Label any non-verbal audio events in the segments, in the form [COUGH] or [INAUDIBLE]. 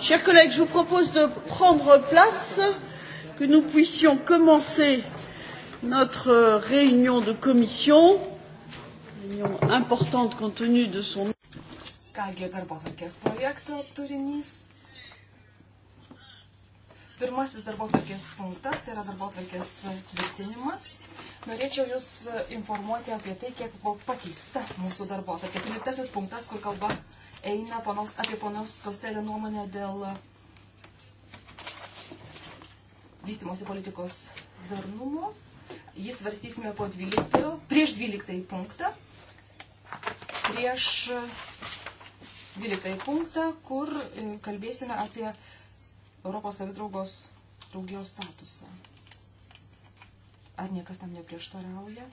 Chers collègues, je vous propose de prendre place, que nous puissions commencer notre réunion de commission, réunion importante compte tenu de son. Kągi darbotvarkės projekto turinys. Pirmasis darbotvarkės punktas, tai yra darbotvarkės tvirtinimas. Norėčiau Jūs informuoti apie tai, kiek buvo pakeista mūsų darbotvarkė. Tryliktasis punktas, kur kalba eina ponos, apie ponos Kostelio nuomonę dėl vystimosi politikos darnumo. Jį svarstysime po 12, prieš 12 punktą, prieš 12 punktą, kur e, kalbėsime apie Europos savidraugos draugijos statusą. Ar niekas tam neprieštarauja?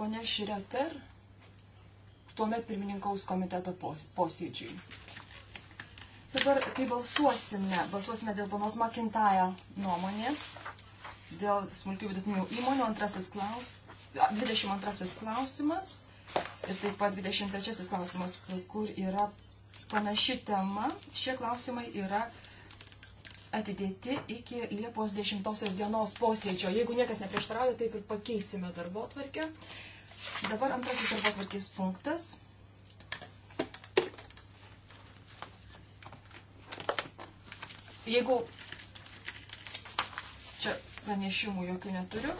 Pone Šireter tuomet pirmininkaus komiteto posėdžiui. Dabar, kai balsuosime, balsuosime dėl panos Makintaja nuomonės, dėl smulkių vidutinių įmonių, antrasis klaus, 22 klausimas ir taip pat 23 klausimas, kur yra panaši tema. Šie klausimai yra atidėti iki Liepos 10 dienos posėdžio. Jeigu niekas neprieštarauja, taip ir pakeisime darbo tvarkę. Dabar antrasis darbo tvarkės punktas. Jeigu čia pranešimų jokių neturiu,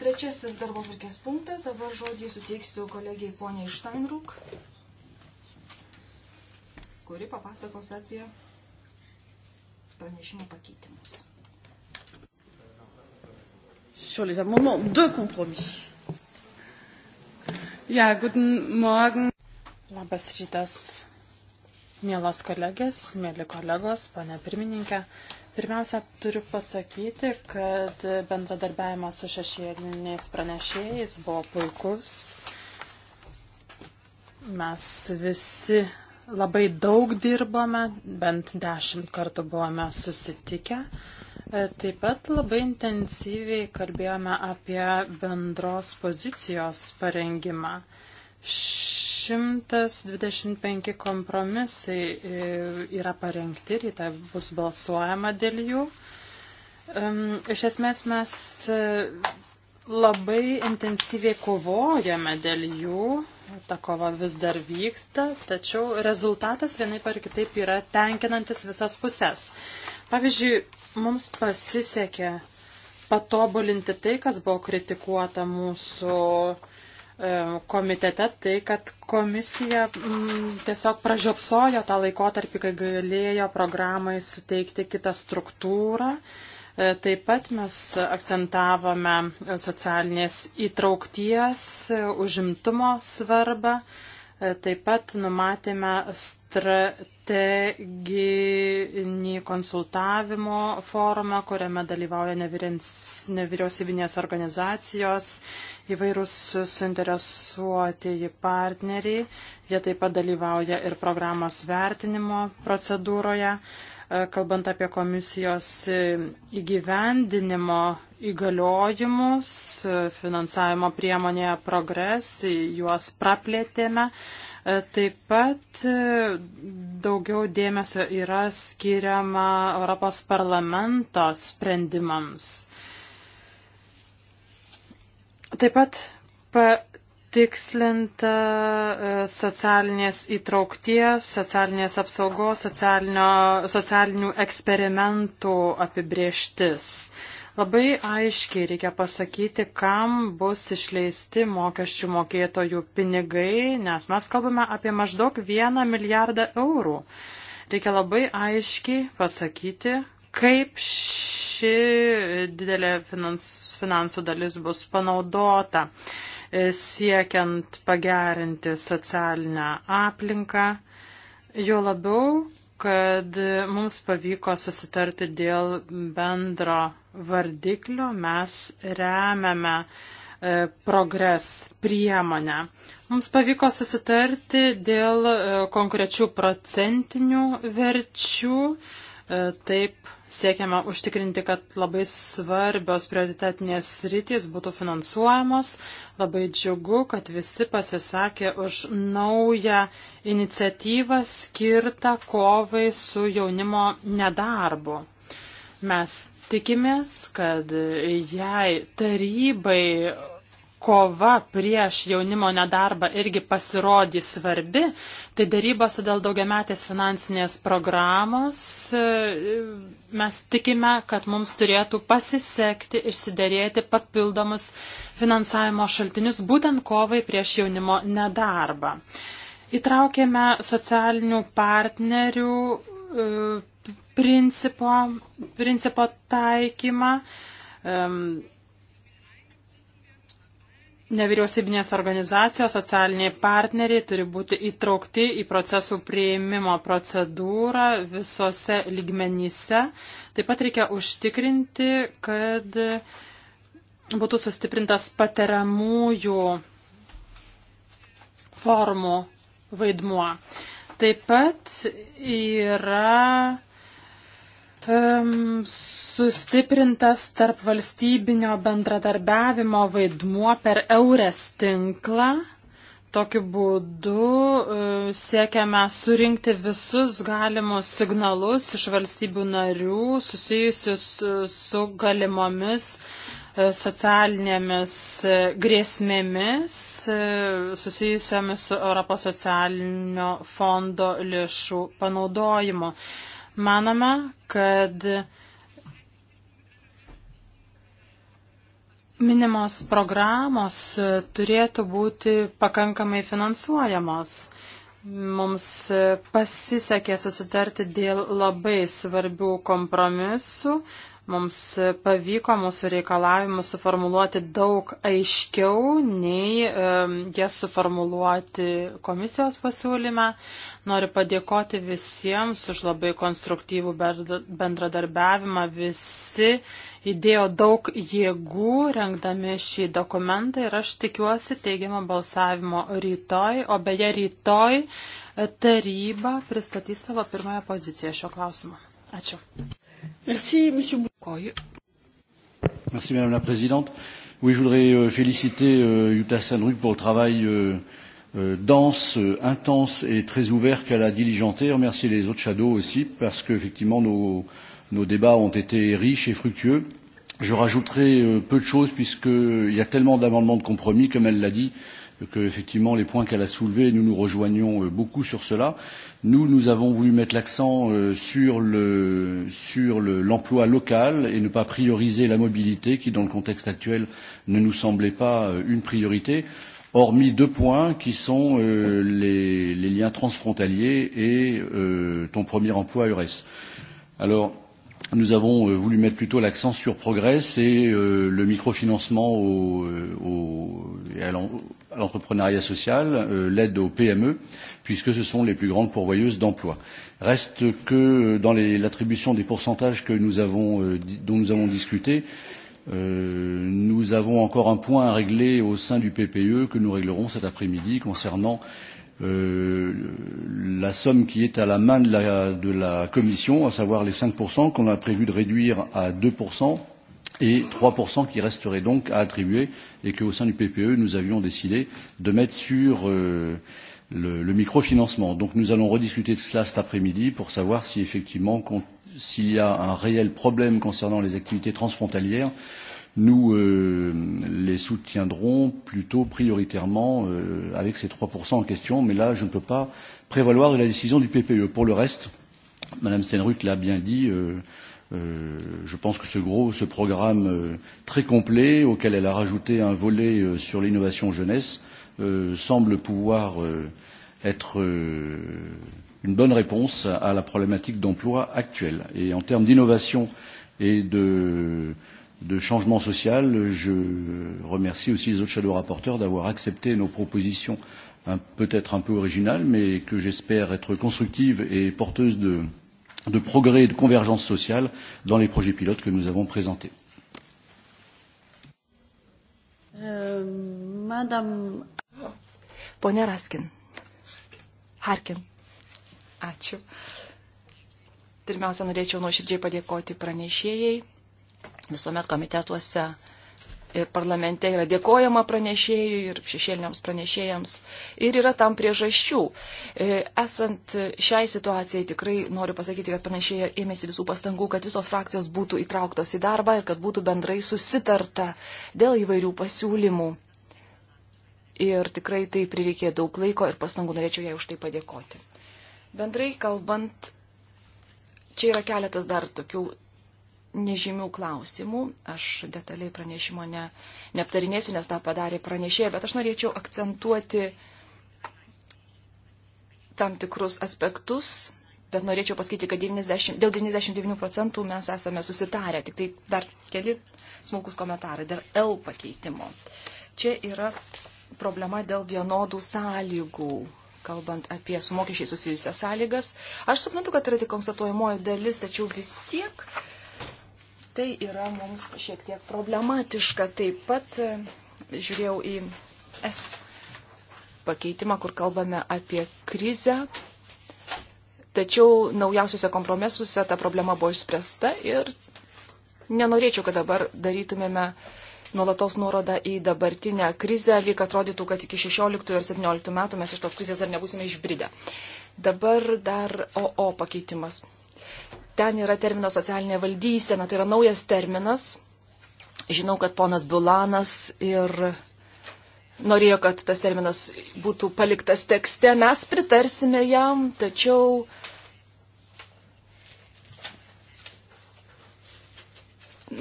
trečiasis darbo tvarkės punktas, dabar žodį suteiksiu kolegijai poniai Steinruk, kuri papasakos apie pranešimo pakeitimus. Sur les amendements de compromis. Ja, guten Morgen. Labas rytas, mielas kolegės, mėly kolegos, pane pirmininkė. Pirmiausia, turiu pasakyti, kad bendradarbiavimas su šešėliniais pranešėjais buvo puikus. Mes visi Labai daug dirbome, bent dešimt kartų buvome susitikę. E, taip pat labai intensyviai kalbėjome apie bendros pozicijos parengimą. 125 kompromisai e, yra parengti, ryte bus balsuojama dėl jų. Iš esmės mes e, labai intensyviai kovojame dėl jų Ta kova vis dar vyksta, tačiau rezultatas vienaip ar kitaip yra tenkinantis visas pusės. Pavyzdžiui, mums pasisekė patobulinti tai, kas buvo kritikuota mūsų e, komitete, tai kad komisija m, mm, tiesiog pražiopsojo tą laikotarpį, kai galėjo programai suteikti kitą struktūrą. Uh, E, taip pat mes akcentavome socialinės įtraukties, e, užimtumo svarbą. E, taip pat numatėme strateginį konsultavimo forumą, kuriame dalyvauja nevyriausybinės organizacijos, įvairūs suinteresuotieji partneriai. Jie taip pat dalyvauja ir programos vertinimo procedūroje. E, kalbant apie komisijos įgyvendinimo įgaliojimus, e, finansavimo priemonėje progres, juos praplėtėme. E, taip pat daugiau dėmesio yra skiriama Europos parlamento sprendimams. Taip pat patikslinta e, socialinės įtraukties, socialinės apsaugos, socialinių eksperimentų apibrieštis. Labai aiškiai reikia pasakyti, kam bus išleisti mokesčių mokėtojų pinigai, nes mes kalbame apie maždaug vieną milijardą eurų. Reikia labai aiškiai pasakyti, kaip ši didelė finans, finansų dalis bus panaudota. Uh, E, siekiant pagerinti socialinę aplinką. Jo labiau, kad mums pavyko susitarti dėl bendro vardiklio, mes remiame e, progres priemonę. Mums pavyko susitarti dėl e, konkrečių procentinių verčių, E, taip siekiame užtikrinti, kad labai svarbios prioritetinės rytis būtų finansuojamos. Labai džiugu, kad visi pasisakė už naują iniciatyvą skirtą kovai su jaunimo nedarbu. Mes tikimės, kad jei tarybai kova prieš jaunimo nedarbą irgi pasirodys svarbi, tai darybose dėl daugiametės finansinės programos e, mes tikime, kad mums turėtų pasisekti išsiderėti papildomus finansavimo šaltinius būtent kovai prieš jaunimo nedarbą. Įtraukėme socialinių partnerių e, principo, principo taikymą. Um, Nevyriausybinės organizacijos, socialiniai partneriai turi būti įtraukti į procesų prieimimo procedūrą visose lygmenyse. Taip pat reikia užtikrinti, kad būtų sustiprintas patariamųjų formų vaidmuo. Taip pat yra um, sustiprintas tarp valstybinio bendradarbiavimo vaidmuo per Eures tinklą. Tokiu būdu e, siekiame surinkti visus galimus signalus iš valstybių narių susijusius e, su galimomis e, socialinėmis grėsmėmis susijusiamis su Europos socialinio fondo lėšų panaudojimu. Manome, kad Minimos programos e, turėtų būti pakankamai finansuojamos. Mums e, pasisekė susitarti dėl labai svarbių kompromisų, Mums pavyko mūsų reikalavimus suformuluoti daug aiškiau, nei um, jie suformuluoti komisijos pasiūlyme. Noriu padėkoti visiems už labai konstruktyvų bendradarbiavimą. Visi įdėjo daug jėgų rengdami šį dokumentą ir aš tikiuosi teigiamo balsavimo rytoj. O beje, rytoj taryba pristatys savo pirmąją poziciją šio klausimo. Ačiū. Merci, monsieur Boukoy. Merci, madame la présidente. Oui, je voudrais euh, féliciter euh, Jutta Sandruc pour le travail euh, euh, dense, euh, intense et très ouvert qu'elle a diligenté. Remercier les autres shadows aussi, parce qu'effectivement, nos, nos débats ont été riches et fructueux. Je rajouterai euh, peu de choses, puisqu'il y a tellement d'amendements de compromis, comme elle l'a dit, que effectivement les points qu'elle a soulevés, nous nous rejoignons euh, beaucoup sur cela. Euh, Nous, nous avons voulu mettre l'accent euh, sur le sur l'emploi le, local et ne pas prioriser la mobilité, qui, dans le contexte actuel, ne nous semblait pas euh, une priorité, hormis deux points qui sont euh, les, les liens transfrontaliers et euh, ton premier emploi URES. Alors, nous avons euh, voulu mettre plutôt l'accent sur Progress et euh, le microfinancement au, euh, au, et à l'entrepreneuriat social, euh, l'aide aux PME, puisque ce sont les plus grandes pourvoyeuses d'emplois. Reste que euh, dans l'attribution des pourcentages que nous avons, euh, dont nous avons discuté, euh, nous avons encore un point à régler au sein du PPE que nous réglerons cet après-midi concernant euh, la somme qui est à la main de la, de la Commission, à savoir les 5% qu'on a prévu de réduire à 2% et 3% qui resteraient donc à attribuer et qu'au sein du PPE, nous avions décidé de mettre sur euh, euh, le, le microfinancement. Donc nous allons rediscuter de cela cet après-midi pour savoir si effectivement, s'il y a un réel problème concernant les activités transfrontalières, nous euh, les soutiendrons plutôt prioritairement euh, avec ces 3% en question. Mais là, je ne peux pas prévaloir de la décision du PPE. Pour le reste, Madame Stenruck l'a bien dit, euh, euh, je pense que ce gros, ce programme euh, très complet, auquel elle a rajouté un volet euh, sur l'innovation jeunesse, euh, euh, semble pouvoir euh, être euh, une bonne réponse à la problématique d'emploi actuelle. Et en termes d'innovation et de, de changement social, je remercie aussi les autres shadow rapporteurs d'avoir accepté nos propositions peut-être un peu originales, mais que j'espère être constructives et porteuses de, de progrès et de convergence sociale dans les projets pilotes que nous avons présentés. Euh, Madame Pone Raskin. Harkin. Ačiū. Pirmiausia, norėčiau nuoširdžiai padėkoti pranešėjai. Visuomet komitetuose ir parlamente yra dėkojama pranešėjui ir šešėliniams pranešėjams. Ir yra tam priežasčių. E, esant šiai situacijai tikrai noriu pasakyti, kad pranešėja ėmėsi visų pastangų, kad visos frakcijos būtų įtrauktos į darbą ir kad būtų bendrai susitarta dėl įvairių pasiūlymų ir tikrai tai prireikė daug laiko ir pastangų norėčiau jai už tai padėkoti. Bendrai kalbant, čia yra keletas dar tokių nežymių klausimų. Aš detaliai pranešimo ne, neaptarinėsiu, nes tą padarė pranešėja, bet aš norėčiau akcentuoti tam tikrus aspektus, bet norėčiau pasakyti, kad 90, dėl 99 procentų mes esame susitarę. Tik tai dar keli smulkus komentarai, dar L pakeitimo. Čia yra problema dėl vienodų sąlygų, kalbant apie su mokesčiai susijusias sąlygas. Aš suprantu, kad tai yra tik konstatuojamoji dalis, tačiau vis tiek tai yra mums šiek tiek problematiška. Taip pat e, žiūrėjau į S pakeitimą, kur kalbame apie krizę. Tačiau naujausiuose kompromisuose ta problema buvo išspręsta ir nenorėčiau, kad dabar darytumėme uh, nuolatos nuoroda į dabartinę krizę, lyg atrodytų, kad iki 16 ir 17 metų mes iš tos krizės dar nebusime išbridę. Dabar dar OO pakeitimas. Ten yra terminas socialinė valdysena, tai yra naujas terminas. Žinau, kad ponas Bulanas ir norėjo, kad tas terminas būtų paliktas tekste. Mes pritarsime jam, tačiau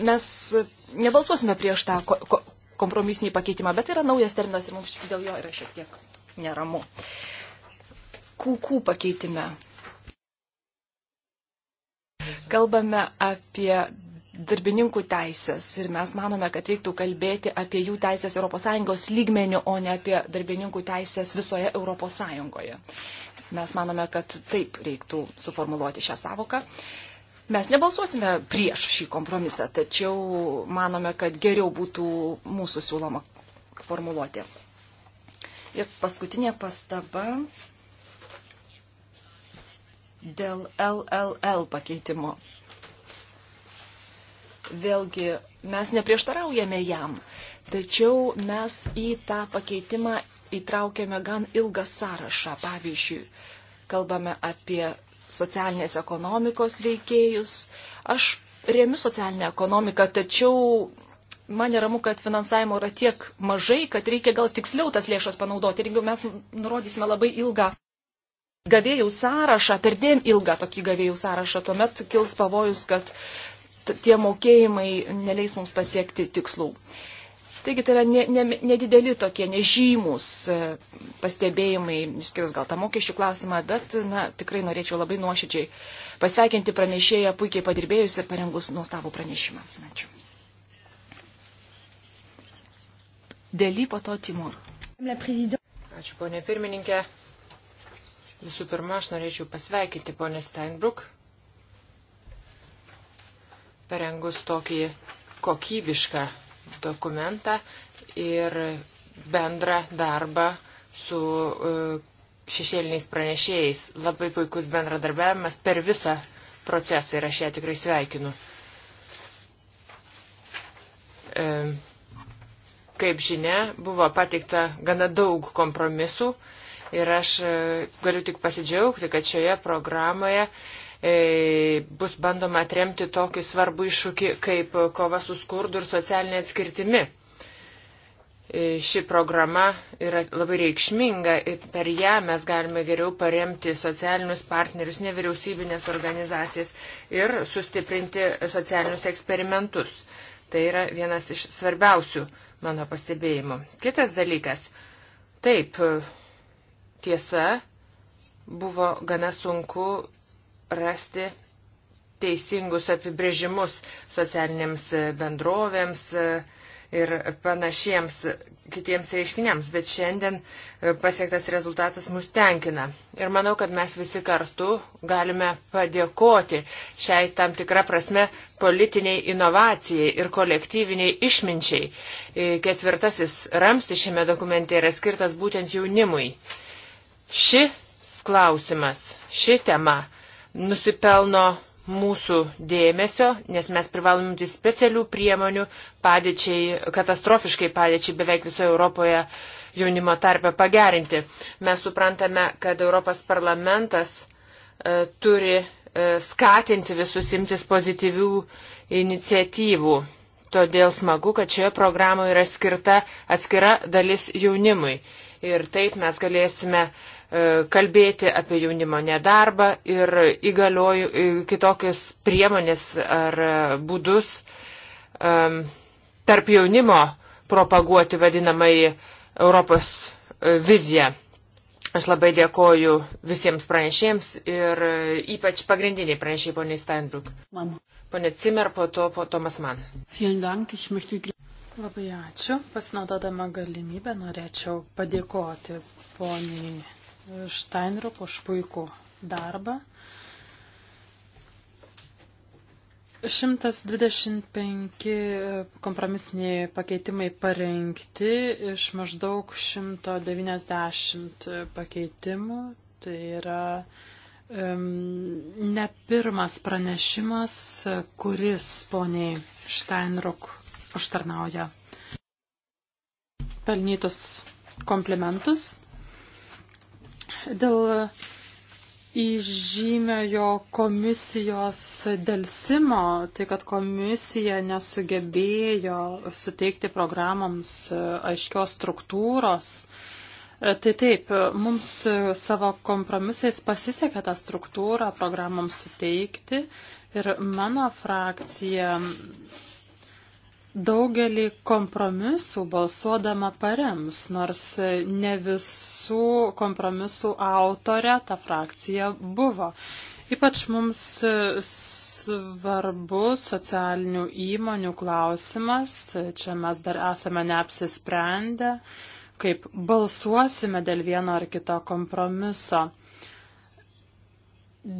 mes nebalsuosime prieš tą ko, ko, kompromisinį pakeitimą, bet tai yra naujas terminas ir mums dėl jo yra šiek tiek neramu. Kūkų pakeitime. Kalbame apie darbininkų teisės ir mes manome, kad reiktų kalbėti apie jų teisės ES lygmenių, o ne apie darbininkų teisės visoje ES. Mes manome, kad taip reiktų suformuluoti šią savoką. Uh, Mes nebalsuosime prieš šį kompromisą, tačiau manome, kad geriau būtų mūsų siūloma formuluoti. Ir paskutinė pastaba dėl LLL pakeitimo. Vėlgi, mes neprieštaraujame jam, tačiau mes į tą pakeitimą įtraukėme gan ilgą sąrašą. Pavyzdžiui, kalbame apie socialinės ekonomikos veikėjus. Aš remiu socialinę ekonomiką, tačiau man neramu, kad finansavimo yra tiek mažai, kad reikia gal tiksliau tas lėšas panaudoti. Ir jeigu mes nurodysime labai ilgą gavėjų sąrašą, per dien ilgą tokį gavėjų sąrašą, tuomet kils pavojus, kad tie mokėjimai neleis mums pasiekti tikslų. Uh, Taigi tai yra nedideli ne, ne tokie nežymus e, pastebėjimai, išskirius gal tą mokesčių klausimą, bet na, tikrai norėčiau labai nuoširdžiai pasveikinti pranešėją, puikiai padirbėjus ir parengus nuostabų pranešimą. Ačiū. Dėly po to Timur. Ačiū, ponė pirmininkė. Visų pirma, aš norėčiau pasveikinti ponę Steinbruk, parengus tokį kokybišką dokumentą ir bendrą darbą su e, šešėliniais pranešėjais. Labai puikus bendradarbiavimas per visą procesą ir aš ją tikrai sveikinu. E, kaip žinia, buvo pateikta gana daug kompromisų ir aš e, galiu tik pasidžiaugti, kad šioje programoje E, bus bandoma atremti tokį svarbų iššūkį kaip kova su skurdu ir socialinė atskirtimi. E, ši programa yra labai reikšminga ir per ją mes galime geriau paremti socialinius partnerius, nevyriausybinės organizacijas ir sustiprinti socialinius eksperimentus. Tai yra vienas iš svarbiausių mano pastebėjimų. Kitas dalykas. Taip, tiesa, buvo gana sunku rasti teisingus apibrėžimus socialinėms bendrovėms e, ir panašiems kitiems reiškiniams, bet šiandien e, pasiektas rezultatas mus tenkina. Ir manau, kad mes visi kartu galime padėkoti šiai tam tikrą prasme politiniai inovacijai ir kolektyviniai išminčiai. E, ketvirtasis ramstis šiame dokumente yra skirtas būtent jaunimui. Šis klausimas, ši tema nusipelno mūsų dėmesio, nes mes privalom imti specialių priemonių padėčiai, katastrofiškai padėčiai beveik visoje Europoje jaunimo tarpe pagerinti. Mes suprantame, kad Europos parlamentas e, turi e, skatinti visus imtis pozityvių iniciatyvų. Todėl smagu, kad šioje programoje yra skirta atskira dalis jaunimui. Ir taip mes galėsime uh, E, kalbėti apie jaunimo nedarbą ir įgalioju e, kitokias priemonės ar būdus e, tarp jaunimo propaguoti vadinamai Europos viziją. Aš labai dėkoju visiems pranešėjams ir ypač pagrindiniai pranešėjai poniai Steinbrück. Pone Cimer, po to po Tomas Mann. Labai ačiū. Pasinaudodama galimybę norėčiau padėkoti poniai Steinrop už puikų darbą. 125 kompromisiniai pakeitimai parengti iš maždaug 190 pakeitimų. Tai yra um, ne pirmas pranešimas, kuris poniai Steinruk užtarnauja pelnytus komplimentus. Dėl įžymėjo komisijos dėlsimo, tai kad komisija nesugebėjo suteikti programoms aiškios struktūros. E, tai taip, mums savo kompromisais pasisekė tą struktūrą programoms suteikti ir mano frakcija daugelį kompromisų balsuodama parems, nors ne visų kompromisų autorė ta frakcija buvo. Ypač mums svarbu socialinių įmonių klausimas, čia mes dar esame neapsisprendę, kaip balsuosime dėl vieno ar kito kompromiso.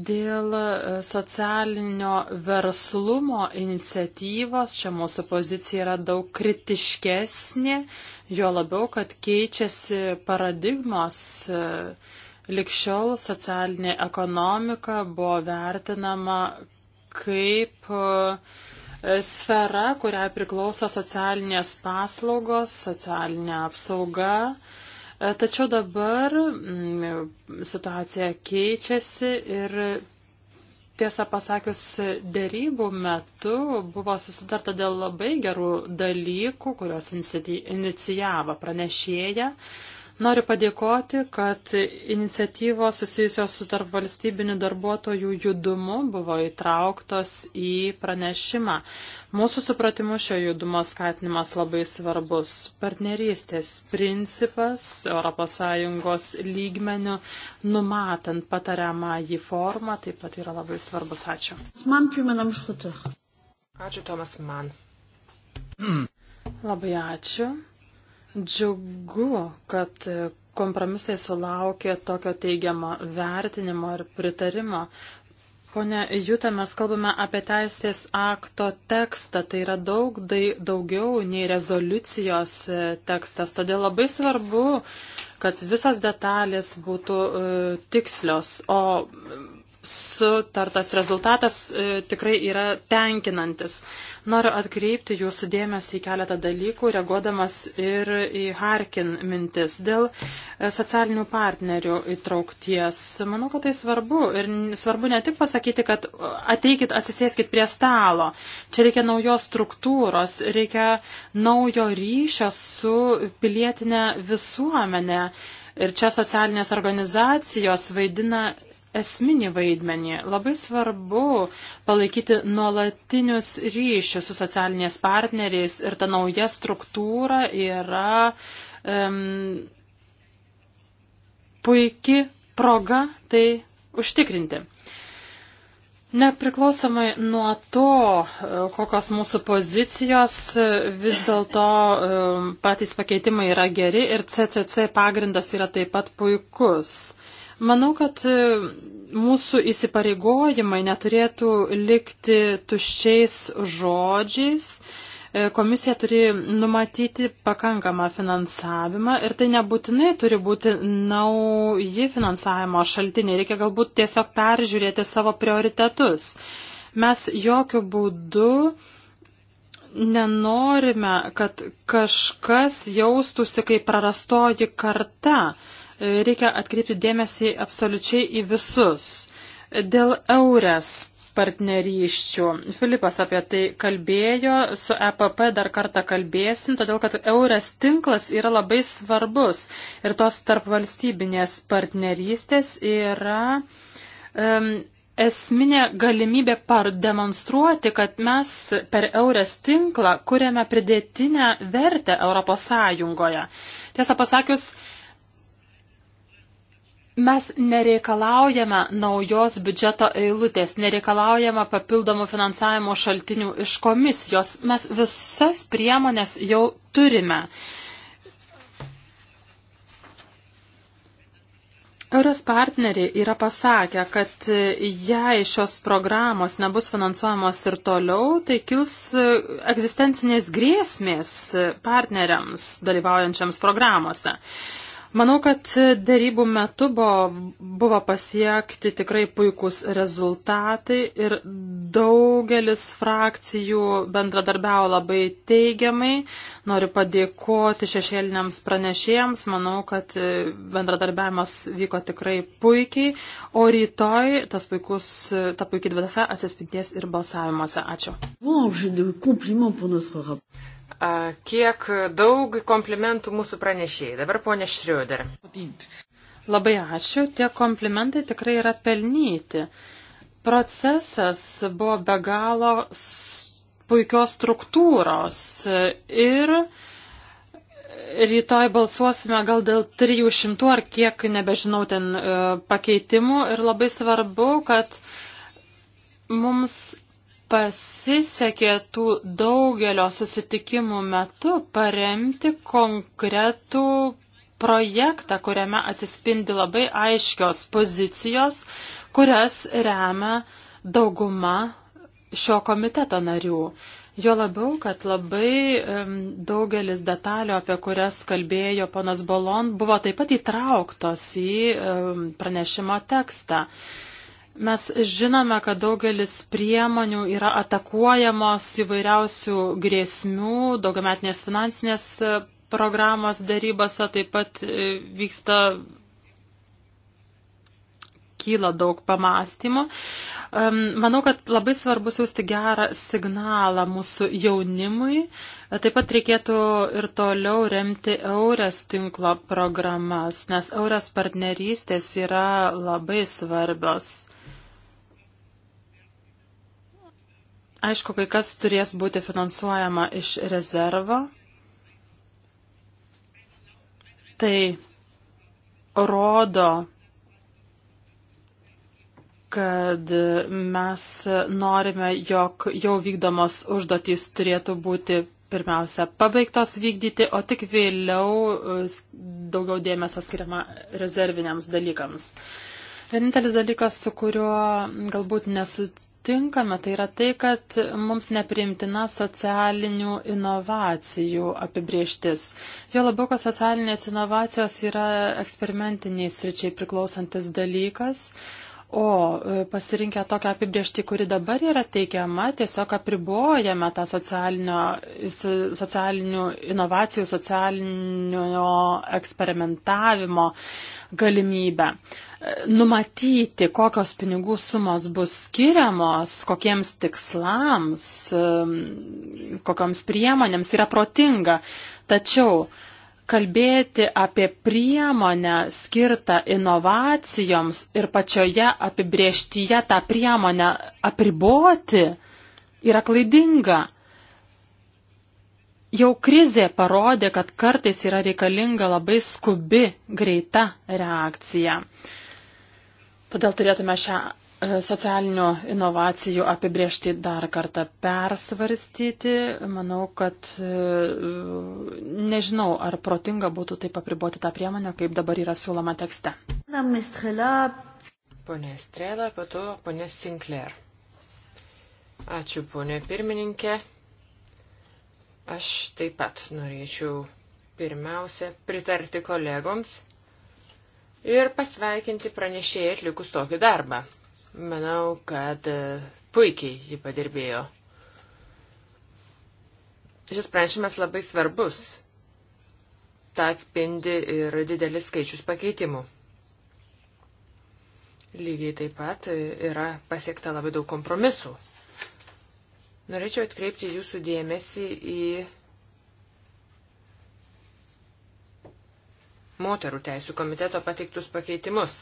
Dėl e, socialinio verslumo iniciatyvos čia mūsų pozicija yra daug kritiškesnė, jo labiau, kad keičiasi paradigmos. E, Likščiol socialinė ekonomika buvo vertinama kaip e, sfera, kuriai priklauso socialinės paslaugos, socialinė apsauga. E, tačiau dabar mm, situacija keičiasi ir tiesą pasakius, dėrybų metu buvo susidarta dėl labai gerų dalykų, kuriuos inicijavo pranešėja. Noriu padėkoti, kad iniciatyvos susijusios su tarp valstybinių darbuotojų judumu buvo įtrauktos į pranešimą. Mūsų supratimu šio judumo skatinimas labai svarbus. Partnerystės principas ES lygmenių numatant patariamą jį formą taip pat yra labai svarbus. Ačiū. Man primenam šutu. Ačiū, Tomas, man. Labai ačiū. Džiugu, kad kompromisai sulaukė tokio teigiamo vertinimo ir pritarimo. Pone Jūta, mes kalbame apie teisės akto tekstą, tai yra daug dai, daugiau nei rezoliucijos e, tekstas, todėl labai svarbu, kad visos detalės būtų uh, tikslios, o sutartas rezultatas e, tikrai yra tenkinantis. Noriu atkreipti jūsų dėmesį į keletą dalykų, reaguodamas ir į Harkin mintis dėl e, socialinių partnerių įtraukties. Manau, kad tai svarbu. Ir svarbu ne tik pasakyti, kad ateikit, atsisėskit prie stalo. Čia reikia naujos struktūros, reikia naujo ryšio su pilietinė visuomenė. Ir čia socialinės organizacijos vaidina esminį vaidmenį. Labai svarbu palaikyti nuolatinius ryšius su socialiniais partneriais ir ta nauja struktūra yra um, puikia proga tai užtikrinti. Nepriklausomai nuo to, e, kokios mūsų pozicijos, e, vis dėlto e, patys pakeitimai yra geri ir CCC pagrindas yra taip pat puikus. Manau, kad e, mūsų įsipareigojimai neturėtų likti tuščiais žodžiais. E, komisija turi numatyti pakankamą finansavimą ir tai nebūtinai turi būti nauji finansavimo šaltiniai. Reikia galbūt tiesiog peržiūrėti savo prioritetus. Mes jokių būdų nenorime, kad kažkas jaustųsi kaip prarastoji karta reikia atkreipti dėmesį absoliučiai į visus. Dėl eurės partnerysčių. Filipas apie tai kalbėjo, su EPP dar kartą kalbėsim, todėl kad eurės tinklas yra labai svarbus ir tos tarpvalstybinės partnerystės yra um, esminė galimybė pardemonstruoti, kad mes per eurės tinklą kuriame pridėtinę vertę Europos Sąjungoje. Tiesą pasakius, Mes nereikalaujame naujos biudžeto eilutės, nereikalaujame papildomų finansavimo šaltinių iš komisijos. Mes visas priemonės jau turime. Euras partneriai yra pasakę, kad jei šios programos nebus finansuojamos ir toliau, tai kils egzistencinės grėsmės partneriams dalyvaujančiams programuose. Manau, kad dėrybų metu buvo, buvo pasiekti tikrai puikūs rezultatai ir daugelis frakcijų bendradarbiavo labai teigiamai. Noriu padėkoti šešėliniams pranešėjams. Manau, kad bendradarbiavimas vyko tikrai puikiai, o rytoj tas puikus, ta puikiai dvasia atsispindės ir balsavimuose. Ačiū kiek daug komplimentų mūsų pranešėjai. Dabar ponė Šrioder. Labai ačiū, tie komplimentai tikrai yra pelnyti. Procesas buvo be galo puikios struktūros ir rytoj balsuosime gal dėl 300 ar kiek, nebežinau, ten e, pakeitimų ir labai svarbu, kad mums pasisekė tų daugelio susitikimų metu paremti konkretų projektą, kuriame atsispindi labai aiškios pozicijos, kurias remia dauguma šio komiteto narių. Jo labiau, kad labai um, daugelis detalių, apie kurias kalbėjo ponas Bolon, buvo taip pat įtrauktos į um, pranešimo tekstą. Uh, Mes žinome, kad daugelis priemonių yra atakuojamos įvairiausių grėsmių, daugiametinės finansinės programos darybose taip pat e, vyksta, kyla daug pamastymų. Manau, kad labai svarbu siūsti gerą signalą mūsų jaunimui. Taip pat reikėtų ir toliau remti Eures tinklo programas, nes Eures partnerystės yra labai svarbios. Aišku, kai kas turės būti finansuojama iš rezervo. Tai rodo, kad mes norime, jog jau vykdomos užduotys turėtų būti pirmiausia pabaigtos vykdyti, o tik vėliau daugiau dėmesio skiriama rezerviniams dalykams. Vienintelis dalykas, su kuriuo galbūt nesutinkame, tai yra tai, kad mums neprimtina socialinių inovacijų apibrieštis. Jo labiau, kad socialinės inovacijos yra eksperimentiniai sričiai priklausantis dalykas. O e, pasirinkę tokią apibriežtį, kuri dabar yra teikiama, tiesiog apribojame tą socialinių inovacijų, socialinio eksperimentavimo galimybę numatyti, kokios pinigų sumos bus skiriamos, kokiems tikslams, kokioms priemonėms yra protinga. Tačiau kalbėti apie priemonę skirtą inovacijoms ir pačioje apibrieštyje tą priemonę apriboti yra klaidinga. Jau krizė parodė, kad kartais yra reikalinga labai skubi, greita reakcija. Uh, Todėl turėtume šią e, socialinių inovacijų apibriežti dar kartą persvarstyti. Manau, kad e, nežinau, ar protinga būtų taip apriboti tą priemonę, kaip dabar yra siūloma tekste. Pone Strela, pato pone Sinclair. Ačiū, ponė pirmininkė. Aš taip pat norėčiau pirmiausia pritarti kolegoms ir pasveikinti pranešėjai atlikus tokį darbą. Manau, kad e, puikiai ji padirbėjo. Šis pranešimas labai svarbus. Ta atspindi ir didelis skaičius pakeitimų. Lygiai taip pat e, yra pasiekta labai daug kompromisų. Norėčiau atkreipti jūsų dėmesį į moterų teisų komiteto pateiktus pakeitimus,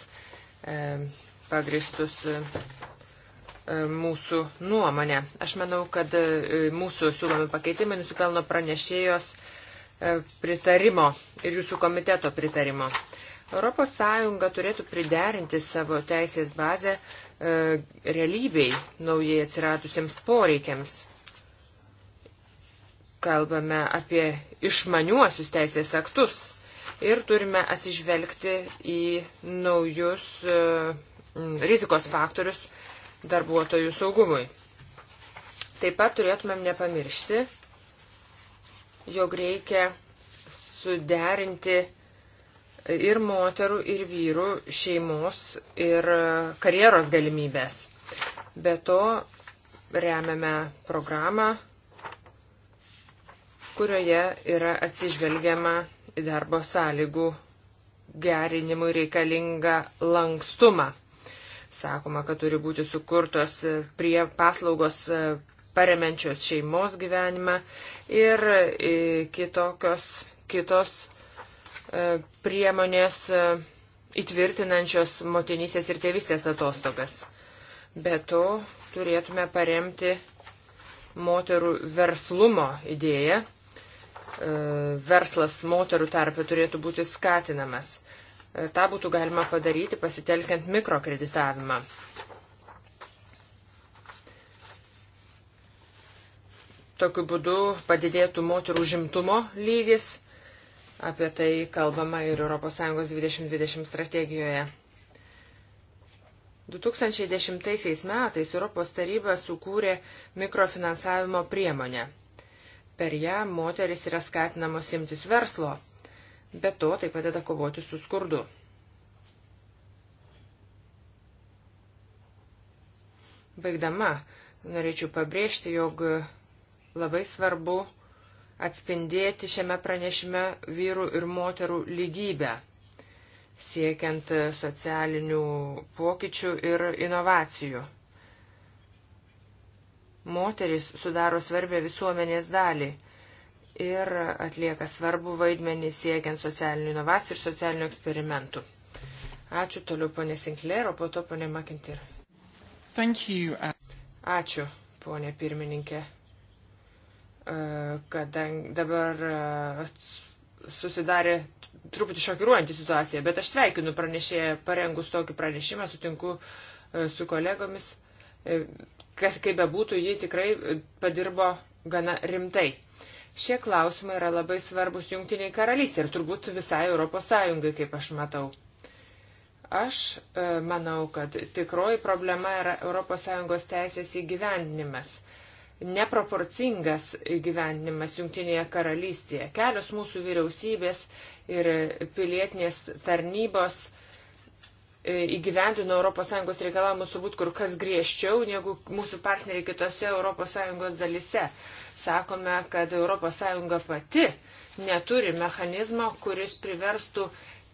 e, pagristus e, e, mūsų nuomonę. Aš manau, kad mūsų siūlomi pakeitimai nusipelno pranešėjos pritarimo ir jūsų komiteto pritarimo. ES turėtų priderinti savo teisės bazę realybei naujai atsiradusiems poreikiams. Kalbame apie išmaniuosius teisės aktus ir turime atsižvelgti į naujus e, rizikos faktorius darbuotojų saugumui. Taip pat turėtumėm nepamiršti, jog reikia suderinti ir moterų, ir vyrų šeimos ir e, karjeros galimybės. Be to remiame programą, kurioje yra atsižvelgiama darbo sąlygų gerinimui reikalingą lankstumą. Sakoma, kad turi būti sukurtos prie paslaugos e, paremenčios šeimos gyvenimą ir e, kitokios, kitos e, priemonės įtvirtinančios motinysės ir tėvystės atostogas. Be to turėtume paremti moterų verslumo idėją E, verslas moterų tarpe turėtų būti skatinamas. E, Ta būtų galima padaryti pasitelkiant mikrokreditavimą. Tokiu būdu padidėtų moterų žimtumo lygis. Apie tai kalbama ir ES 2020 strategijoje. 2010 metais Europos taryba sukūrė mikrofinansavimo priemonę. Per ją moteris yra skatinamos imtis verslo, bet to tai padeda kovoti su skurdu. Baigdama, norėčiau pabrėžti, jog labai svarbu atspindėti šiame pranešime vyrų ir moterų lygybę, siekiant socialinių pokyčių ir inovacijų. Moteris sudaro svarbę visuomenės dalį ir atlieka svarbų vaidmenį siekiant socialinių inovacijų ir socialinių eksperimentų. Ačiū toliau ponė Sinclair, o po to ponė Makintir. Uh, Ačiū, ponė pirmininkė, uh, kadangi dabar uh, susidarė truputį šokiruojantį situaciją, bet aš sveikinu pranešėją parengus tokį pranešimą, sutinku su kolegomis kas kaip bebūtų, ji tikrai padirbo gana rimtai. Šie klausimai yra labai svarbus Junktiniai karalystė ir turbūt visai Europos Sąjungai, kaip aš matau. Aš e, manau, kad tikroji problema yra ES teisės įgyvendinimas. Neproporcingas įgyvendinimas Junktinėje karalystėje. Kelios mūsų vyriausybės ir pilietinės tarnybos įgyvendino ES reikalavimus turbūt kur kas griežčiau negu mūsų partneriai kitose ES dalise. Sakome, kad ES pati neturi mechanizmo, kuris priverstų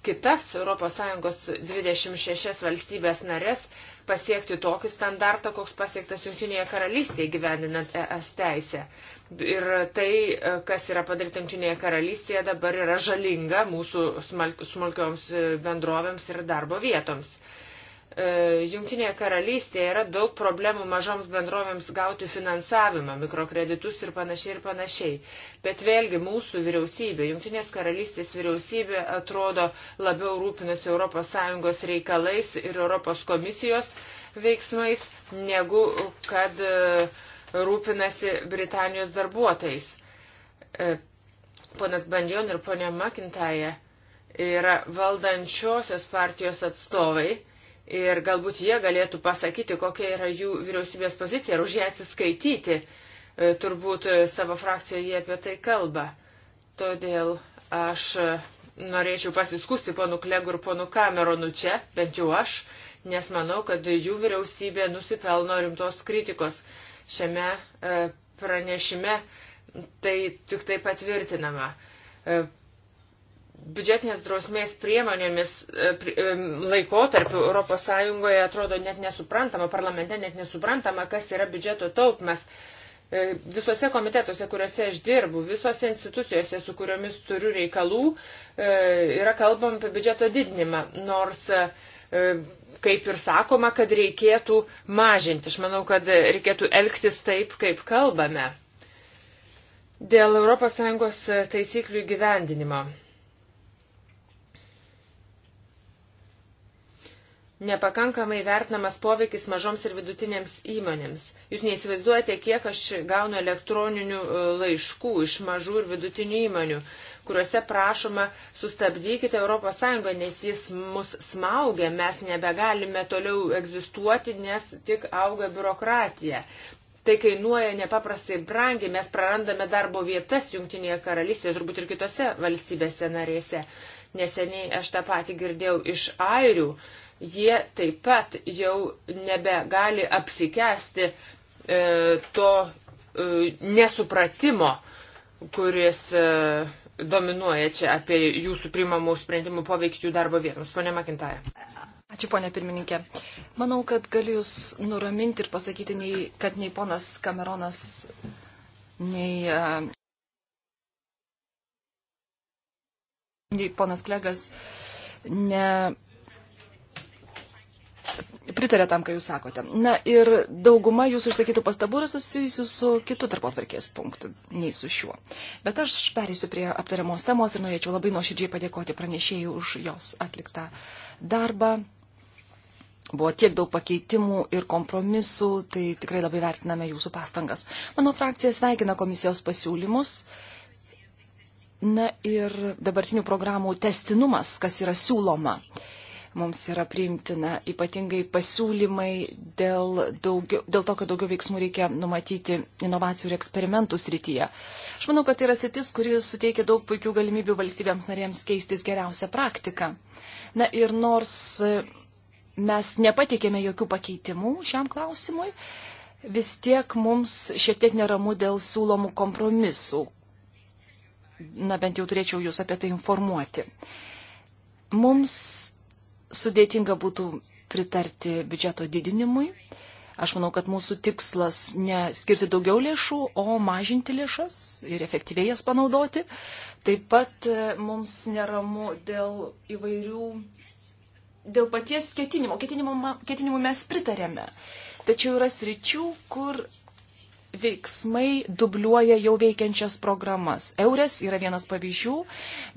kitas ES 26 valstybės narės pasiekti tokį standartą, koks pasiektas Junktinėje karalystėje gyvendinant ES teisę. Ir tai, e, kas yra padaryta Junktinėje karalystėje, dabar yra žalinga mūsų smulkioms e, bendrovėms ir darbo vietoms. E, Junktinėje karalystėje yra daug problemų mažoms bendrovėms gauti finansavimą, mikrokreditus ir panašiai ir panašiai. Bet vėlgi mūsų vyriausybė, Junktinės karalystės vyriausybė atrodo labiau rūpinasi ES reikalais ir ES komisijos veiksmais, negu kad uh, rūpinasi Britanijos darbuotojais. E, ponas Bandion ir ponė Makintaja yra valdančiosios partijos atstovai ir galbūt jie galėtų pasakyti, kokia yra jų vyriausybės pozicija ir už ją atsiskaityti. E, turbūt savo frakcijoje jie apie tai kalba. Todėl aš norėčiau pasiskusti ponu Klegu ir ponu Kameronu čia, bent jau aš, nes manau, kad jų vyriausybė nusipelno rimtos kritikos šiame e, pranešime tai tik tai patvirtinama. E, biudžetinės drausmės priemonėmis e, laikotarpiu ES atrodo net nesuprantama, parlamente net nesuprantama, kas yra biudžeto taupimas visose komitetuose, kuriuose aš dirbu, visose institucijose, su kuriomis turiu reikalų, yra kalbam apie biudžeto didinimą. Nors kaip ir sakoma, kad reikėtų mažinti. Aš manau, kad reikėtų elgtis taip, kaip kalbame. Dėl ES taisyklių gyvendinimo. nepakankamai vertinamas poveikis mažoms ir vidutinėms įmonėms. Jūs neįsivaizduojate, kiek aš gaunu elektroninių e, laiškų iš mažų ir vidutinių įmonių, kuriuose prašoma sustabdykite ES, nes jis mus smaugia, mes nebegalime toliau egzistuoti, nes tik auga biurokratija. Tai kainuoja nepaprastai brangiai, mes prarandame darbo vietas Junktinėje karalystėje, turbūt ir kitose valstybėse narėse. Neseniai aš tą patį girdėjau iš airių, jie taip pat jau nebegali apsikesti e, to e, nesupratimo, kuris e, dominuoja čia apie jūsų primamų sprendimų poveikį jų darbo vietoms. Pone Makintaja. Ačiū, ponė pirmininkė. Manau, kad galiu Jūs nuraminti ir pasakyti, nei, kad nei ponas Kameronas, nei, e, nei ponas Klegas ne pritarė tam, ką jūs sakote. Na ir dauguma jūsų išsakytų pastabų yra susijusių su kitu tarpotvarkės punktu, nei su šiuo. Bet aš perėsiu prie aptariamos temos ir norėčiau labai nuoširdžiai padėkoti pranešėjai už jos atliktą darbą. Buvo tiek daug pakeitimų ir kompromisų, tai tikrai labai vertiname jūsų pastangas. Mano frakcija sveikina komisijos pasiūlymus. Na ir dabartinių programų testinumas, kas yra siūloma. Uh, mums yra priimtina, ypatingai pasiūlymai dėl, daugiau, dėl to, kad daugiau veiksmų reikia numatyti inovacijų ir eksperimentų srityje. Aš manau, kad tai yra sritis, kuri suteikia daug puikių galimybių valstybėms narėms keistis geriausią praktiką. Na ir nors mes nepatikėme jokių pakeitimų šiam klausimui, vis tiek mums šiek tiek neramu dėl siūlomų kompromisų. Na bent jau turėčiau jūs apie tai informuoti. Mums sudėtinga būtų pritarti biudžeto didinimui. Aš manau, kad mūsų tikslas ne skirti daugiau lėšų, o mažinti lėšas ir efektyviai jas panaudoti. Taip pat e, mums neramu dėl įvairių, dėl paties ketinimo. Ketinimo, ketinimo mes pritarėme. Tačiau yra sričių, kur veiksmai dubliuoja jau veikiančias programas. Eures yra vienas pavyzdžių.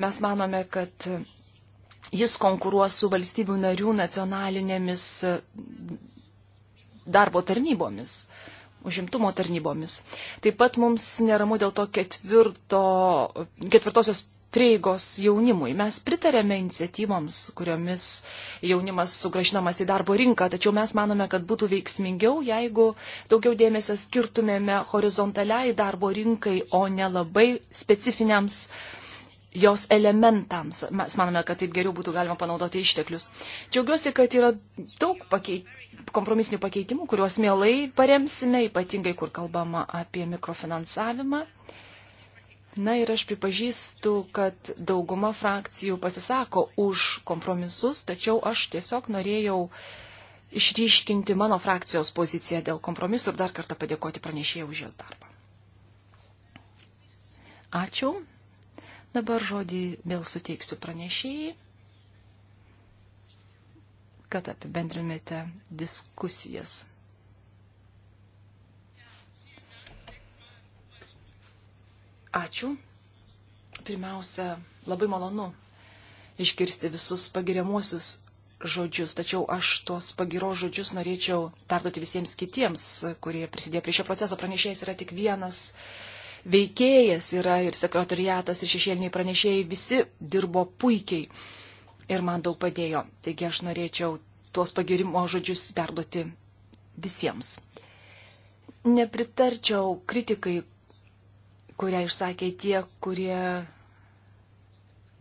Mes manome, kad jis konkuruos su valstybių narių nacionalinėmis e, darbo tarnybomis, užimtumo tarnybomis. Taip pat mums neramu dėl to ketvirto, ketvirtosios prieigos jaunimui. Mes pritarėme iniciatyvoms, kuriomis jaunimas sugražinamas į darbo rinką, tačiau mes manome, kad būtų veiksmingiau, jeigu daugiau dėmesio skirtumėme horizontaliai darbo rinkai, o ne labai specifiniams uh, jos elementams. Mes manome, kad taip geriau būtų galima panaudoti išteklius. Džiaugiuosi, kad yra daug pakei... kompromisinių pakeitimų, kuriuos mielai paremsime, ypatingai kur kalbama apie mikrofinansavimą. Na ir aš pripažįstu, kad dauguma frakcijų pasisako už kompromisus, tačiau aš tiesiog norėjau išryškinti mano frakcijos poziciją dėl kompromisų ir dar kartą padėkoti pranešėjai už jos darbą. Ačiū. Dabar žodį vėl suteiksiu pranešėjai, kad apibendrimėte diskusijas. Ačiū. Pirmiausia, labai malonu išgirsti visus pagiriamuosius žodžius, tačiau aš tuos pagiro žodžius norėčiau perduoti visiems kitiems, kurie prisidėjo prie šio proceso. Pranešėjas yra tik vienas veikėjas yra ir sekretariatas, ir šešėliniai pranešėjai, visi dirbo puikiai ir man daug padėjo. Taigi aš norėčiau tuos pagirimo žodžius perduoti visiems. Nepritarčiau kritikai, kurią išsakė tie, kurie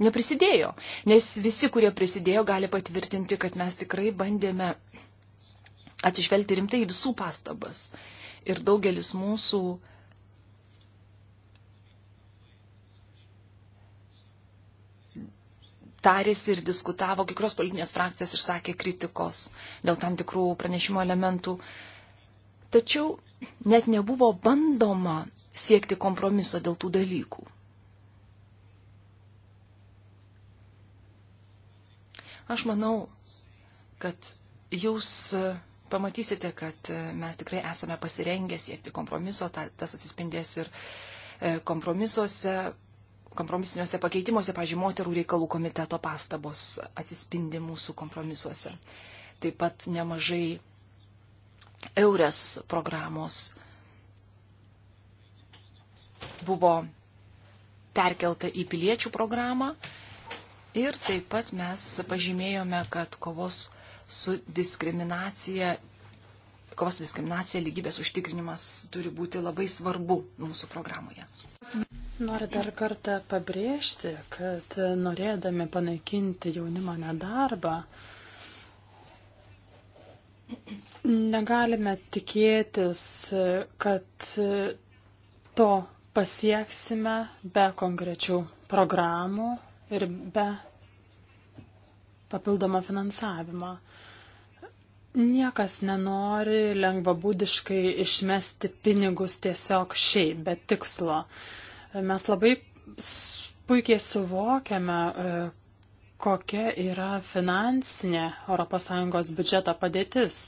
neprisidėjo, nes visi, kurie prisidėjo, gali patvirtinti, kad mes tikrai bandėme atsižvelgti rimtai į visų pastabas. Ir daugelis mūsų uh, tarėsi ir diskutavo, kai kurios politinės frakcijos išsakė kritikos dėl tam tikrų pranešimo elementų. Tačiau net nebuvo bandoma siekti kompromiso dėl tų dalykų. Aš manau, kad jūs pamatysite, kad mes tikrai esame pasirengę siekti kompromiso, ta, tas atsispindės ir e, kompromisuose, kompromisiniuose pakeitimuose, pažiūrėjau, moterų reikalų komiteto pastabos atsispindi mūsų kompromisuose. Taip pat nemažai eurės programos buvo perkelta į piliečių programą ir taip pat mes pažymėjome, kad kovos su diskriminacija kovos su diskriminacija lygybės užtikrinimas turi būti labai svarbu mūsų programoje. Noriu dar kartą pabrėžti, kad norėdami panaikinti jaunimo nedarbą, negalime tikėtis, kad to pasieksime be konkrečių programų ir be papildomo finansavimo. Niekas nenori lengvabūdiškai išmesti pinigus tiesiog šiaip, be tikslo. Uh, Mes labai puikiai suvokiame, e, kokia yra finansinė ES biudžeto padėtis.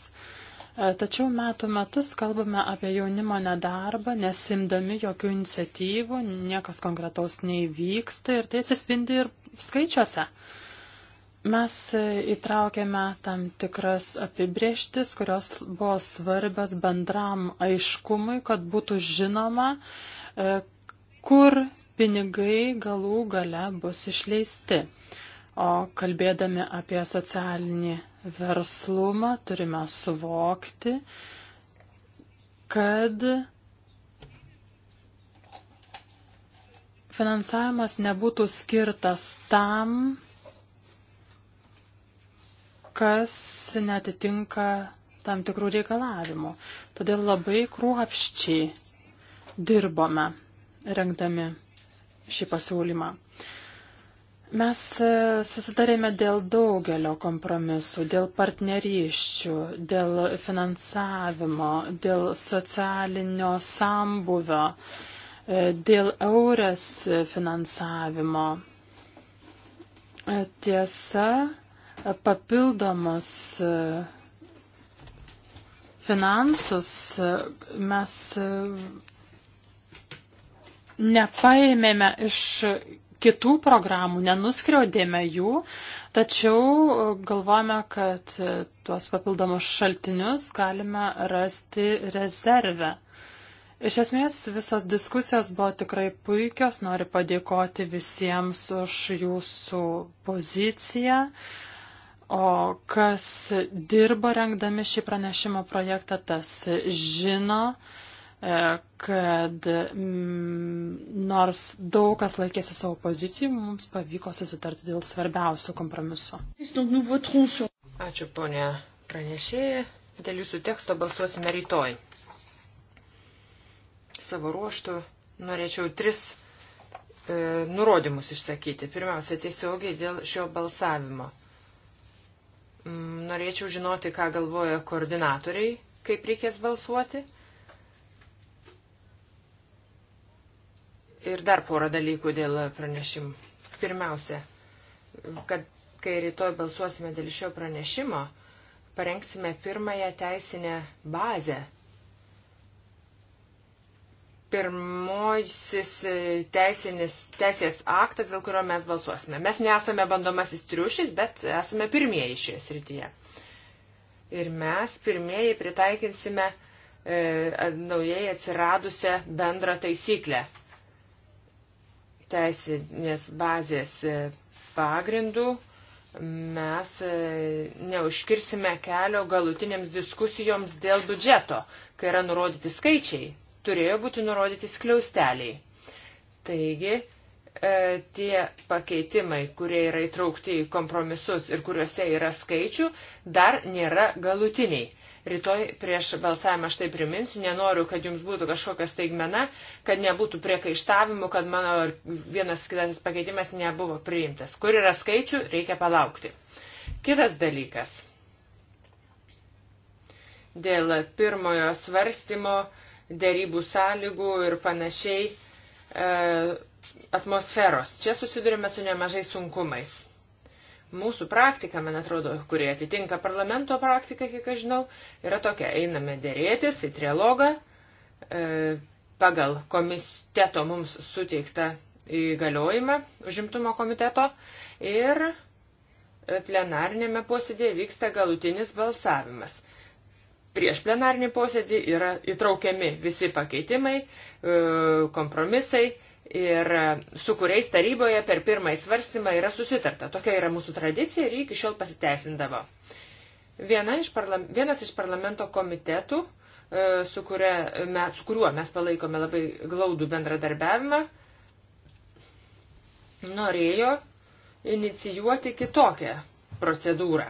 E, tačiau metų metus kalbame apie jaunimo nedarbą, nesimdami jokių iniciatyvų, niekas konkretaus neįvyksta ir tai atsispindi ir skaičiuose. Mes e, įtraukėme tam tikras apibrieštis, kurios buvo svarbios bendram aiškumui, kad būtų žinoma, kur pinigai galų gale bus išleisti. O kalbėdami apie socialinį verslumą turime suvokti, kad finansavimas nebūtų skirtas tam, kas netitinka tam tikrų reikalavimų. Todėl labai kruopščiai dirbome rengdami šį pasiūlymą. Mes e, susitarėme dėl daugelio kompromisų, dėl partnerysčių, dėl finansavimo, dėl socialinio sambuvio, e, dėl eurės finansavimo. E, tiesa, papildomus finansus mes nepaėmėme iš kitų programų, nenuskriaudėme jų, tačiau e, galvojame, kad e, tuos papildomus šaltinius galime rasti rezervę. Iš esmės visos diskusijos buvo tikrai puikios, noriu padėkoti visiems už jūsų poziciją. O kas dirbo rengdami šį pranešimo projektą, tas žino, kad mm, nors daug kas laikėsi savo pozicijų, mums pavyko susitarti dėl svarbiausių kompromisų. Ačiū, ponė pranešėja. Dėl jūsų teksto balsuosime rytoj. Savo ruoštų norėčiau tris e, nurodymus išsakyti. Pirmiausia, tiesiogiai dėl šio balsavimo. Mm, norėčiau žinoti, ką galvoja koordinatoriai, kaip reikės balsuoti. Ir dar porą dalykų dėl pranešimų. Pirmiausia, kad kai rytoj balsuosime dėl šio pranešimo, parengsime pirmąją teisinę bazę. Pirmosis e, teisinis, teisės aktas, dėl kurio mes balsuosime. Mes nesame bandomasis triušis, bet esame pirmieji šioje srityje. Ir mes pirmieji pritaikinsime e, naujai atsiradusią bendrą taisyklę teisinės bazės pagrindų mes e, neužkirsime kelio galutinėms diskusijoms dėl biudžeto, kai yra nurodyti skaičiai, turėjo būti nurodyti skliausteliai. Taigi, e, tie pakeitimai, kurie yra įtraukti į kompromisus ir kuriuose yra skaičių, dar nėra galutiniai. Rytoj prieš balsavimą aš tai priminsiu, nenoriu, kad jums būtų kažkokia staigmena, kad nebūtų priekaištavimų, kad mano vienas kitas pakeitimas nebuvo priimtas. Kur yra skaičių, reikia palaukti. Kitas dalykas. Dėl pirmojo svarstymo, dėrybų sąlygų ir panašiai e, atmosferos. Čia susidurime su nemažai sunkumais Mūsų praktika, man atrodo, kurie atitinka parlamento praktiką, kiek aš žinau, yra tokia. Einame dėrėtis į trilogą e, pagal komiteto mums suteiktą įgaliojimą užimtumo komiteto ir e, plenarnėme posėdėje vyksta galutinis balsavimas. Prieš plenarnį posėdį yra įtraukiami visi pakeitimai, e, kompromisai ir su kuriais taryboje per pirmąjį svarstymą yra susitarta. Tokia yra mūsų tradicija ir jį iki šiol pasiteisindavo. Viena iš parlam, vienas iš parlamento komitetų, e, su, kuria, mes, su kuriuo mes palaikome labai glaudų bendradarbiavimą, norėjo inicijuoti kitokią procedūrą,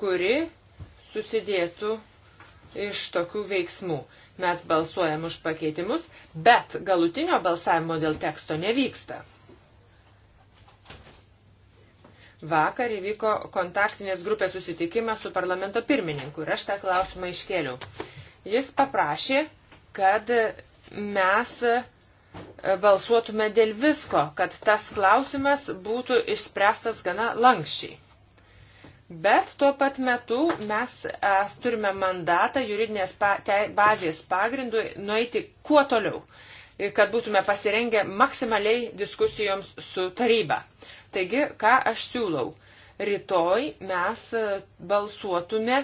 kuri susidėtų iš tokių veiksmų. Mes balsuojam už pakeitimus, bet galutinio balsavimo dėl teksto nevyksta. Vakar įvyko kontaktinės grupės susitikimas su parlamento pirmininku ir aš tą klausimą iškėliau. Jis paprašė, kad mes e, balsuotume dėl visko, kad tas klausimas būtų išspręstas gana lankščiai. Bet tuo pat metu mes es, turime mandatą juridinės pa, te, bazės pagrindų nueiti kuo toliau, kad būtume pasirengę maksimaliai diskusijoms su taryba. Taigi, ką aš siūlau? Rytoj mes e, balsuotume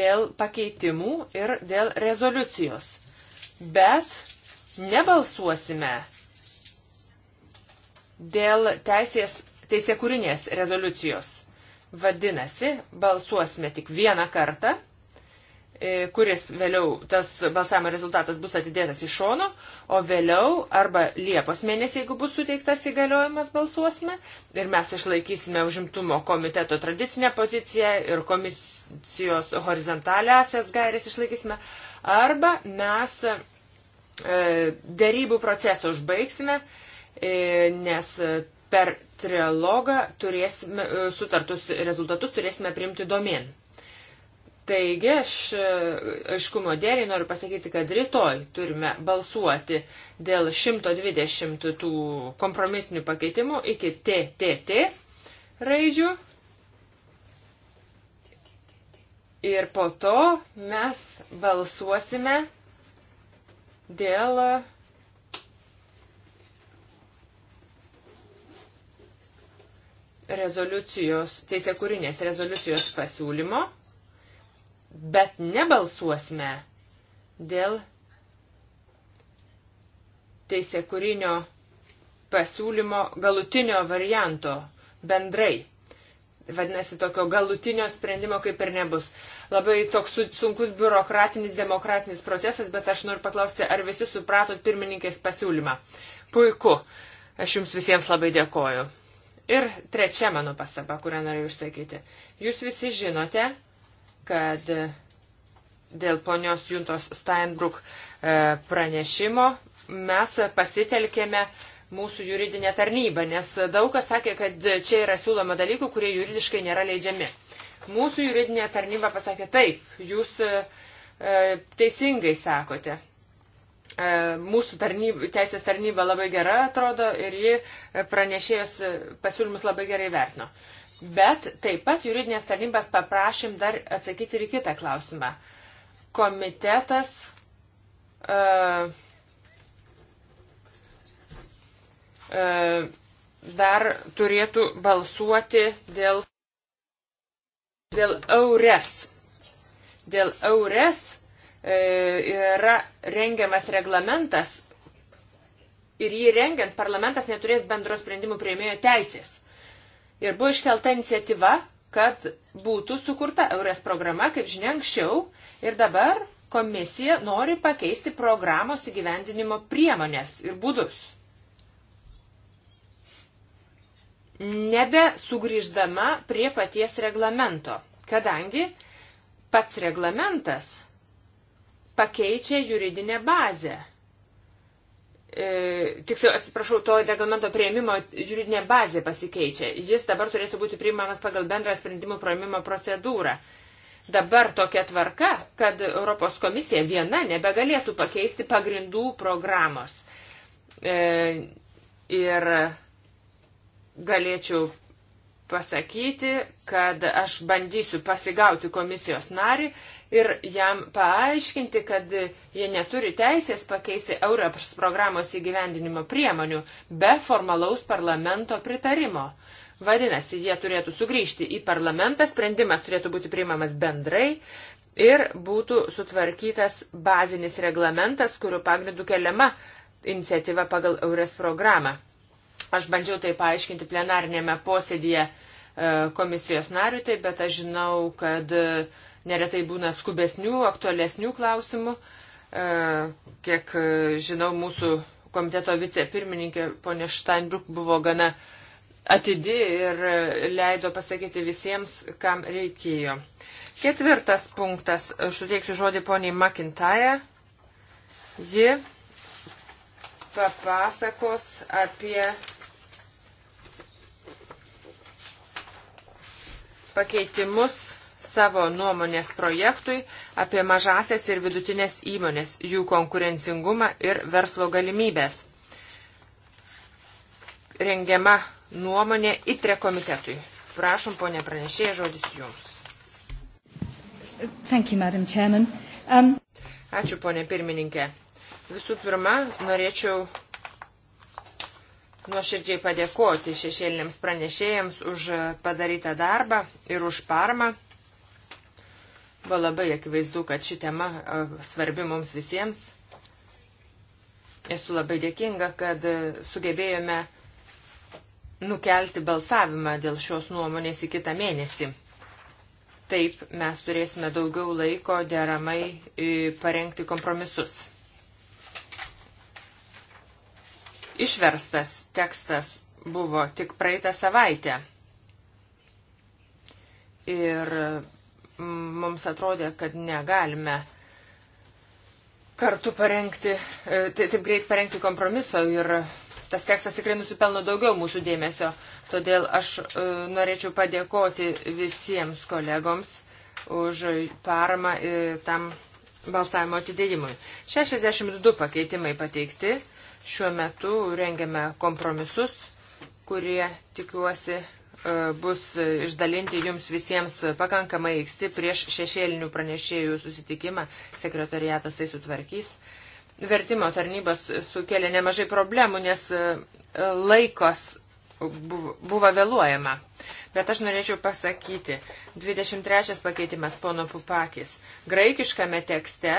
dėl pakeitimų ir dėl rezoliucijos. Bet nebalsuosime dėl teisės, teisėkūrinės rezoliucijos. Vadinasi, balsuosime tik vieną kartą, e, kuris vėliau tas balsavimo rezultatas bus atidėtas į šono, o vėliau arba Liepos mėnesį, jeigu bus suteiktas įgaliojimas, balsuosime ir mes išlaikysime užimtumo komiteto tradicinę poziciją ir komisijos horizontaliasias gairės išlaikysime, arba mes e, dėrybų procesą užbaigsime, e, nes per trilogą turėsime, e, sutartus rezultatus turėsime priimti domin. Taigi aš e, aiškumo dėliai noriu pasakyti, kad rytoj turime balsuoti dėl 120 tų kompromisinių pakeitimų iki TTT raidžių. Ir po to mes balsuosime dėl rezoliucijos, teisėkūrinės rezoliucijos pasiūlymo, bet nebalsuosime dėl teisėkūrinio pasiūlymo galutinio varianto bendrai. Vadinasi, tokio galutinio sprendimo kaip ir nebus. Labai toks sunkus biurokratinis, demokratinis procesas, bet aš noriu paklausti, ar visi supratot pirmininkės pasiūlymą. Puiku. Aš jums visiems labai dėkoju. Ir trečia mano pasaba, kurią noriu išsakyti. Jūs visi žinote, kad dėl ponios Juntos Steinbrück e, pranešimo mes pasitelkėme mūsų juridinę tarnybą, nes daug kas sakė, kad čia yra siūloma dalykų, kurie juridiškai nėra leidžiami. Mūsų juridinė tarnyba pasakė taip, jūs e, e, teisingai sakote, E, mūsų tarnyb, teisės tarnyba labai gera atrodo ir ji e, pranešėjos e, pasiūlymus labai gerai vertino. Bet taip pat juridinės tarnybas paprašym dar atsakyti ir kitą klausimą. Komitetas. Uh, uh, dar turėtų balsuoti dėl, dėl eures. Dėl eures E, yra rengiamas reglamentas ir jį rengiant parlamentas neturės bendros sprendimų prieimėjo teisės. Ir buvo iškelta iniciatyva, kad būtų sukurta Eures programa, kaip žinia, anksčiau ir dabar komisija nori pakeisti programos įgyvendinimo priemonės ir būdus. Nebe sugrįždama prie paties reglamento, kadangi pats reglamentas pakeičia juridinę bazę. E, tiksliau, atsiprašau, to reglamento prieimimo juridinė bazė pasikeičia. Jis dabar turėtų būti priimamas pagal bendrą sprendimų prieimimo procedūrą. Dabar tokia tvarka, kad Europos komisija viena nebegalėtų pakeisti pagrindų programos. E, ir galėčiau pasakyti, kad aš bandysiu pasigauti komisijos narį ir jam paaiškinti, kad jie neturi teisės pakeisti Europos programos įgyvendinimo priemonių be formalaus parlamento pritarimo. Vadinasi, jie turėtų sugrįžti į parlamentą, sprendimas turėtų būti priimamas bendrai ir būtų sutvarkytas bazinis reglamentas, kuriuo pagrindu keliama iniciatyva pagal Eures programą. Aš bandžiau tai paaiškinti plenarnėme posėdėje e, komisijos nariui, tai, bet aš žinau, kad e, neretai būna skubesnių, aktualesnių klausimų. E, kiek žinau, mūsų komiteto vicepirmininkė ponė Steinbrück buvo gana atidi ir leido pasakyti visiems, kam reikėjo. Ketvirtas punktas. Aš suteiksiu žodį poniai McIntyre. Ji papasakos apie pakeitimus savo nuomonės projektui apie mažasias ir vidutinės įmonės, jų konkurencingumą ir verslo galimybės. Rengiama nuomonė ITRE komitetui. Prašom, ponė pranešėja, žodis jums. Thank you, Madam Chairman. Um... Ačiū, ponė pirmininkė. Visų pirma, norėčiau nuoširdžiai padėkoti šešėliniams pranešėjams už padarytą darbą ir už parmą. Buvo labai akivaizdu, kad ši tema e, svarbi mums visiems. Esu labai dėkinga, kad e, sugebėjome nukelti balsavimą dėl šios nuomonės į kitą mėnesį. Taip mes turėsime daugiau laiko deramai e, parengti kompromisus. Išverstas tekstas buvo tik praeitą savaitę. Ir mm, mums atrodė, kad negalime kartu parengti, e, tai taip greit parengti kompromiso ir tas tekstas tikrai nusipelno daugiau mūsų dėmesio. Todėl aš e, norėčiau padėkoti visiems kolegoms už paramą e, tam balsavimo atidėjimui. 62 pakeitimai pateikti Šiuo metu rengiame kompromisus, kurie, tikiuosi, e, bus išdalinti jums visiems pakankamai įksti prieš šešėlinių pranešėjų susitikimą. Sekretariatas tai sutvarkys. Vertimo tarnybos sukėlė nemažai problemų, nes e, laikos buvo, buvo vėluojama. Bet aš norėčiau pasakyti, 23 pakeitimas pono Pupakis. Graikiškame tekste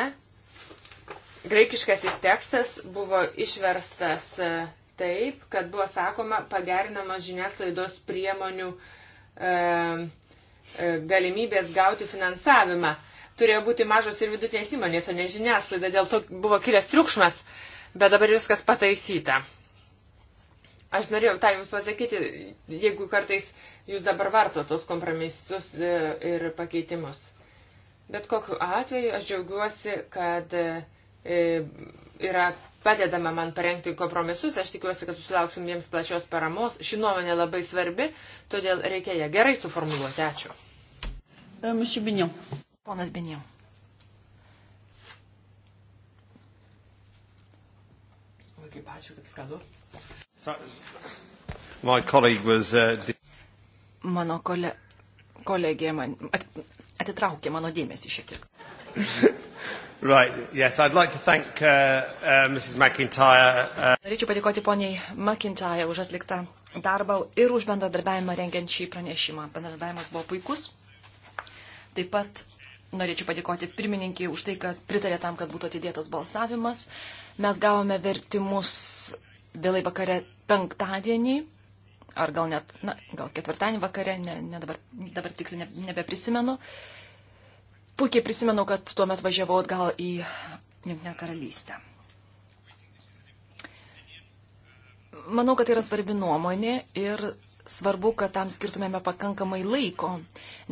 graikiškasis tekstas buvo išverstas e, taip, kad buvo sakoma pagerinamos žiniasklaidos priemonių e, e, galimybės gauti finansavimą. Turėjo būti mažos ir vidutinės įmonės, o ne žiniasklaida, dėl to buvo kilęs triukšmas, bet dabar viskas pataisyta. Aš norėjau tą Jums pasakyti, jeigu kartais Jūs dabar varto tos kompromisus e, ir pakeitimus. Bet kokiu atveju aš džiaugiuosi, kad e, E, yra padedama man parengti kompromisus, aš tikiuosi, kad susilauksim jiems plačios paramos. Ši nuomonė labai svarbi, todėl reikia ją gerai suformuluoti. Ačiū. E, Monsieur Bignon. Ponas Bignon. Kaip ačiū, kaip skadu. Was, uh... Mano kole... kolegė man atitraukė mano dėmesį šiek tiek. [LAUGHS] Right, yes, I'd like to thank uh, uh, Mrs. McIntyre. Uh... Norėčiau padėkoti poniai McIntyre už atliktą darbą ir už bendradarbiavimą rengiant šį pranešimą. Bendradarbiavimas buvo puikus. Taip pat norėčiau padėkoti pirmininkiai už tai, kad pritarė tam, kad būtų atidėtas balsavimas. Mes gavome vertimus vėlai vakare penktadienį, ar gal net, na, gal ketvirtadienį vakare, ne, ne dabar, dabar tiksliai ne, nebeprisimenu. Uh, puikiai prisimenu, kad tuo metu važiavau atgal į Junktinę karalystę. Manau, kad tai yra svarbi nuomonė ir svarbu, kad tam skirtumėme pakankamai laiko,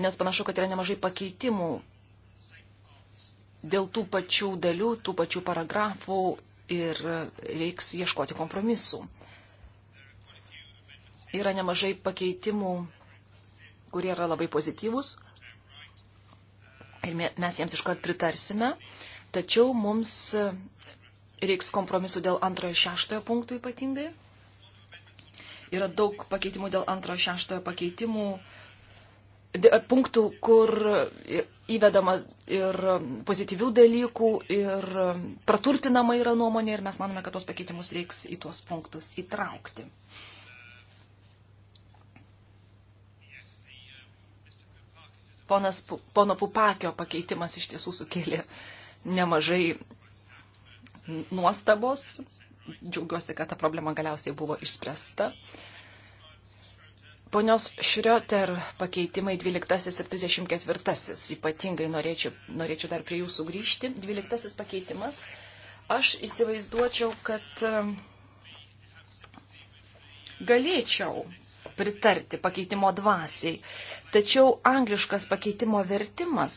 nes panašu, kad yra nemažai pakeitimų dėl tų pačių dalių, tų pačių paragrafų ir reiks ieškoti kompromisų. Yra nemažai pakeitimų, kurie yra labai pozityvūs, ir mes jiems iškart pritarsime, tačiau mums e, reiks kompromisu dėl antrojo šeštojo punktų ypatingai. Yra daug pakeitimų dėl antrojo šeštojo pakeitimų, punktų, kur įvedama ir pozityvių dalykų, ir praturtinama yra nuomonė, ir mes manome, kad tuos pakeitimus reiks į tuos punktus įtraukti. ponas, pono Pupakio pakeitimas iš tiesų sukėlė nemažai nuostabos. Džiaugiuosi, kad ta problema galiausiai buvo išspręsta. Ponios Šrioter pakeitimai 12 ir 34. Ypatingai norėčiau, norėčiau dar prie jų sugrįžti. 12 pakeitimas. Aš įsivaizduočiau, kad um, galėčiau pritarti pakeitimo dvasiai, Tačiau angliškas pakeitimo vertimas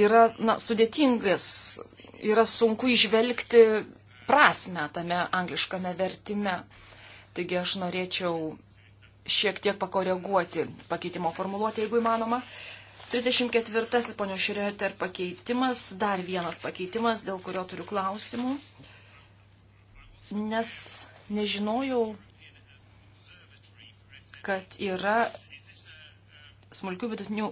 yra na, sudėtingas, yra sunku išvelgti prasme tame angliškame vertime. Taigi aš norėčiau šiek tiek pakoreguoti pakeitimo formuluotę, jeigu įmanoma. 34. ponio Šrioter pakeitimas, dar vienas pakeitimas, dėl kurio turiu klausimų, nes nežinojau, kad yra smulkių vidutinių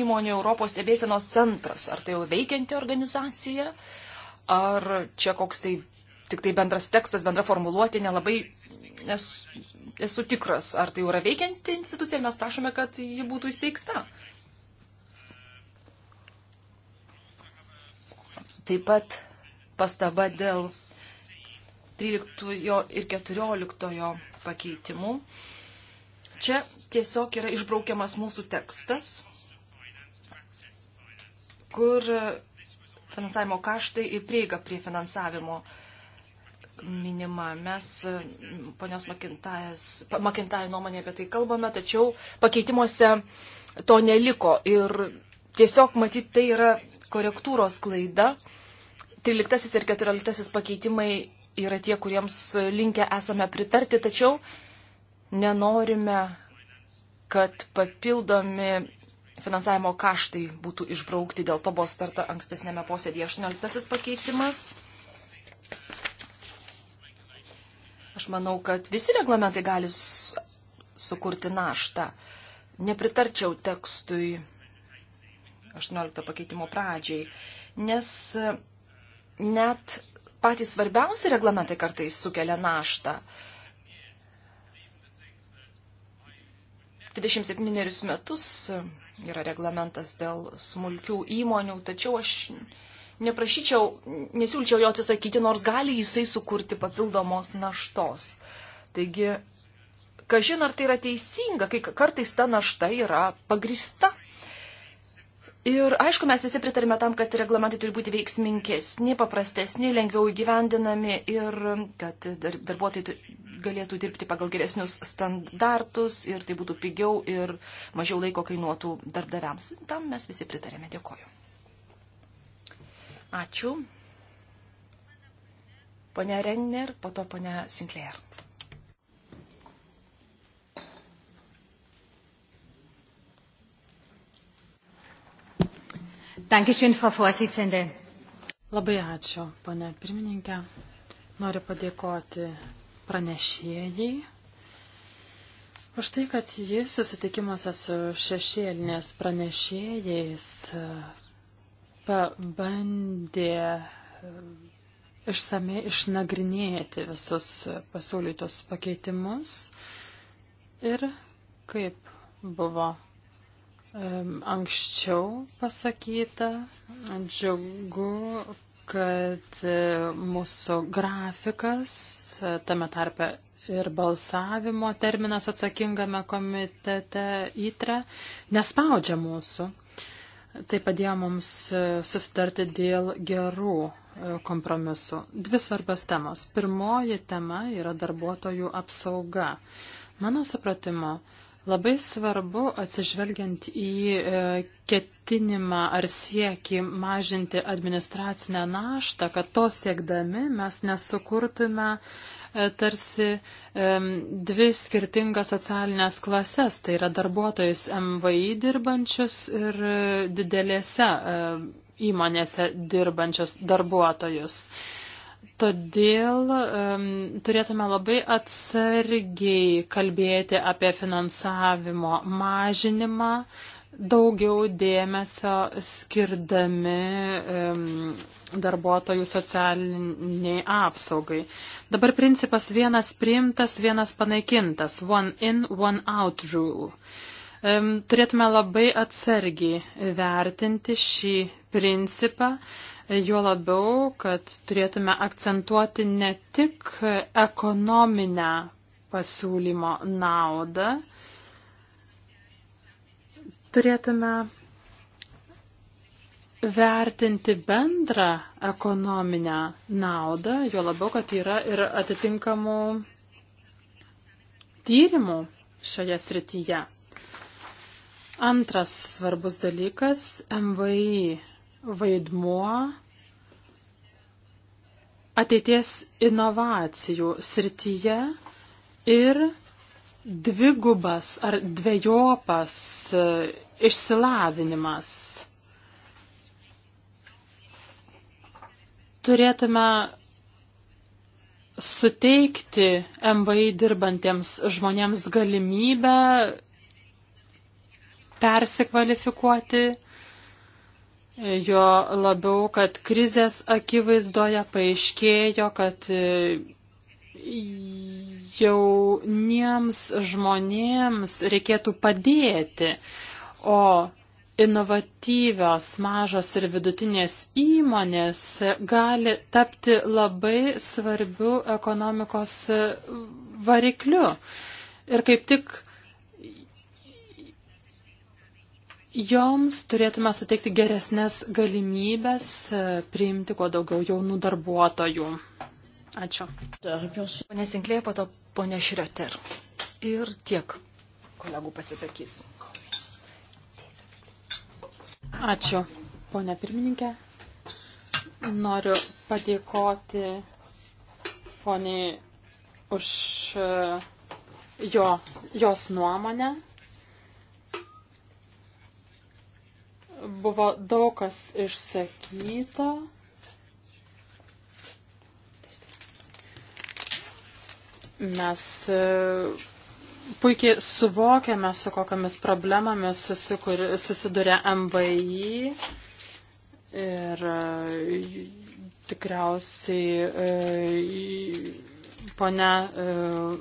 įmonių Europos stebėsenos centras. Ar tai jau veikianti organizacija, ar čia koks tai tik tai bendras tekstas, bendra formuluotė, nelabai esu, esu tikras, ar tai jau yra veikianti institucija ir mes prašome, kad ji būtų įsteigta. Taip pat pastaba dėl 13 ir 14 pakeitimų. Čia tiesiog yra išbraukiamas mūsų tekstas, kur finansavimo kaštai ir prieiga prie finansavimo minima. Mes ponios Makintajo nuomonė apie tai kalbame, tačiau pakeitimuose to neliko. Ir tiesiog matyt, tai yra korektūros klaida. 13 ir 14 pakeitimai yra tie, kuriems linkę esame pritarti, tačiau nenorime, kad papildomi finansavimo kaštai būtų išbraukti, dėl to buvo starta ankstesnėme posėdėje 18 pakeitimas. Aš manau, kad visi reglamentai gali sukurti naštą. Nepritarčiau tekstui 18 pakeitimo pradžiai, nes net patys svarbiausi reglamentai kartais sukelia naštą. Uh, 27 metus e, yra reglamentas dėl smulkių įmonių, tačiau aš neprašyčiau, nesiūlyčiau jo atsisakyti, nors gali jisai sukurti papildomos naštos. Taigi, kažin ar tai yra teisinga, kai kartais ta našta yra pagrista. Ir aišku, mes visi pritarime tam, kad reglamentai turi būti veiksmingesni, paprastesni, lengviau įgyvendinami ir kad dar, darbuotojai galėtų dirbti pagal geresnius standartus ir tai būtų pigiau ir mažiau laiko kainuotų darbdaviams. Tam mes visi pritarėme. Dėkoju. Ačiū. Pone Regner, po to pone Sinclair. Dankeschön, Frau Vorsitzende. Labai ačiū, pane pirmininkė. Noriu padėkoti pranešėjai už tai, kad jis susitikimuose su šešėlinės pranešėjais e, pabandė e, išsamei išnagrinėti visus pasiūlytus pakeitimus ir kaip buvo e, anksčiau pasakyta, džiugu, kad e, mūsų grafikas, e, tame tarpe ir balsavimo terminas atsakingame komitete įtre, nespaudžia mūsų. Tai padėjo mums e, susitarti dėl gerų kompromisų. Dvi svarbas temos. Pirmoji tema yra darbuotojų apsauga. Mano supratimo, Labai svarbu atsižvelgiant į e, ketinimą ar siekį mažinti administracinę naštą, kad to siekdami mes nesukurtume e, tarsi dvi skirtingas socialinės klases, tai yra darbuotojus MVI dirbančius ir e, didelėse įmonėse dirbančius darbuotojus. Todėl um, turėtume labai atsargiai kalbėti apie finansavimo mažinimą, daugiau dėmesio skirdami um, darbuotojų socialiniai apsaugai. Dabar principas vienas priimtas, vienas panaikintas. One in, one out rule. Um, turėtume labai atsargiai vertinti šį principą. Uh, Juo labiau, kad turėtume akcentuoti ne tik ekonominę pasiūlymo naudą, turėtume vertinti bendrą ekonominę naudą, juo labiau, kad yra ir atitinkamų tyrimų šioje srityje. Antras svarbus dalykas - MVI vaidmuo ateities inovacijų srityje ir dvigubas ar dviejopas e, išsilavinimas. Turėtume suteikti MVI dirbantiems žmonėms galimybę persikvalifikuoti Jo labiau, kad krizės akivaizdoje paaiškėjo, kad e, jauniems žmonėms reikėtų padėti, o inovatyvios mažos ir vidutinės įmonės gali tapti labai svarbiu ekonomikos varikliu. Ir kaip tik Joms turėtume suteikti geresnės galimybės e, priimti kuo daugiau jaunų darbuotojų. Ačiū. Pone Sinklė, po to pone Šrioter. Ir tiek kolegų pasisakys. Ačiū, ponė pirmininkė. Noriu padėkoti poniai už e, jo, jos nuomonę. Buvo daug kas išsakyta. Mes e, puikiai suvokiame, su kokiamis problemomis susiduria MVI ir e, tikriausiai e, Pone e,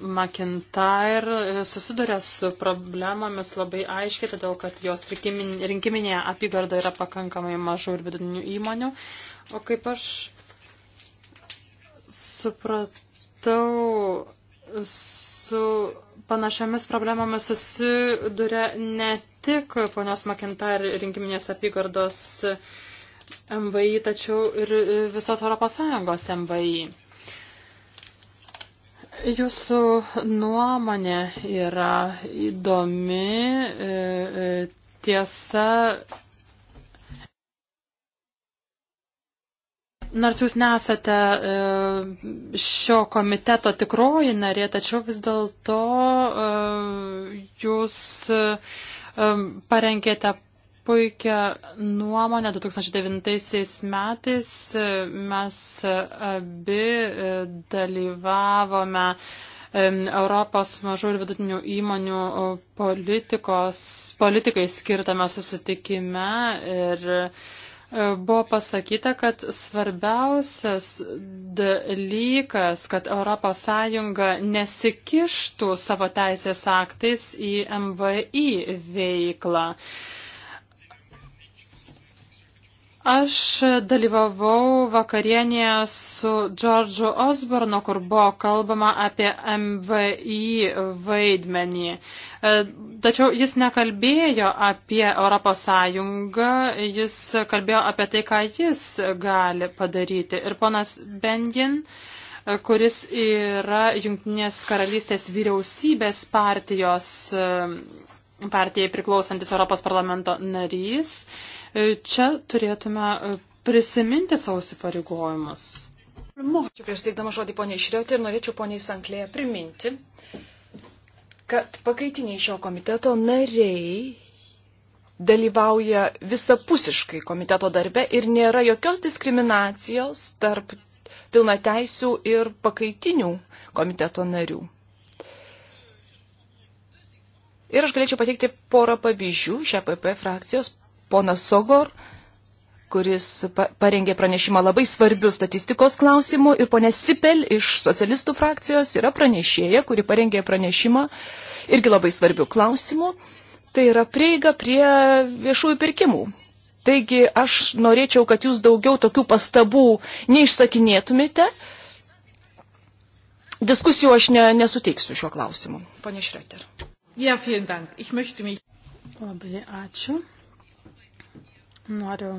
McIntyre e, susiduria su problemomis labai aiškiai, todėl kad jos rinkiminėje apygardoje yra pakankamai mažų ir vidutinių įmonių. O kaip aš supratau, su panašiamis problemomis susiduria ne tik ponios McIntyre rinkiminės apygardos MVI, tačiau ir visos ES MVI. Jūsų nuomonė yra įdomi, e, e, tiesa. Nors jūs nesate e, šio komiteto tikroji narė, tačiau vis dėlto jūs parengėte puikią nuomonę. 2009 metais e, mes e, abi e, dalyvavome Europos mažų ir vidutinių įmonių politikai skirtame susitikime ir buvo pasakyta, kad svarbiausias dalykas, kad ES nesikištų savo teisės aktais į MVI veiklą. Aš dalyvavau vakarienėje su Džordžu Osbornu, kur buvo kalbama apie MVI vaidmenį. E, tačiau jis nekalbėjo apie ES, jis kalbėjo apie tai, ką jis gali padaryti. Ir ponas Bengin, e, kuris yra Junktinės karalystės vyriausybės partijos e, partijai priklausantis Europos parlamento narys, E, čia turėtume e, prisiminti savo įsipareigojimus. Mokyčiau prieš teikdama žodį poniai Šriotė ir norėčiau poniai Sanklėje priminti, kad pakaitiniai šio komiteto nariai dalyvauja visapusiškai komiteto darbe ir nėra jokios diskriminacijos tarp pilnateisių ir pakaitinių komiteto narių. Ir aš galėčiau pateikti porą pavyzdžių iš APP e frakcijos ponas Sogor, kuris parengė pranešimą labai svarbių statistikos klausimų ir ponė Sipel iš socialistų frakcijos yra pranešėja, kuri parengė pranešimą irgi labai svarbių klausimų. Tai yra prieiga prie viešųjų pirkimų. Taigi aš norėčiau, kad jūs daugiau tokių pastabų neišsakinėtumėte. Diskusijų aš ne, nesuteiksiu šiuo klausimu. Pane Šreter. Ja, vielen Dank. Ich möchte mich. Labai ačiū. Noriu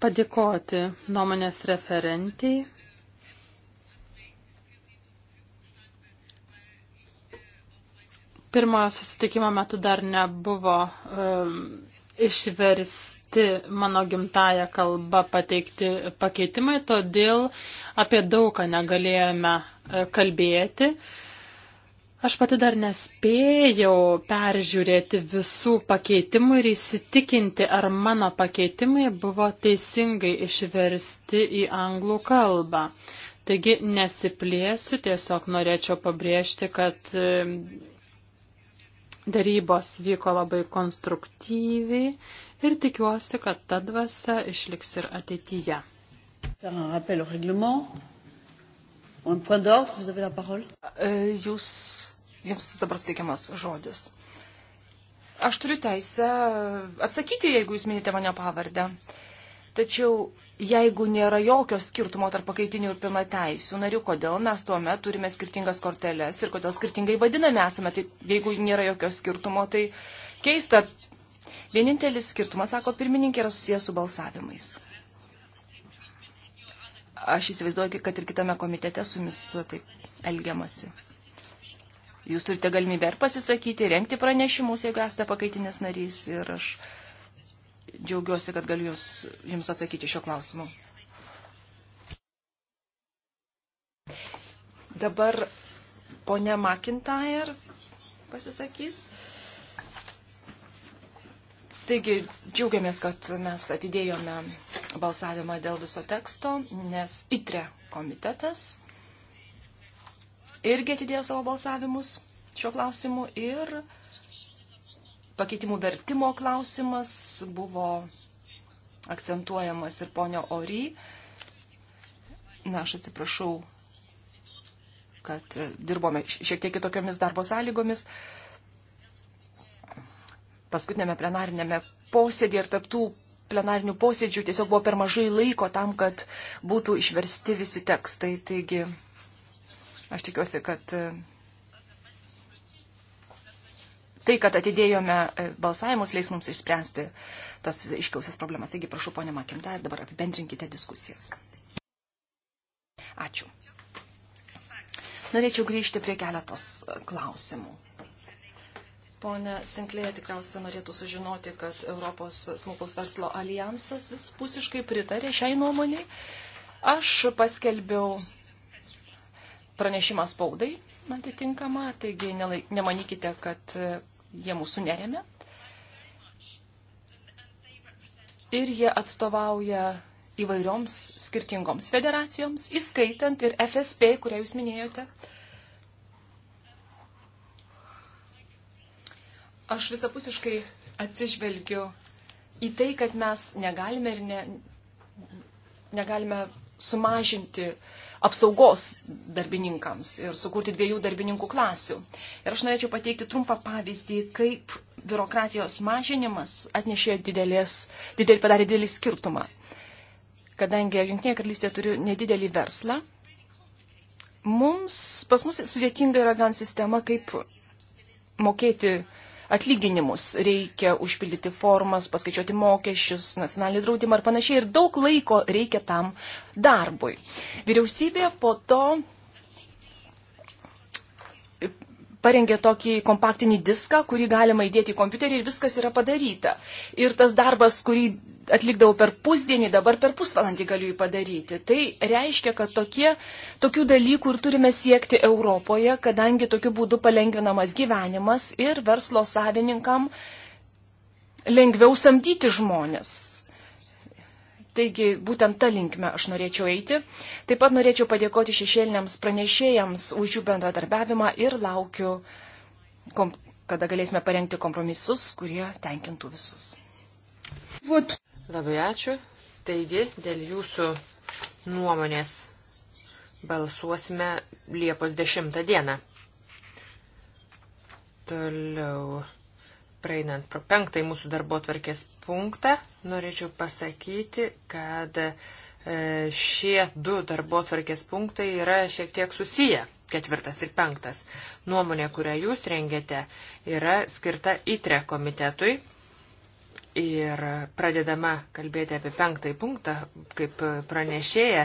padėkoti nuomonės referentiai. Pirmojo susitikimo metu dar nebuvo um, išversti mano gimtają kalbą pateikti pakeitimai, todėl apie daugą negalėjome uh, kalbėti. Uh, Aš pati dar nespėjau peržiūrėti visų pakeitimų ir įsitikinti, ar mano pakeitimai buvo teisingai išversti į anglų kalbą. Taigi nesiplėsiu, tiesiog norėčiau pabrėžti, kad e, darybos vyko labai konstruktyviai ir tikiuosi, kad ta dvasia išliks ir ateityje. Faire un rappel au règlement. Un point d'ordre, vous avez la parole. E, jūs, jums dabar suteikiamas žodis. Aš turiu teisę e, atsakyti, jeigu jūs minite mano pavardę. Tačiau jeigu nėra jokio skirtumo tarp pakaitinių ir pilna teisų narių, kodėl mes tuomet turime skirtingas korteles ir kodėl skirtingai vadiname esame, tai jeigu nėra jokio skirtumo, tai keista. Vienintelis skirtumas, sako pirmininkė, yra susijęs su balsavimais. Aš įsivaizduoju, kad ir kitame komitete su jumis taip elgiamasi. Jūs turite galimybę ir pasisakyti, renkti pranešimus, jeigu esate pakaitinis narys. Ir aš džiaugiuosi, kad galiu jūs, jums atsakyti šio klausimu. Dabar ponia McIntyre pasisakys. Uh, Taigi džiaugiamės, kad mes atidėjome balsavimą dėl viso teksto, nes ITRE komitetas irgi atidėjo savo balsavimus šiuo klausimu ir pakeitimų vertimo klausimas buvo akcentuojamas ir ponio Ory. Na, aš atsiprašau, kad dirbome šiek tiek kitokiamis darbo sąlygomis. Uh, paskutinėme plenarinėme posėdėje ir taptų plenarinių posėdžių tiesiog buvo per mažai laiko tam, kad būtų išversti visi tekstai. Taigi aš tikiuosi, kad e, tai, kad atidėjome e, balsavimus, leis mums išspręsti tas iškiausias problemas. Taigi prašau, ponė Makimta, ir dabar apibendrinkite diskusijas. Ačiū. Norėčiau grįžti prie keletos klausimų. Pone Sinklėje tikriausiai norėtų sužinoti, kad Europos smulkaus verslo alijansas visiškai pritarė šiai nuomonį. Aš paskelbiau pranešimą spaudai atitinkamą, taigi nemanykite, kad e, jie mūsų neremia. Ir jie atstovauja įvairioms skirtingoms federacijoms, įskaitant ir FSP, kurią jūs minėjote. Uh, aš visapusiškai atsižvelgiu į tai, kad mes negalime ir ne, negalime sumažinti apsaugos darbininkams ir sukurti dviejų darbininkų klasių. Ir aš norėčiau pateikti trumpą pavyzdį, kaip biurokratijos mažinimas atnešė didelės, didelį, padarė didelį skirtumą. Kadangi Junktinėje karalystėje turiu nedidelį verslą, mums, pas mus sudėtinga yra gan sistema, kaip mokėti uh, atlyginimus, reikia užpildyti formas, paskaičiuoti mokesčius, nacionalinį draudimą ir panašiai. Ir daug laiko reikia tam darbui. Vyriausybė po to parengė tokį kompaktinį diską, kurį galima įdėti į kompiuterį ir viskas yra padaryta. Ir tas darbas, kurį atlikdavau per pusdienį, dabar per pusvalandį galiu jį padaryti. Tai reiškia, kad tokie, tokių dalykų ir turime siekti Europoje, kadangi tokiu būdu palengvinamas gyvenimas ir verslo savininkam lengviau samdyti žmonės Taigi būtent tą linkmę aš norėčiau eiti. Taip pat norėčiau padėkoti šešėliniams pranešėjams už jų bendradarbiavimą ir laukiu, kada galėsime parengti kompromisus, kurie tenkintų visus. Labai ačiū. Taigi, dėl jūsų nuomonės balsuosime Liepos 10 dieną. Toliau. Praeinant pro penktąjį mūsų darbo tvarkės punktą, norėčiau pasakyti, kad e, šie du darbo tvarkės punktai yra šiek tiek susiję, ketvirtas ir penktas. Nuomonė, kurią jūs rengiate, yra skirta ITRE komitetui. Ir pradedama kalbėti apie penktąjį punktą, kaip pranešėja,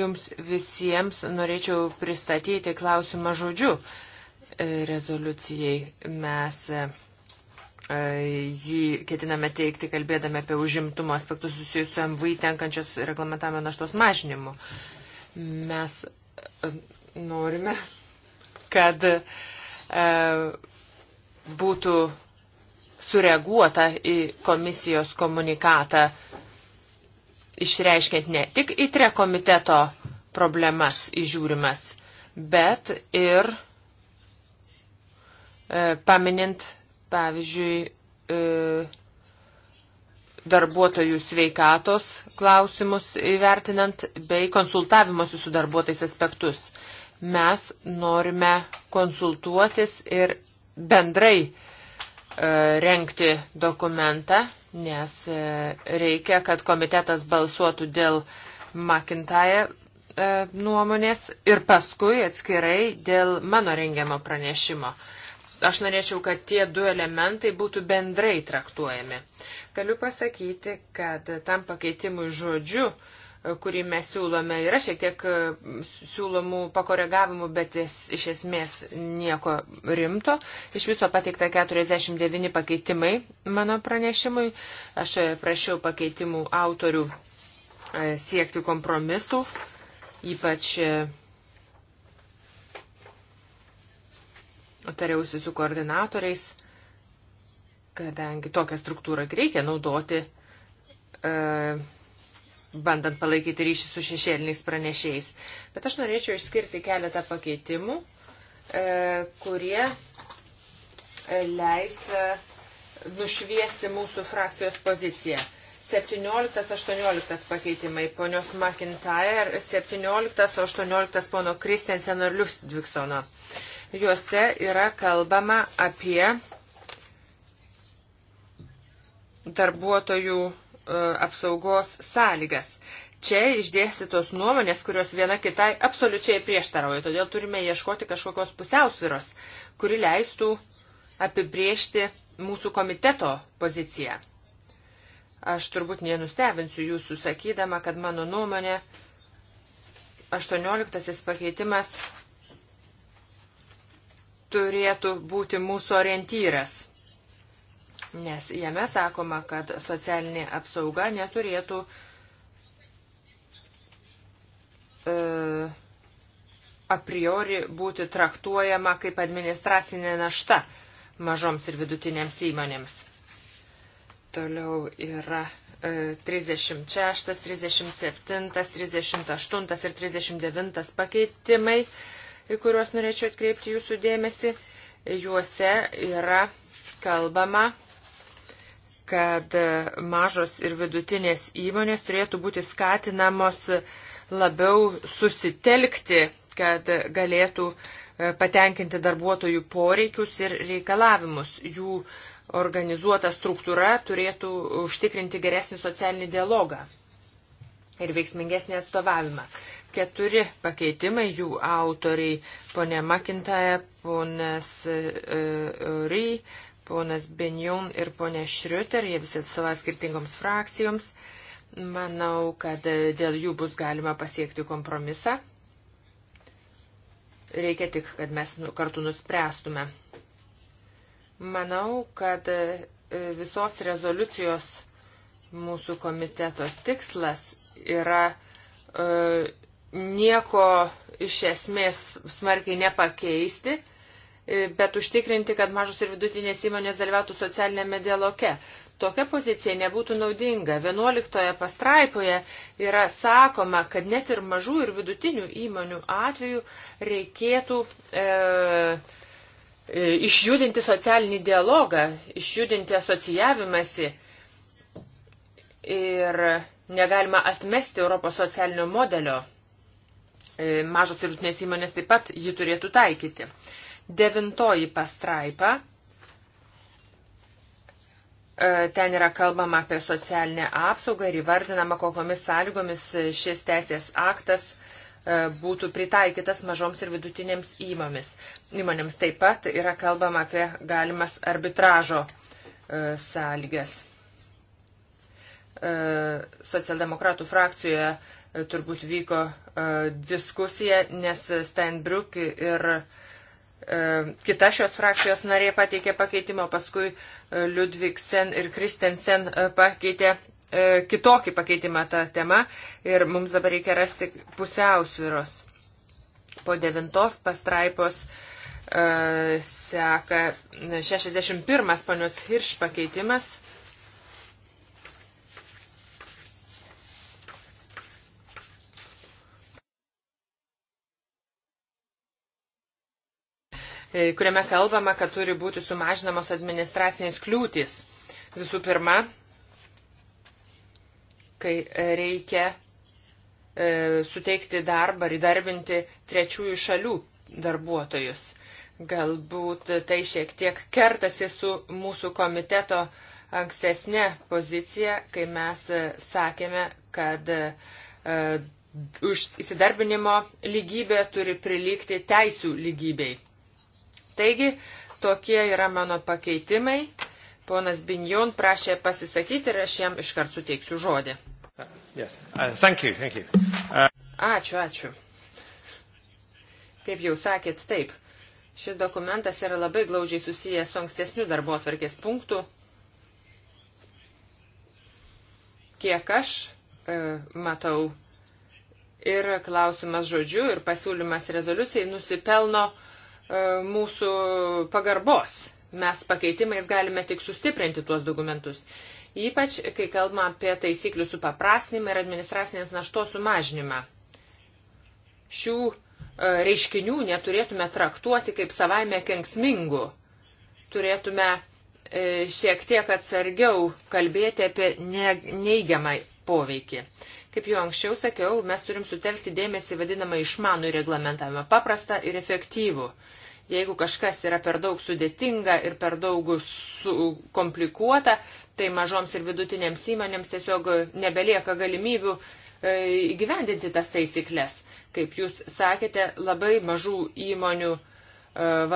jums visiems norėčiau pristatyti klausimą žodžiu e, rezoliucijai. Mes E, jį ketiname teikti, kalbėdami apie užimtumo aspektus susijusiu su MVI tenkančios reglamentavimo naštos mažinimu. Mes e, norime, kad e, būtų sureaguota į komisijos komunikatą, išreiškiant ne tik įtre komiteto problemas įžiūrimas, bet ir paminint pavyzdžiui, e, darbuotojų sveikatos klausimus įvertinant bei konsultavimuose su darbuotojais aspektus. Mes norime konsultuotis ir bendrai e, renkti dokumentą, nes e, reikia, kad komitetas balsuotų dėl McIntyre nuomonės ir paskui atskirai dėl mano rengiamo pranešimo. Aš norėčiau, kad tie du elementai būtų bendrai traktuojami. Galiu pasakyti, kad tam pakeitimui žodžiu, kurį mes siūlome, yra šiek tiek e, siūlomų pakoregavimų, bet jis, iš esmės nieko rimto. Iš viso pateikta 49 pakeitimai mano pranešimui. Aš e, prašiau pakeitimų autorių e, siekti kompromisų, ypač tariausi su koordinatoriais, kadangi tokią struktūrą reikia naudoti, e, bandant palaikyti ryšį su šešėliniais pranešėjais. Bet aš norėčiau išskirti keletą pakeitimų, e, kurie e, leis nušviesti mūsų frakcijos poziciją. 17-18 pakeitimai ponios McIntyre, 17-18 pono Kristenseno ir Liustviksono. Juose yra kalbama apie darbuotojų e, apsaugos sąlygas. Čia išdėstytos nuomonės, kurios viena kitai absoliučiai prieštarauja, todėl turime ieškoti kažkokios pusiausviros, kuri leistų apibriežti mūsų komiteto poziciją. Aš turbūt nenustebinsiu jūsų sakydama, kad mano nuomonė 18 pakeitimas turėtų būti mūsų orientyras. Nes jame sakoma, kad socialinė apsauga neturėtų e, a priori būti traktuojama kaip administracinė našta mažoms ir vidutinėms įmonėms. Toliau yra 36, 37, 38 ir 39 pakeitimai į kuriuos norėčiau atkreipti jūsų dėmesį. Juose yra kalbama, kad mažos ir vidutinės įmonės turėtų būti skatinamos labiau susitelkti, kad galėtų e, patenkinti darbuotojų poreikius ir reikalavimus. Jų organizuota struktūra turėtų užtikrinti geresnį socialinį dialogą ir veiksmingesnį atstovavimą keturi pakeitimai, jų autoriai ponė Makintaja, ponas e, e, Ry, ponas Benjon ir ponė Šriuter, jie visi atstovauja skirtingoms frakcijoms. Manau, kad dėl jų bus galima pasiekti kompromisą. Reikia tik, kad mes nu, kartu nuspręstume. Manau, kad e, visos rezoliucijos mūsų komiteto tikslas yra nieko iš esmės smarkiai nepakeisti, e, bet užtikrinti, kad mažos ir vidutinės įmonės dalyvautų socialinėme dialoge. Tokia pozicija nebūtų naudinga. 11 pastraipoje yra sakoma, kad net ir mažų ir vidutinių įmonių atveju reikėtų e, e išjudinti socialinį dialogą, išjudinti asociavimąsi. Ir negalima atmesti Europos socialinio modelio E, mažos ir rutinės įmonės taip pat ji turėtų taikyti. Devintoji pastraipa. E, ten yra kalbama apie socialinę apsaugą ir įvardinama, kokomis sąlygomis šis teisės aktas e, būtų pritaikytas mažoms ir vidutinėms įmonėms. Įmonėms taip pat yra kalbama apie galimas arbitražo sąlygas. Socialdemokratų frakcijoje turbūt vyko e, diskusija, nes Steinbrück ir e, kita šios frakcijos narė pateikė pakeitimą, paskui e, Ludvigsen ir Kristensen pakeitė kitokį pakeitimą tą temą ir mums dabar reikia rasti pusiausviros. Po devintos pastraipos seka 61 ponios Hirš pakeitimas E, kuriame kalbama, kad turi būti sumažinamos administracinės kliūtis. Visų pirma, kai reikia e, suteikti darbą ir įdarbinti trečiųjų šalių darbuotojus. Galbūt tai šiek tiek kertasi su mūsų komiteto ankstesnė pozicija, kai mes sakėme, kad e, už įsidarbinimo lygybė turi prilygti teisų lygybei. Taigi, tokie yra mano pakeitimai. Ponas Binjon prašė pasisakyti ir aš jam iškart suteiksiu žodį. Uh, yes. Uh, thank you, thank you. Uh... Ačiū, ačiū. Kaip jau sakėt, taip. Šis dokumentas yra labai glaudžiai susijęs su ankstesniu darbo atvarkės punktu. Kiek aš e, matau ir klausimas žodžiu, ir pasiūlymas rezoliucijai nusipelno e, E, mūsų pagarbos. Mes pakeitimais galime tik sustiprinti tuos dokumentus. Ypač, kai kalbame apie taisyklių supaprastinimą ir administracinės naštos sumažinimą. Šių e, reiškinių neturėtume traktuoti kaip savaime kenksmingų. Turėtume e, šiek tiek atsargiau kalbėti apie neigiamą poveikį. Kaip jau anksčiau sakiau, mes turim sutelkti dėmesį vadinamą išmanų reglamentavimą, paprastą ir efektyvų. Jeigu kažkas yra per daug sudėtinga ir per daug su komplikuota, tai mažoms ir vidutinėms įmonėms tiesiog nebelieka galimybių e, įgyvendinti tas taisyklės. Kaip jūs sakėte, labai mažų įmonių e,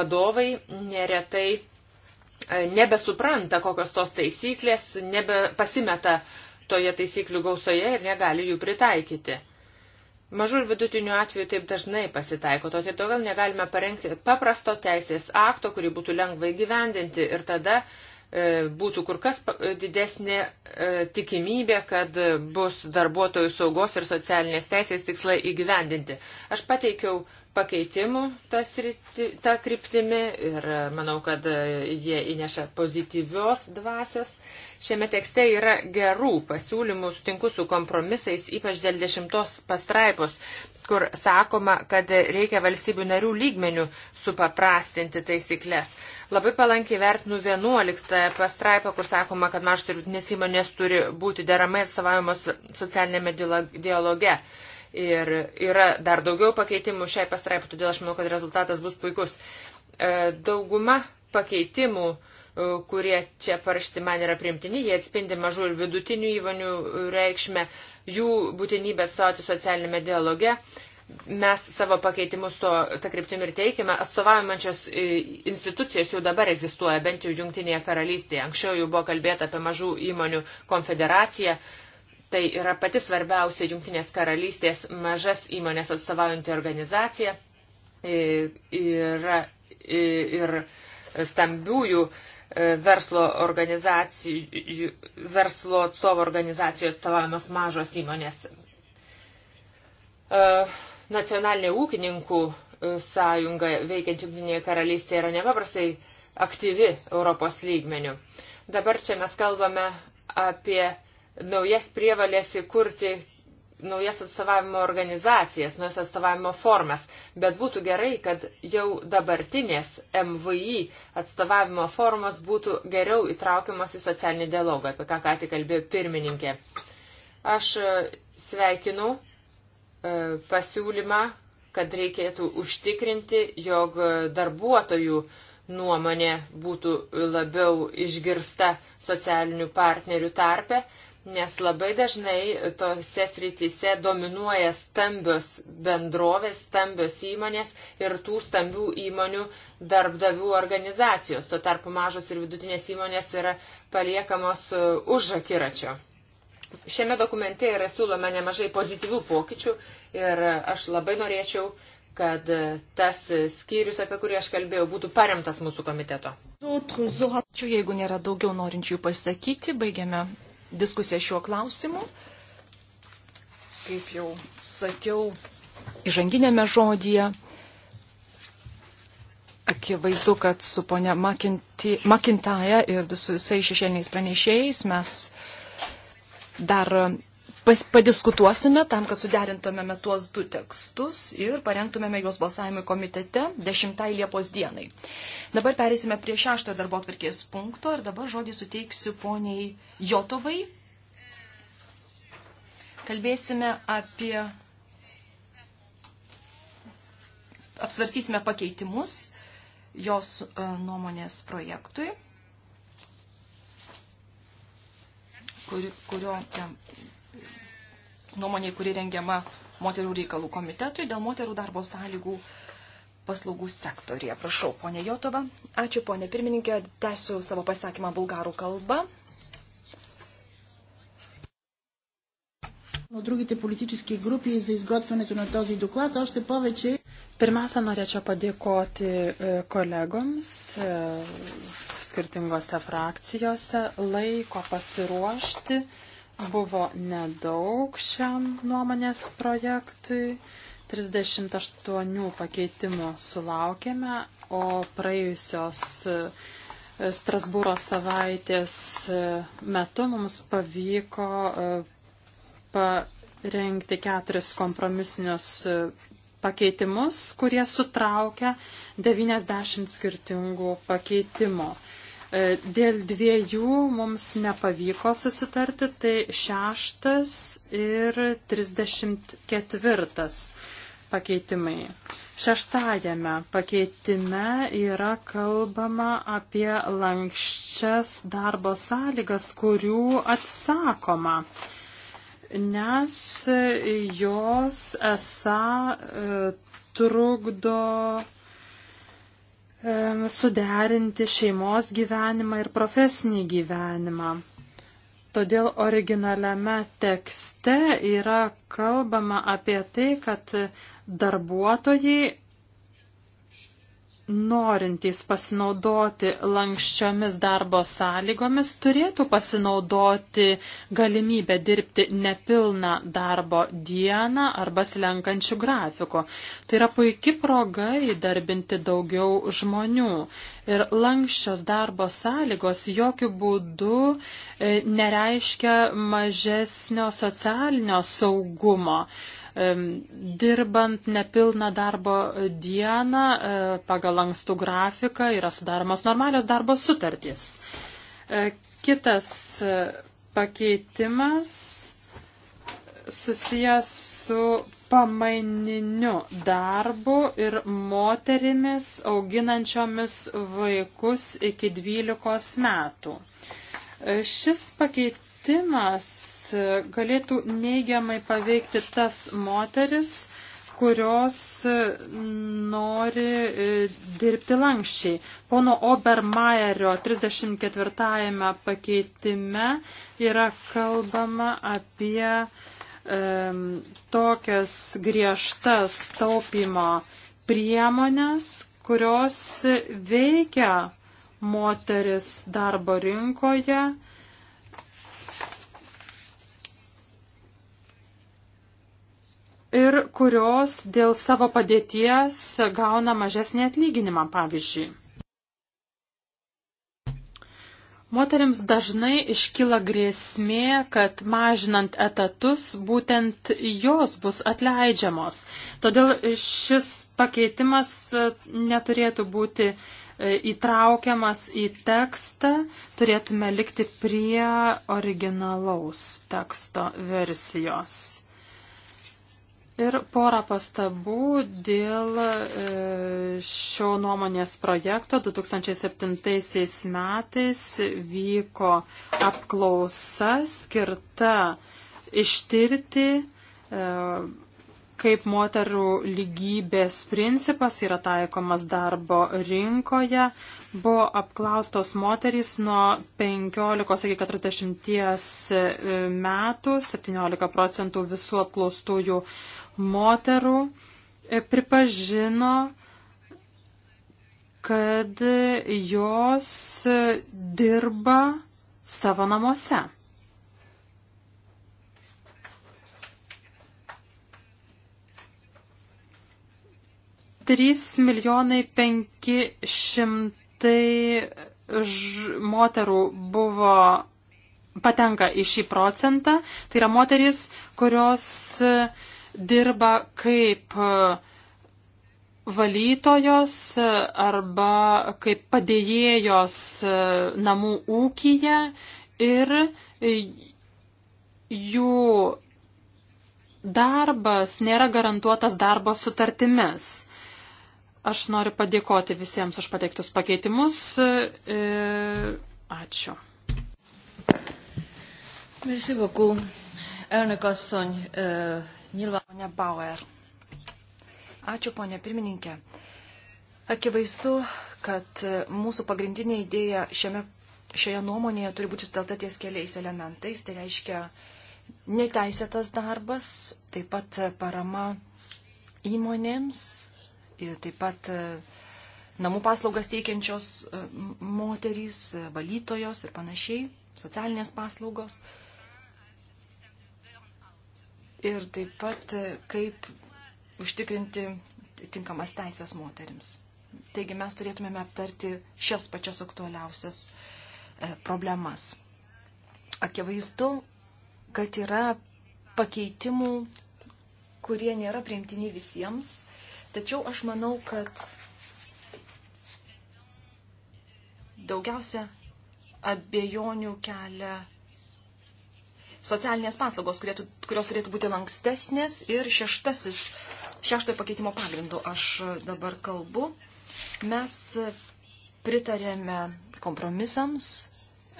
vadovai neretai e, nebesupranta, kokios tos taisyklės, nebepasimeta toje taisyklių gausoje ir negali jų pritaikyti. Mažų ir vidutinių atvejų taip dažnai pasitaiko, todėl negalime parengti paprasto teisės akto, kurį būtų lengva įgyvendinti ir tada E, būtų kur kas didesnė e, tikimybė, kad bus darbuotojų saugos ir socialinės teisės tikslai įgyvendinti. Aš pateikiau pakeitimų tą, sriti, tą kryptimį ir manau, kad e, jie įneša pozityvios dvasios. Šiame tekste yra gerų pasiūlymų, sutinku su kompromisais, ypač dėl dešimtos pastraipos, kur sakoma, kad reikia valstybių narių lygmenių supaprastinti taisyklės. Labai palankiai vertinu 11 pastraipą, kur sakoma, kad mažos ir vidutinės įmonės turi būti deramai atstovaujamos socialinėme dialoge. Ir yra dar daugiau pakeitimų šiai pastraipai, todėl aš manau, kad rezultatas bus puikus. E, dauguma pakeitimų e, kurie čia parašti man yra primtini, jie atspindi mažų ir vidutinių įmonių reikšmę, jų būtinybę atstovauti socialinėme dialoge mes savo pakeitimus su ta kryptim ir teikime, atstovaujančios e, institucijos jau dabar egzistuoja, bent jau Junktinėje karalystėje. Anksčiau jau buvo kalbėta apie mažų įmonių konfederaciją. Tai yra pati svarbiausia Junktinės karalystės mažas įmonės atstovaujanti organizacija. E, yra ir, e, ir stambiųjų verslo, verslo atstovų organizacijų atstovaujamos mažos įmonės. Uh, Nacionalinė ūkininkų e, sąjunga veikiant Junktinėje karalystėje yra nepaprastai aktyvi Europos lygmenių. Dabar čia mes kalbame apie naujas prievalės įkurti naujas atstovavimo organizacijas, naujas atstovavimo formas, bet būtų gerai, kad jau dabartinės MVI atstovavimo formos būtų geriau įtraukiamas į socialinį dialogą, apie ką ką tik kalbėjo pirmininkė. Aš e, sveikinu E, pasiūlymą, kad reikėtų užtikrinti, jog darbuotojų nuomonė būtų labiau išgirsta socialinių partnerių tarpe, nes labai dažnai tose srityse dominuoja stambios bendrovės, stambios įmonės ir tų stambių įmonių darbdavių organizacijos. Tuo tarpu mažos ir vidutinės įmonės yra paliekamos e, už akiračio. Šiame dokumente yra siūloma nemažai pozityvių pokyčių ir aš labai norėčiau, kad tas skyrius, apie kurį aš kalbėjau, būtų paremtas mūsų komiteto. Ačiū, jeigu nėra daugiau norinčių pasakyti, baigiame diskusiją šiuo klausimu. Kaip jau sakiau, įžanginėme žodyje. Akivaizdu, kad su ponia McIntyre ir visais šešėliniais pranešėjais mes dar pas, padiskutuosime tam, kad suderintumėme tuos du tekstus ir parengtumėme juos balsavimui komitete 10 Liepos dienai. Dabar perėsime prie šeštojo darbo atvarkės punkto ir dabar žodį suteiksiu poniai Jotovai. Kalbėsime apie. Apsvarstysime pakeitimus jos e, nuomonės projektui. kuri, kurio ten, nuomonė, kuri rengiama moterų reikalų komitetui dėl moterų darbo sąlygų paslaugų sektorija. Prašau, ponė Jotova. Ačiū, ponė pirmininkė. Tęsiu savo pasakymą bulgarų kalbą. от другите политически групи за изготвянето на този доклад, още повече Pirmiausia, norėčiau padėkoti e, kolegoms e, skirtingose frakcijose. Laiko pasiruošti buvo nedaug šiam nuomonės projektui. 38 pakeitimų sulaukėme, o praėjusios e, Strasbūro savaitės metu mums pavyko parengti keturis kompromisinius pakeitimus, kurie sutraukia 90 skirtingų pakeitimų. E, dėl dviejų mums nepavyko susitarti, tai šeštas ir 34 pakeitimai. Šeštajame pakeitime yra kalbama apie lankščias darbo sąlygas, kurių atsisakoma nes jos esą e, trukdo e, suderinti šeimos gyvenimą ir profesinį gyvenimą. Todėl originaliame tekste yra kalbama apie tai, kad darbuotojai norintys pasinaudoti lankščiomis darbo sąlygomis turėtų pasinaudoti galimybę dirbti nepilną darbo dieną arba slenkančių grafiko. Tai yra puikia proga įdarbinti daugiau žmonių. Ir lankščios darbo sąlygos jokių būdų e, nereiškia mažesnio socialinio saugumo. Dirbant nepilną darbo dieną e, pagal ankstų grafiką yra sudaromas normalios darbo sutartys. E, kitas e, pakeitimas susijęs su pamaininiu darbu ir moterimis auginančiomis vaikus iki 12 metų. Šis pakeit, plitimas galėtų neigiamai paveikti tas moteris, kurios nori e, dirbti lankščiai. Pono Obermaerio 34 pakeitime yra kalbama apie um, tokias griežtas taupimo priemonės, kurios veikia moteris darbo rinkoje, ir kurios dėl savo padėties gauna mažesnį atlyginimą, pavyzdžiui. Moterims dažnai iškyla grėsmė, kad mažinant etatus būtent jos bus atleidžiamos. Todėl šis pakeitimas e, neturėtų būti e, įtraukiamas į tekstą, turėtume likti prie originalaus teksto versijos. Ir porą pastabų dėl e, šio nuomonės projekto. 2007 metais vyko apklausa skirta ištirti, e, kaip moterų lygybės principas yra taikomas darbo rinkoje. Buvo apklaustos moterys nuo 15 iki 40 e, metų, 17 procentų visų apklaustųjų moterų e, pripažino, kad jos dirba savo namuose. Trys milijonai penki šimtai moterų buvo patenka į šį procentą. Tai yra moterys, kurios uh, dirba kaip e, valytojos e, arba kaip padėjėjos e, namų ūkyje ir jų darbas nėra garantuotas darbo sutartimis. Aš noriu padėkoti visiems už pateiktus pakeitimus. Ačiū. Merci beaucoup. Elnök asszony, nyilván Pone Bauer. Ačiū, ponė pirmininkė. Akivaizdu, kad mūsų pagrindinė idėja šiame, šioje nuomonėje turi būti sutelta ties keliais elementais. Tai reiškia neteisėtas darbas, taip pat parama įmonėms ir taip pat e, namų paslaugas teikiančios e, moterys, e, valytojos ir panašiai, socialinės paslaugos ir taip pat e, kaip užtikrinti tinkamas teisės moterims. Taigi mes turėtumėme aptarti šias pačias aktualiausias e, problemas. Akivaizdu, kad yra pakeitimų, kurie nėra priimtini visiems, tačiau aš manau, kad daugiausia abejonių kelia socialinės paslaugos, kurios turėtų būti lankstesnės. Ir šeštasis, šeštojo pakeitimo pagrindu aš dabar kalbu. Mes pritarėme kompromisams.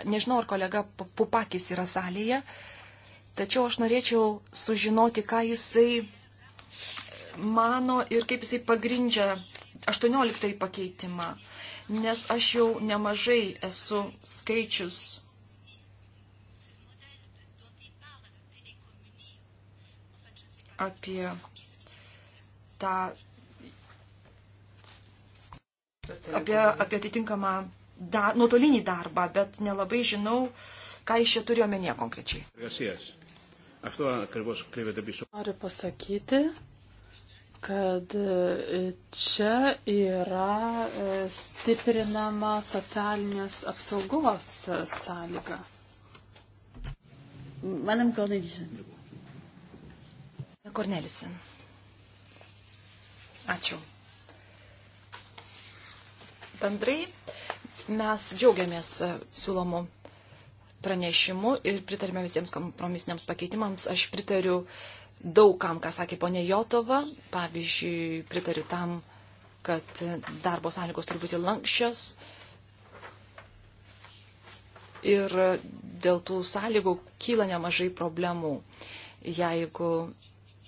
Nežinau, ar kolega Pupakis yra salėje, tačiau aš norėčiau sužinoti, ką jisai mano ir kaip jisai pagrindžia 18 pakeitimą, nes aš jau nemažai esu skaičius apie tą, apie, apie atitinkamą da, nuotolinį darbą, bet nelabai žinau, ką iš čia turiu omenyje konkrečiai. Noriu pasakyti, kad e, čia yra e, stiprinama socialinės apsaugos e, sąlyga. Madame Cornelisen. Kornelisen. Ačiū. Bendrai mes džiaugiamės e, siūlomu pranešimu ir pritarime visiems kompromisiniams pakeitimams. Aš pritariu daugam, ką sakė ponė Jotova. Pavyzdžiui, pritariu tam, kad darbo sąlygos turi būti lankščios. Ir dėl tų sąlygų kyla nemažai problemų, jeigu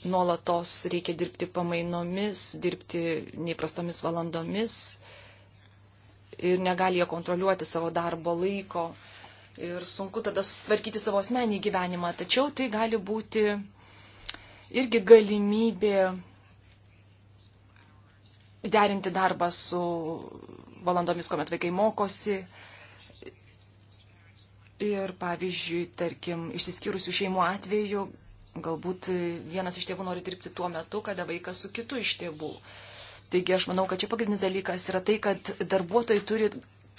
nuolatos reikia dirbti pamainomis, dirbti neįprastomis valandomis ir negali jie kontroliuoti savo darbo laiko ir sunku tada susitvarkyti savo asmenį gyvenimą. Tačiau tai gali būti irgi galimybė derinti darbą su valandomis, kuomet vaikai mokosi, Ir pavyzdžiui, tarkim, išsiskyrusių šeimų atveju Galbūt vienas iš tėvų nori dirbti tuo metu, kada vaikas su kitu iš tėvų. Taigi aš manau, kad čia pagrindinis dalykas yra tai, kad darbuotojai turi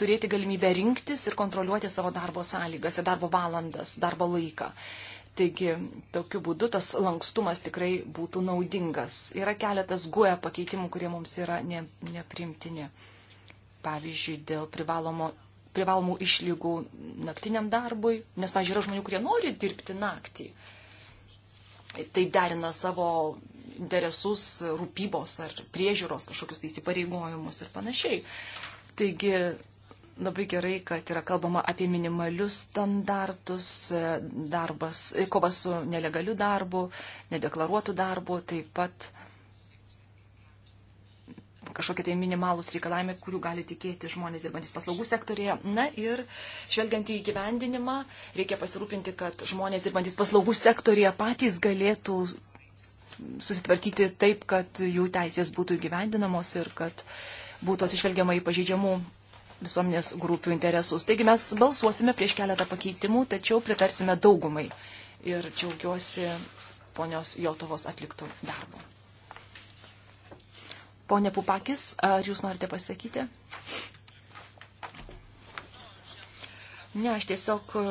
turėti galimybę rinktis ir kontroliuoti savo darbo sąlygas ir darbo valandas, darbo laiką. Taigi, tokiu būdu tas lankstumas tikrai būtų naudingas. Yra keletas guoja e pakeitimų, kurie mums yra ne, neprimtini. Pavyzdžiui, dėl privalomo, privalomų išlygų naktiniam darbui, nes, pažiūrėjau, žmonių, kurie nori dirbti naktį. Uh, tai derina savo interesus rūpybos ar priežiūros kažkokius tai įsipareigojimus ir panašiai. Taigi labai gerai, kad yra kalbama apie minimalius standartus, e, darbas, e, kova su nelegaliu darbu, nedeklaruotu darbu, taip pat kažkokie tai minimalūs reikalavimai, kurių gali tikėti žmonės dirbantis paslaugų sektorėje. Na ir žvelgiant į gyvendinimą, reikia pasirūpinti, kad žmonės dirbantis paslaugų sektorėje patys galėtų susitvarkyti taip, kad jų teisės būtų gyvendinamos ir kad būtų atsižvelgiama į pažydžiamų visuomenės grupių interesus. Taigi mes balsuosime prieš keletą pakeitimų, tačiau pritarsime daugumai. Ir džiaugiuosi ponios Jotovos atliktų darbų. Pone Pupakis, ar jūs norite pasakyti? Ne, aš tiesiog e,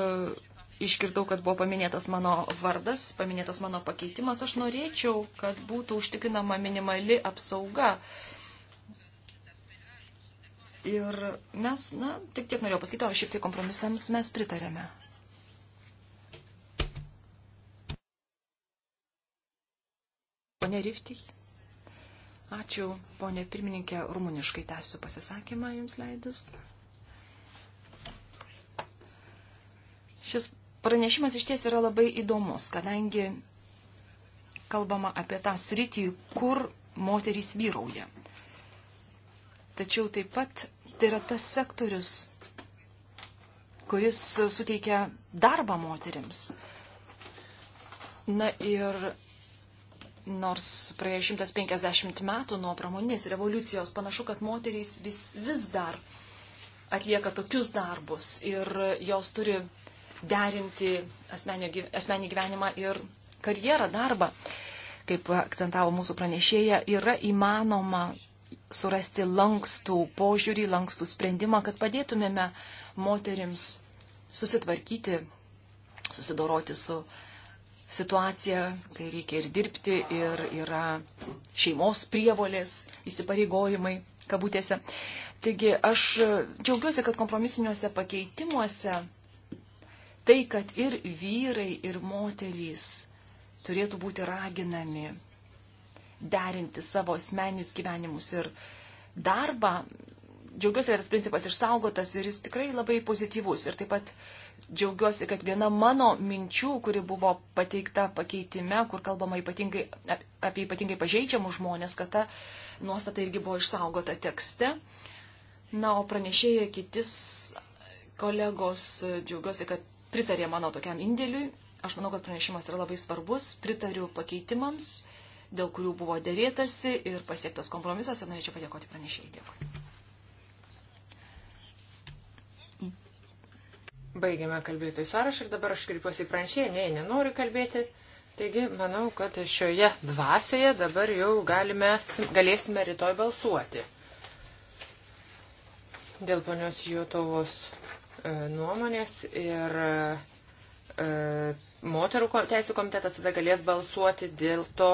išgirdau, kad buvo paminėtas mano vardas, paminėtas mano pakeitimas. Aš norėčiau, kad būtų užtikrinama minimali apsauga. Ir mes, na, tik tiek norėjau pasakyti, o šiaip tai kompromisams mes pritarėme. Pone Riftich. Ačiū, ponė pirmininkė, rumuniškai tęsiu pasisakymą jums leidus. Šis pranešimas iš ties yra labai įdomus, kadangi kalbama apie tą sritį, kur moterys vyrauja. Tačiau taip pat tai yra tas sektorius, kuris suteikia darbą moteriams. Na ir nors praėjo 150 metų nuo pramoninės revoliucijos, panašu, kad moterys vis, vis dar atlieka tokius darbus ir jos turi derinti asmenį, asmenį gyvenimą ir karjerą, darbą. Kaip akcentavo mūsų pranešėja, yra įmanoma surasti lankstų požiūrį, lankstų sprendimą, kad padėtumėme moterims susitvarkyti, susidoroti su uh, situacija, kai reikia ir dirbti, ir yra šeimos prievolės, įsipareigojimai, kabutėse. Taigi aš džiaugiuosi, kad kompromisiniuose pakeitimuose tai, kad ir vyrai, ir moterys turėtų būti raginami derinti savo asmeninius gyvenimus ir darbą, džiaugiuosi, kad tas principas išsaugotas ir jis tikrai labai pozityvus. Ir taip pat džiaugiuosi, kad viena mano minčių, kuri buvo pateikta pakeitime, kur kalbama ypatingai, apie ypatingai pažeidžiamus žmonės, kad ta nuostata irgi buvo išsaugota tekste. Na, o pranešėjai kitis kolegos, džiaugiuosi, kad pritarė mano tokiam indėliui. Aš manau, kad pranešimas yra labai svarbus, pritariu pakeitimams, dėl kurių buvo dėrėtasi ir pasiektas kompromisas ir norėčiau padėkoti pranešėjai. Dėkui. Baigiame kalbėtojų sąrašą ir dabar aš kreipiuosi į pranešėją, ne, nenoriu kalbėti. Taigi, manau, kad šioje dvasioje dabar jau galime, galėsime rytoj balsuoti. Dėl ponios Jotovos e, nuomonės ir e, moterų teisų komitetas tada galės balsuoti dėl to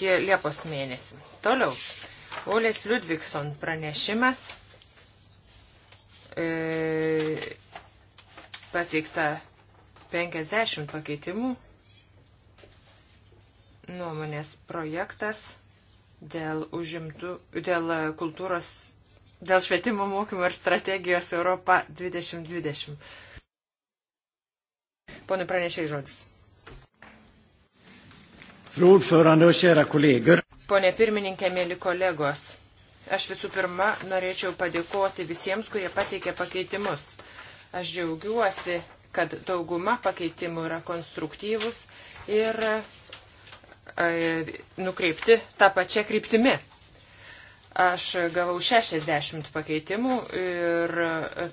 Liepos mėnesį. Toliau. Ulės Ludvikson pranešimas. E, pateikta 50 pakeitimų. Nuomonės projektas dėl, užimtų, dėl kultūros, dėl švietimo mokymo ir strategijos Europa 2020. Pone pranešiai žodis. Pone pirmininkė, mėly kolegos, aš visų pirma norėčiau padėkoti visiems, kurie pateikė pakeitimus. Aš džiaugiuosi, kad dauguma pakeitimų yra konstruktyvus ir e, nukreipti tą pačią kryptimį. Aš gavau 60 pakeitimų ir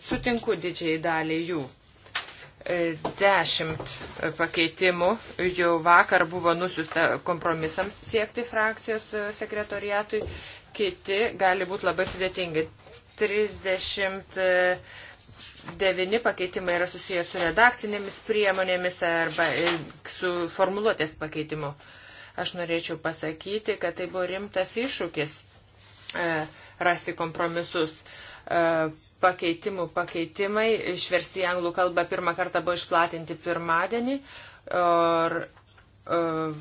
sutinku didžiai daliai jų. 10 e, pakeitimų jau vakar buvo nusiusta kompromisams siekti frakcijos e, sekretoriatui, kiti gali būti labai sudėtingi. 30 Devini pakeitimai yra susijęs su redakcinėmis priemonėmis arba e, su formuluotės pakeitimu. Aš norėčiau pasakyti, kad tai buvo rimtas iššūkis e, rasti kompromisus. E, pakeitimų pakeitimai išversti į anglų kalbą pirmą kartą buvo išplatinti pirmadienį. Ir e,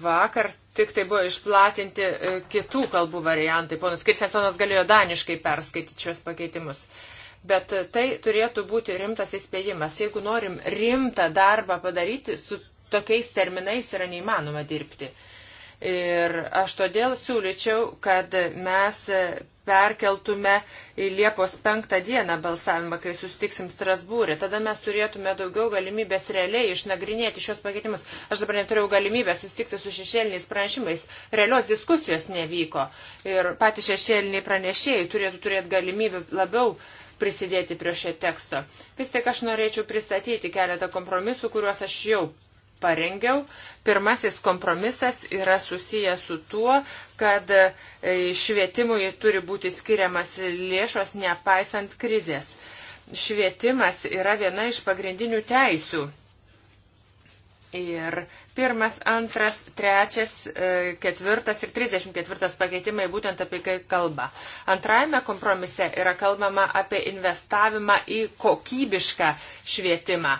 vakar tik tai buvo išplatinti e, kitų kalbų variantai. Ponas Kirsensonas galėjo daniškai perskaityti šios pakeitimus. Uh, bet tai turėtų būti rimtas įspėjimas. Jeigu norim rimtą darbą padaryti, su tokiais terminais yra neįmanoma dirbti. Ir aš todėl siūlyčiau, kad mes perkeltume į Liepos penktą dieną balsavimą, kai sustiksim Strasbūrė. Tada mes turėtume daugiau galimybės realiai išnagrinėti šios pakeitimus. Aš dabar neturėjau galimybės sustikti su šešėliniais pranešimais. Realios diskusijos nevyko. Ir patys šešėliniai pranešėjai turėtų turėti galimybę labiau uh, prisidėti prie šio teksto. Vis tik aš norėčiau pristatyti keletą kompromisų, kuriuos aš jau parengiau. Pirmasis kompromisas yra susijęs su tuo, kad e, švietimui turi būti skiriamas lėšos nepaisant krizės. Švietimas yra viena iš pagrindinių teisių Ir pirmas, antras, trečias, e, ketvirtas ir trisdešimt ketvirtas pakeitimai būtent apie kai kalba. Antrajame kompromise yra kalbama apie investavimą į kokybišką švietimą.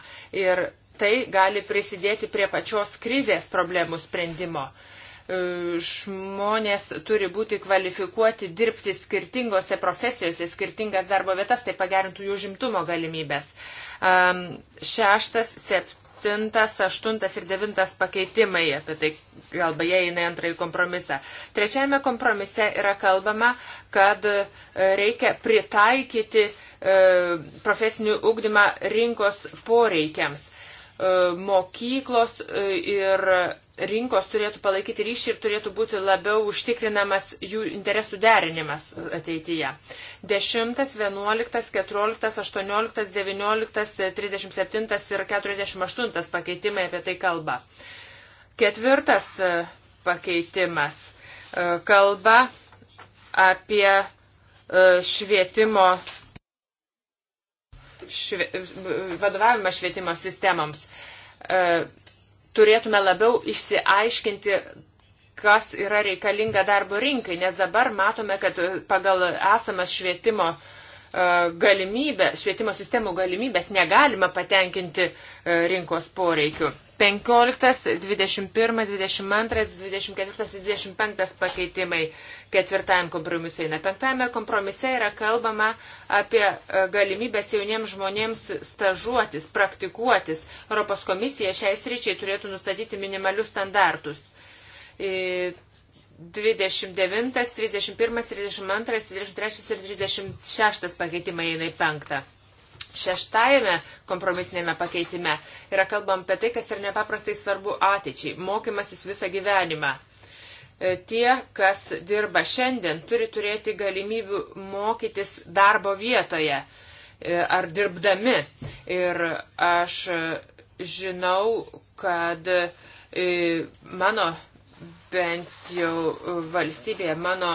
Ir tai gali prisidėti prie pačios krizės problemų sprendimo e, žmonės turi būti kvalifikuoti dirbti skirtingose profesijose, skirtingas darbo vietas, tai pagerintų jų žimtumo galimybės. Šeštas, sept, 7, 8 ir 9 pakeitimai apie tai kalba, jie eina į antrąjį kompromisą. Trečiajame kompromise yra kalbama, kad e, reikia pritaikyti e, profesinių ūkdymą rinkos poreikiams. E, mokyklos ir rinkos turėtų palaikyti ryšį ir turėtų būti labiau užtikrinamas jų interesų derinimas ateityje. 10, 11, 14, 18, 19, 37 ir 48 pakeitimai apie tai kalba. Ketvirtas e, pakeitimas e, kalba apie e, švietimo šve, vadovavimą švietimo sistemams turėtume labiau išsiaiškinti, kas yra reikalinga darbo rinkai, nes dabar matome, kad e, pagal esamas švietimo e, galimybę, švietimo sistemų galimybės negalima patenkinti e, rinkos poreikių. 15, 21, 22, 24 ir 25 pakeitimai ketvirtajam kompromisui. Na, penktame kompromise yra kalbama apie e, galimybės jauniems žmonėms stažuotis, praktikuotis. Europos komisija šiais ryčiai turėtų nustatyti minimalius standartus. 29, 31, 32, 33 ir 36 pakeitimai eina į penktą. Šeštajame kompromisinėme pakeitime yra kalbam apie tai, kas yra nepaprastai svarbu ateičiai - mokymasis visą gyvenimą e, tie, kas dirba šiandien, turi turėti galimybių mokytis darbo vietoje e, ar dirbdami. Ir aš žinau, kad e, mano bent jau valstybėje, mano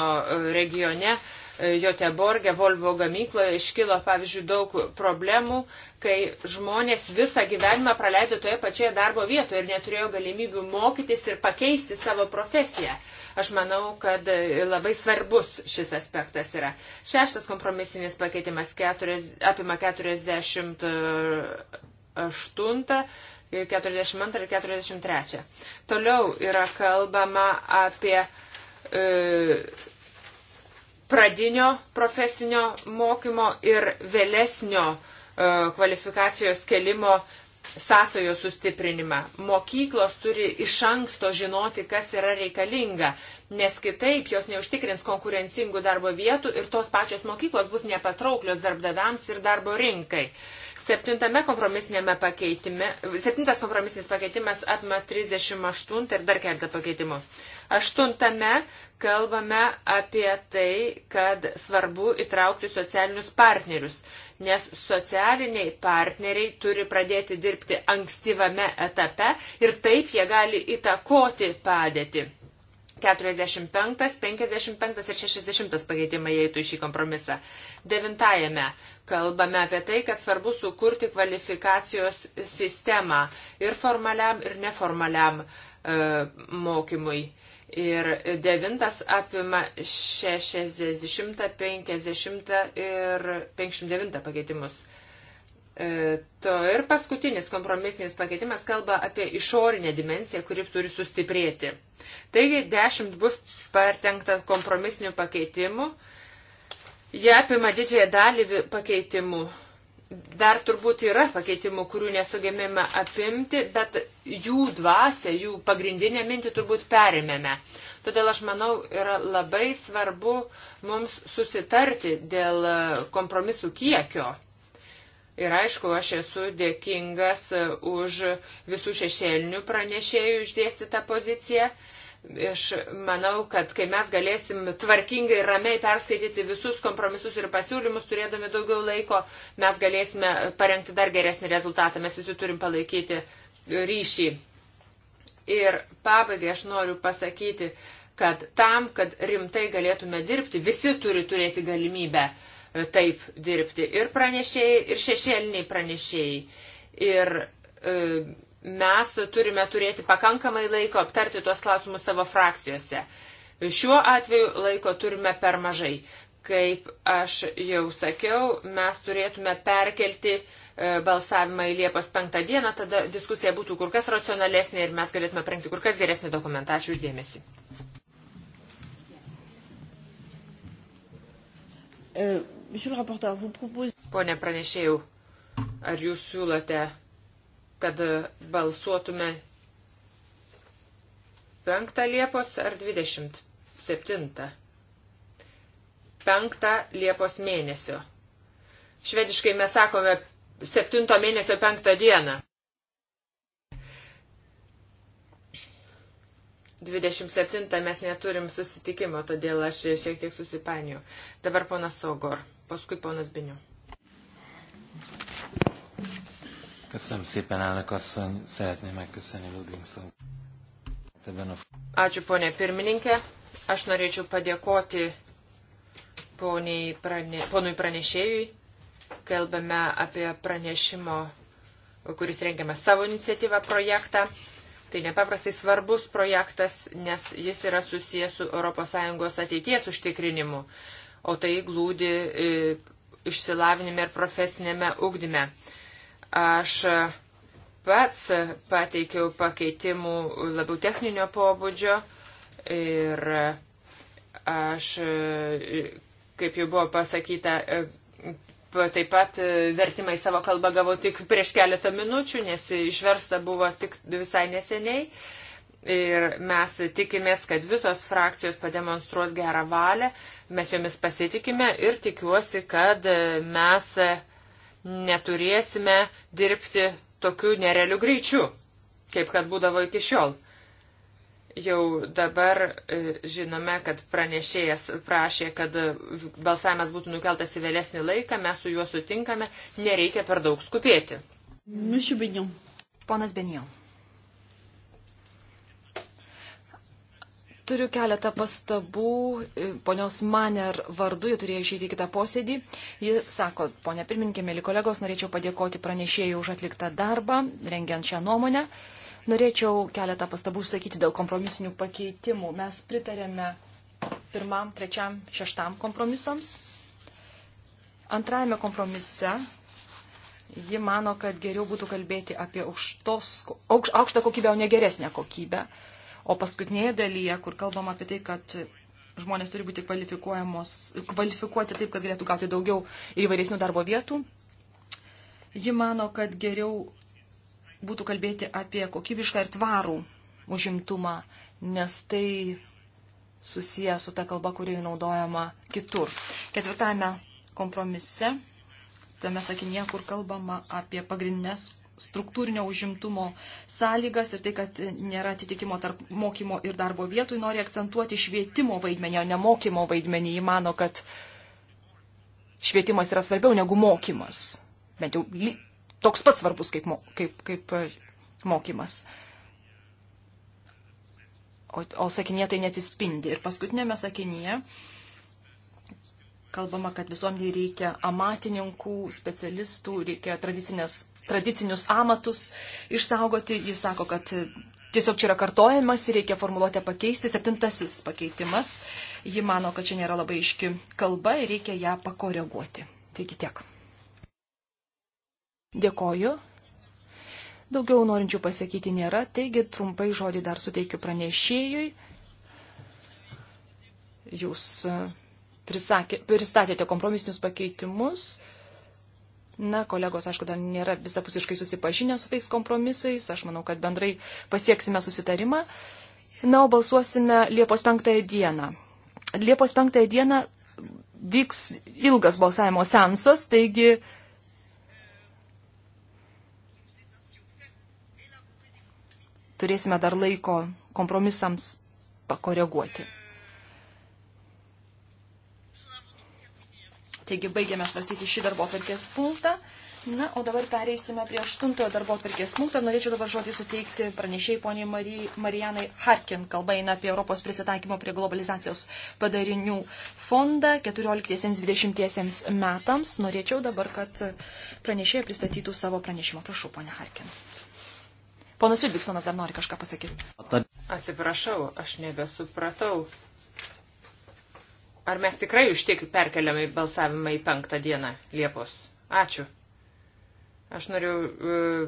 regione Joteborge Volvo gamykloje iškilo, pavyzdžiui, daug problemų, kai žmonės visą gyvenimą praleido toje pačioje darbo vietoje ir neturėjo galimybių mokytis ir pakeisti savo profesiją. Aš manau, kad labai svarbus šis aspektas yra. Šeštas kompromisinis pakeitimas keturias, apima 48 42 ir 43. Toliau yra kalbama apie e, pradinio profesinio mokymo ir vėlesnio e, kvalifikacijos kelimo sąsojos sustiprinimą. Mokyklos turi iš anksto žinoti, kas yra reikalinga, nes kitaip jos neužtikrins konkurencingų darbo vietų ir tos pačios mokyklos bus nepatrauklios darbdaviams ir darbo rinkai. Septintame kompromisinėme pakeitime, septintas kompromisinis pakeitimas apima 38 ir dar keletą pakeitimų. Aštuntame kalbame apie tai, kad svarbu įtraukti socialinius partnerius, nes socialiniai partneriai turi pradėti dirbti ankstyvame etape ir taip jie gali įtakoti padėtį. 45, 55 ir 60 pakeitimai įeitų į šį kompromisą. Devintajame kalbame apie tai, kad svarbu sukurti kvalifikacijos sistemą ir formaliam, ir neformaliam e, mokymui. E, Ir devintas apima 60, 50 ir 59 pakeitimus. E, to ir paskutinis kompromisinis pakeitimas kalba apie išorinę dimensiją, kuri turi sustiprėti. Taigi 10 bus partenkta kompromisinių pakeitimų. Jie apima didžiąją dalį pakeitimų dar turbūt yra pakeitimų, kurių nesugebėjome apimti, bet jų dvasę, jų pagrindinę mintį turbūt perėmėme. Todėl aš manau, yra labai svarbu mums susitarti dėl kompromisų kiekio. Ir aišku, aš esu dėkingas už visų šešėlinių pranešėjų išdėstytą poziciją. Aš manau, kad kai mes galėsim tvarkingai ir ramiai perskaityti visus kompromisus ir pasiūlymus, turėdami daugiau laiko, mes galėsime parengti dar geresnį rezultatą. Mes visi turim palaikyti ryšį. Ir pabaigai aš noriu pasakyti, kad tam, kad rimtai galėtume dirbti, visi turi turėti galimybę taip dirbti. Ir pranešėjai, ir šešėliniai pranešėjai. Ir e, mes turime turėti pakankamai laiko aptarti tuos klausimus savo frakcijose. Šiuo atveju laiko turime per mažai. Kaip aš jau sakiau, mes turėtume perkelti e, balsavimą į Liepos penktą dieną, tada diskusija būtų kur kas racionalesnė ir mes galėtume prengti kur kas geresnį dokumentą. Ačiū uždėmesi. Euh, Pone pranešėjau, ar jūs siūlote kad balsuotume 5 Liepos ar 27? 5 Liepos mėnesio. Švediškai mes sakome 7 mėnesio 5 dieną. 27 mes neturim susitikimo, todėl aš šiek tiek susipaniju. Dabar ponas Sogor, paskui ponas Biniu. Köszönöm szépen, elnök asszony. Szeretném megköszönni Ludvingson. Ačiū, ponė pirmininkė. Aš norėčiau padėkoti poniai, prane, ponui pranešėjui. Kalbame apie pranešimo, kuris rengiame savo iniciatyvą projektą. Tai nepaprastai svarbus projektas, nes jis yra susijęs su ES ateities užtikrinimu, o tai glūdi e, išsilavinime ir profesinėme ugdyme. Aš pats pateikiau pakeitimų labiau techninio pobūdžio ir aš, kaip jau buvo pasakyta, taip pat vertimai savo kalbą gavau tik prieš keletą minučių, nes išversta buvo tik visai neseniai. Ir mes tikimės, kad visos frakcijos pademonstruos gerą valią, mes jomis pasitikime ir tikiuosi, kad mes neturėsime dirbti tokiu nerealiu greičiu, kaip kad būdavo iki šiol. Jau dabar e, žinome, kad pranešėjas prašė, kad balsavimas būtų nukeltas į vėlesnį laiką, mes su juo sutinkame, nereikia per daug skubėti. Ponas Benion. Turiu keletą pastabų. Ponios Maner vardu, ji turėjo išeiti į kitą posėdį. Ji sako, ponia pirmininkė, mėly kolegos, norėčiau padėkoti pranešėjai už atliktą darbą, rengiant šią nuomonę. Norėčiau keletą pastabų išsakyti dėl kompromisinių pakeitimų. Mes pritarėme pirmam, trečiam, šeštam kompromisams. Antrajame kompromise ji mano, kad geriau būtų kalbėti apie aukštos, aukš, aukštą kokybę, o ne geresnę kokybę. Uh, O paskutinėje dalyje, kur kalbam apie tai, kad žmonės turi būti kvalifikuoti taip, kad galėtų gauti daugiau ir įvairesnių darbo vietų, ji mano, kad geriau būtų kalbėti apie kokybišką ir tvarų užimtumą, nes tai susiję su ta kalba, kuri naudojama kitur. Ketvirtame kompromise, tame sakinėje, kur kalbama apie pagrindinės struktūrinio užimtumo sąlygas ir tai, kad nėra atitikimo tarp mokymo ir darbo vietų, nori akcentuoti švietimo vaidmenį, o ne mokymo vaidmenį. Jis mano, kad švietimas yra svarbiau negu mokymas. Bent jau toks pats svarbus kaip, mo, kaip, kaip e, mokymas. O, o sakinė tai netispindi. Ir paskutinėme sakinėje. Uh, kalbama, kad visuomeniai reikia amatininkų, specialistų, reikia tradicinius amatus išsaugoti. Jis sako, kad tiesiog čia yra kartojimas ir reikia formuluotę pakeisti. Septintasis pakeitimas. Ji mano, kad čia nėra labai iški kalba ir reikia ją pakoreguoti. Taigi tiek. Dėkoju. Daugiau norinčių pasakyti nėra, taigi trumpai žodį dar suteikiu pranešėjui. Jūs prisakė, pristatėte kompromisinius pakeitimus. Na, kolegos, aišku, dar nėra visapusiškai susipažinę su tais kompromisais. Aš manau, kad bendrai pasieksime susitarimą. Na, o balsuosime Liepos 5 dieną. Liepos 5 dieną vyks ilgas balsavimo sensas, taigi turėsime dar laiko kompromisams pakoreguoti. Taigi baigėme svarstyti šį darbo atvarkės punktą. Na, o dabar pereisime prie aštuntojo darbo atvarkės punktą. Norėčiau dabar žodį suteikti pranešėjai poniai Marijai, Marijanai Harkin. Kalba eina apie Europos prisitaikymo prie globalizacijos padarinių fondą 14-20 metams. Norėčiau dabar, kad pranešėjai pristatytų savo pranešimą. Prašau, ponia Harkin. Ponas Lidviksonas dar nori kažką pasakyti. Atsiprašau, aš nebesupratau Ar mes tikrai už tiek perkeliame balsavimą į penktą dieną Liepos? Ačiū. Aš noriu uh,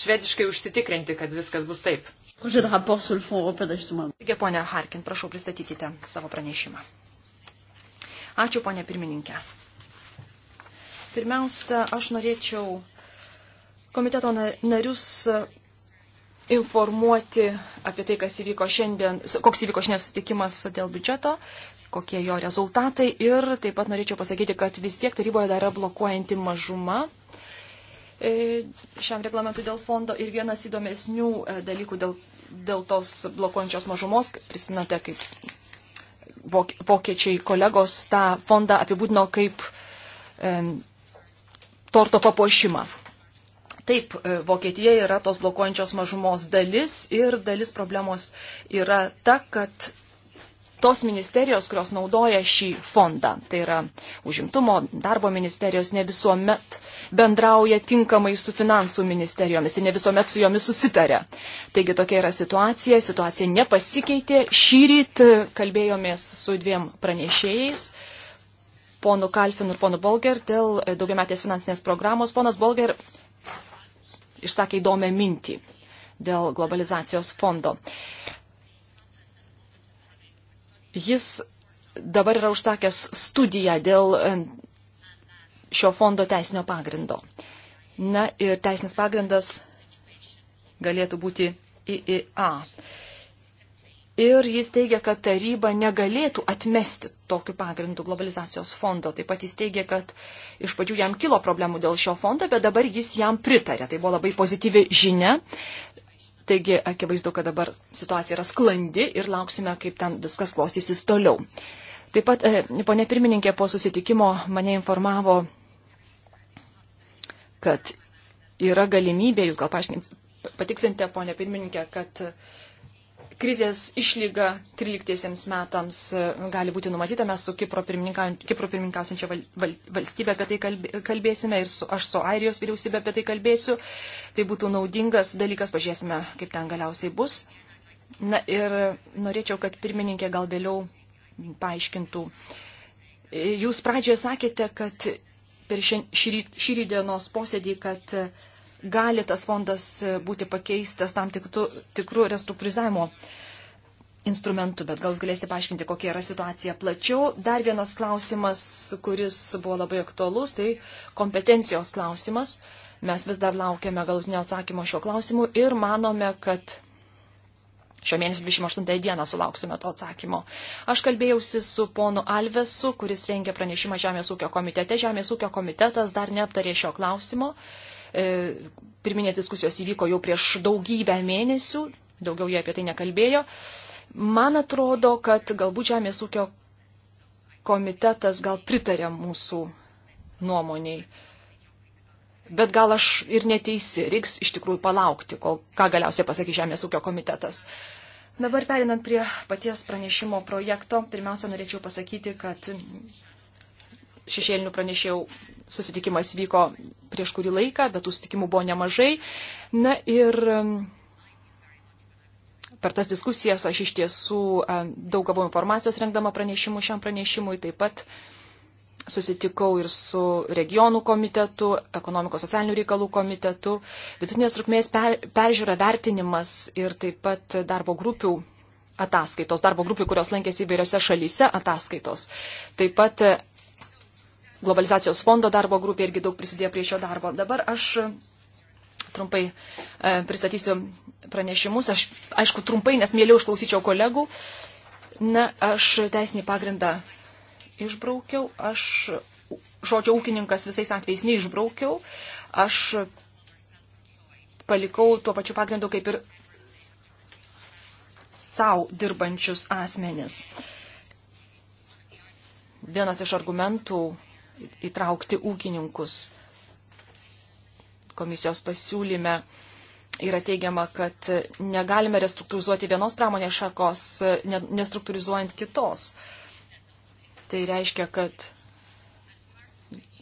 švediškai užsitikrinti, kad viskas bus taip. Taigi, ponia Harkin, prašau pristatykite savo pranešimą. Ačiū, ponia pirmininkė. Pirmiausia, aš norėčiau komiteto narius informuoti apie tai, kas įvyko šiandien, koks įvyko šiandien sutikimas dėl biudžeto kokie jo rezultatai. Ir taip pat norėčiau pasakyti, kad vis tiek taryboje dar yra blokuojanti mažuma e, šiam reglamentui dėl fondo. Ir vienas įdomesnių e, dalykų dėl, dėl tos blokuojančios mažumos, prisimenate, kaip vokiečiai kolegos tą fondą apibūdino kaip e, torto papuošimą. Taip, e, Vokietija yra tos blokuojančios mažumos dalis ir dalis problemos yra ta, kad tos ministerijos, kurios naudoja šį fondą, tai yra užimtumo darbo ministerijos, ne visuomet bendrauja tinkamai su finansų ministerijomis ir ne visuomet su jomis susitarė. Taigi tokia yra situacija, situacija nepasikeitė. Šį rytą kalbėjomės su dviem pranešėjais. Ponu Kalfin ir ponu Bolger dėl daugiametės finansinės programos. Ponas Bolger išsakė įdomią mintį dėl globalizacijos fondo. Jis dabar yra užsakęs studiją dėl e, šio fondo teisinio pagrindo. Na ir teisinis pagrindas galėtų būti IIA. Ir jis teigia, kad taryba negalėtų atmesti tokiu pagrindu globalizacijos fondo. Taip pat jis teigia, kad iš pradžių jam kilo problemų dėl šio fondo, bet dabar jis jam pritarė. Tai buvo labai pozityvi žinia. Taigi, akivaizdu, kad dabar situacija yra sklandi ir lauksime, kaip ten viskas klostysis toliau. Taip pat, e, ponė pirmininkė, po susitikimo mane informavo, kad yra galimybė, jūs gal paaiškinsite, patiksinte, ponė pirmininkė, kad uh, krizės išlyga 13 metams e, gali būti numatyta. Mes su Kipro, Kipro pirmininkausiančia val, val, valstybė apie tai kalbėsime ir su, aš su Airijos vyriausybė apie tai kalbėsiu. Tai būtų naudingas dalykas, pažiūrėsime, kaip ten galiausiai bus. Na ir norėčiau, kad pirmininkė gal vėliau paaiškintų. E, jūs pradžioje sakėte, kad per šį, šį, šį dienos posėdį, kad uh, gali tas fondas būti pakeistas tam tikru, tikru restruktūrizavimo instrumentu, bet gal jūs galėsite paaiškinti, kokia yra situacija plačiau. Dar vienas klausimas, kuris buvo labai aktualus, tai kompetencijos klausimas. Mes vis dar laukiame galutinio atsakymo šiuo klausimu ir manome, kad šio mėnesio 28 dieną sulauksime to atsakymo. Aš kalbėjausi su ponu Alvesu, kuris rengė pranešimą Žemės ūkio komitete. Žemės ūkio komitetas dar neaptarė šio klausimo. E, pirminės diskusijos įvyko jau prieš daugybę mėnesių, daugiau jie apie tai nekalbėjo. Man atrodo, kad galbūt Žemės ūkio komitetas gal pritarė mūsų nuomoniai. Bet gal aš ir neteisi, reiks iš tikrųjų palaukti, kol, ką galiausiai pasakys Žemės ūkio komitetas. Dabar perinant prie paties pranešimo projekto, pirmiausia, norėčiau pasakyti, kad šešėlinių pranešėjų Susitikimas vyko prieš kurį laiką, bet tų susitikimų buvo nemažai. Na ir um, per tas diskusijas aš iš tiesų um, daug gavau informacijos rengdama pranešimų šiam pranešimui, taip pat susitikau ir su regionų komitetu, ekonomikos socialinių reikalų komitetu, vidutinės trukmės per, peržiūra vertinimas ir taip pat darbo grupių ataskaitos, darbo grupių, kurios lankėsi įvairiose šalyse ataskaitos. Taip pat globalizacijos fondo darbo grupė irgi daug prisidėjo prie šio darbo. Dabar aš e, trumpai e, pristatysiu pranešimus. Aš, aišku, trumpai, nes mėliau išklausyčiau kolegų. Na, aš teisinį pagrindą išbraukiau. Aš žodžio ūkininkas visais atvejais neišbraukiau. Aš palikau tuo pačiu pagrindu kaip ir savo dirbančius asmenis. Vienas iš argumentų įtraukti ūkininkus. Komisijos pasiūlyme yra teigiama, kad negalime restruktūrizuoti vienos pramonės šakos, nestruktūrizuojant kitos. Tai reiškia, kad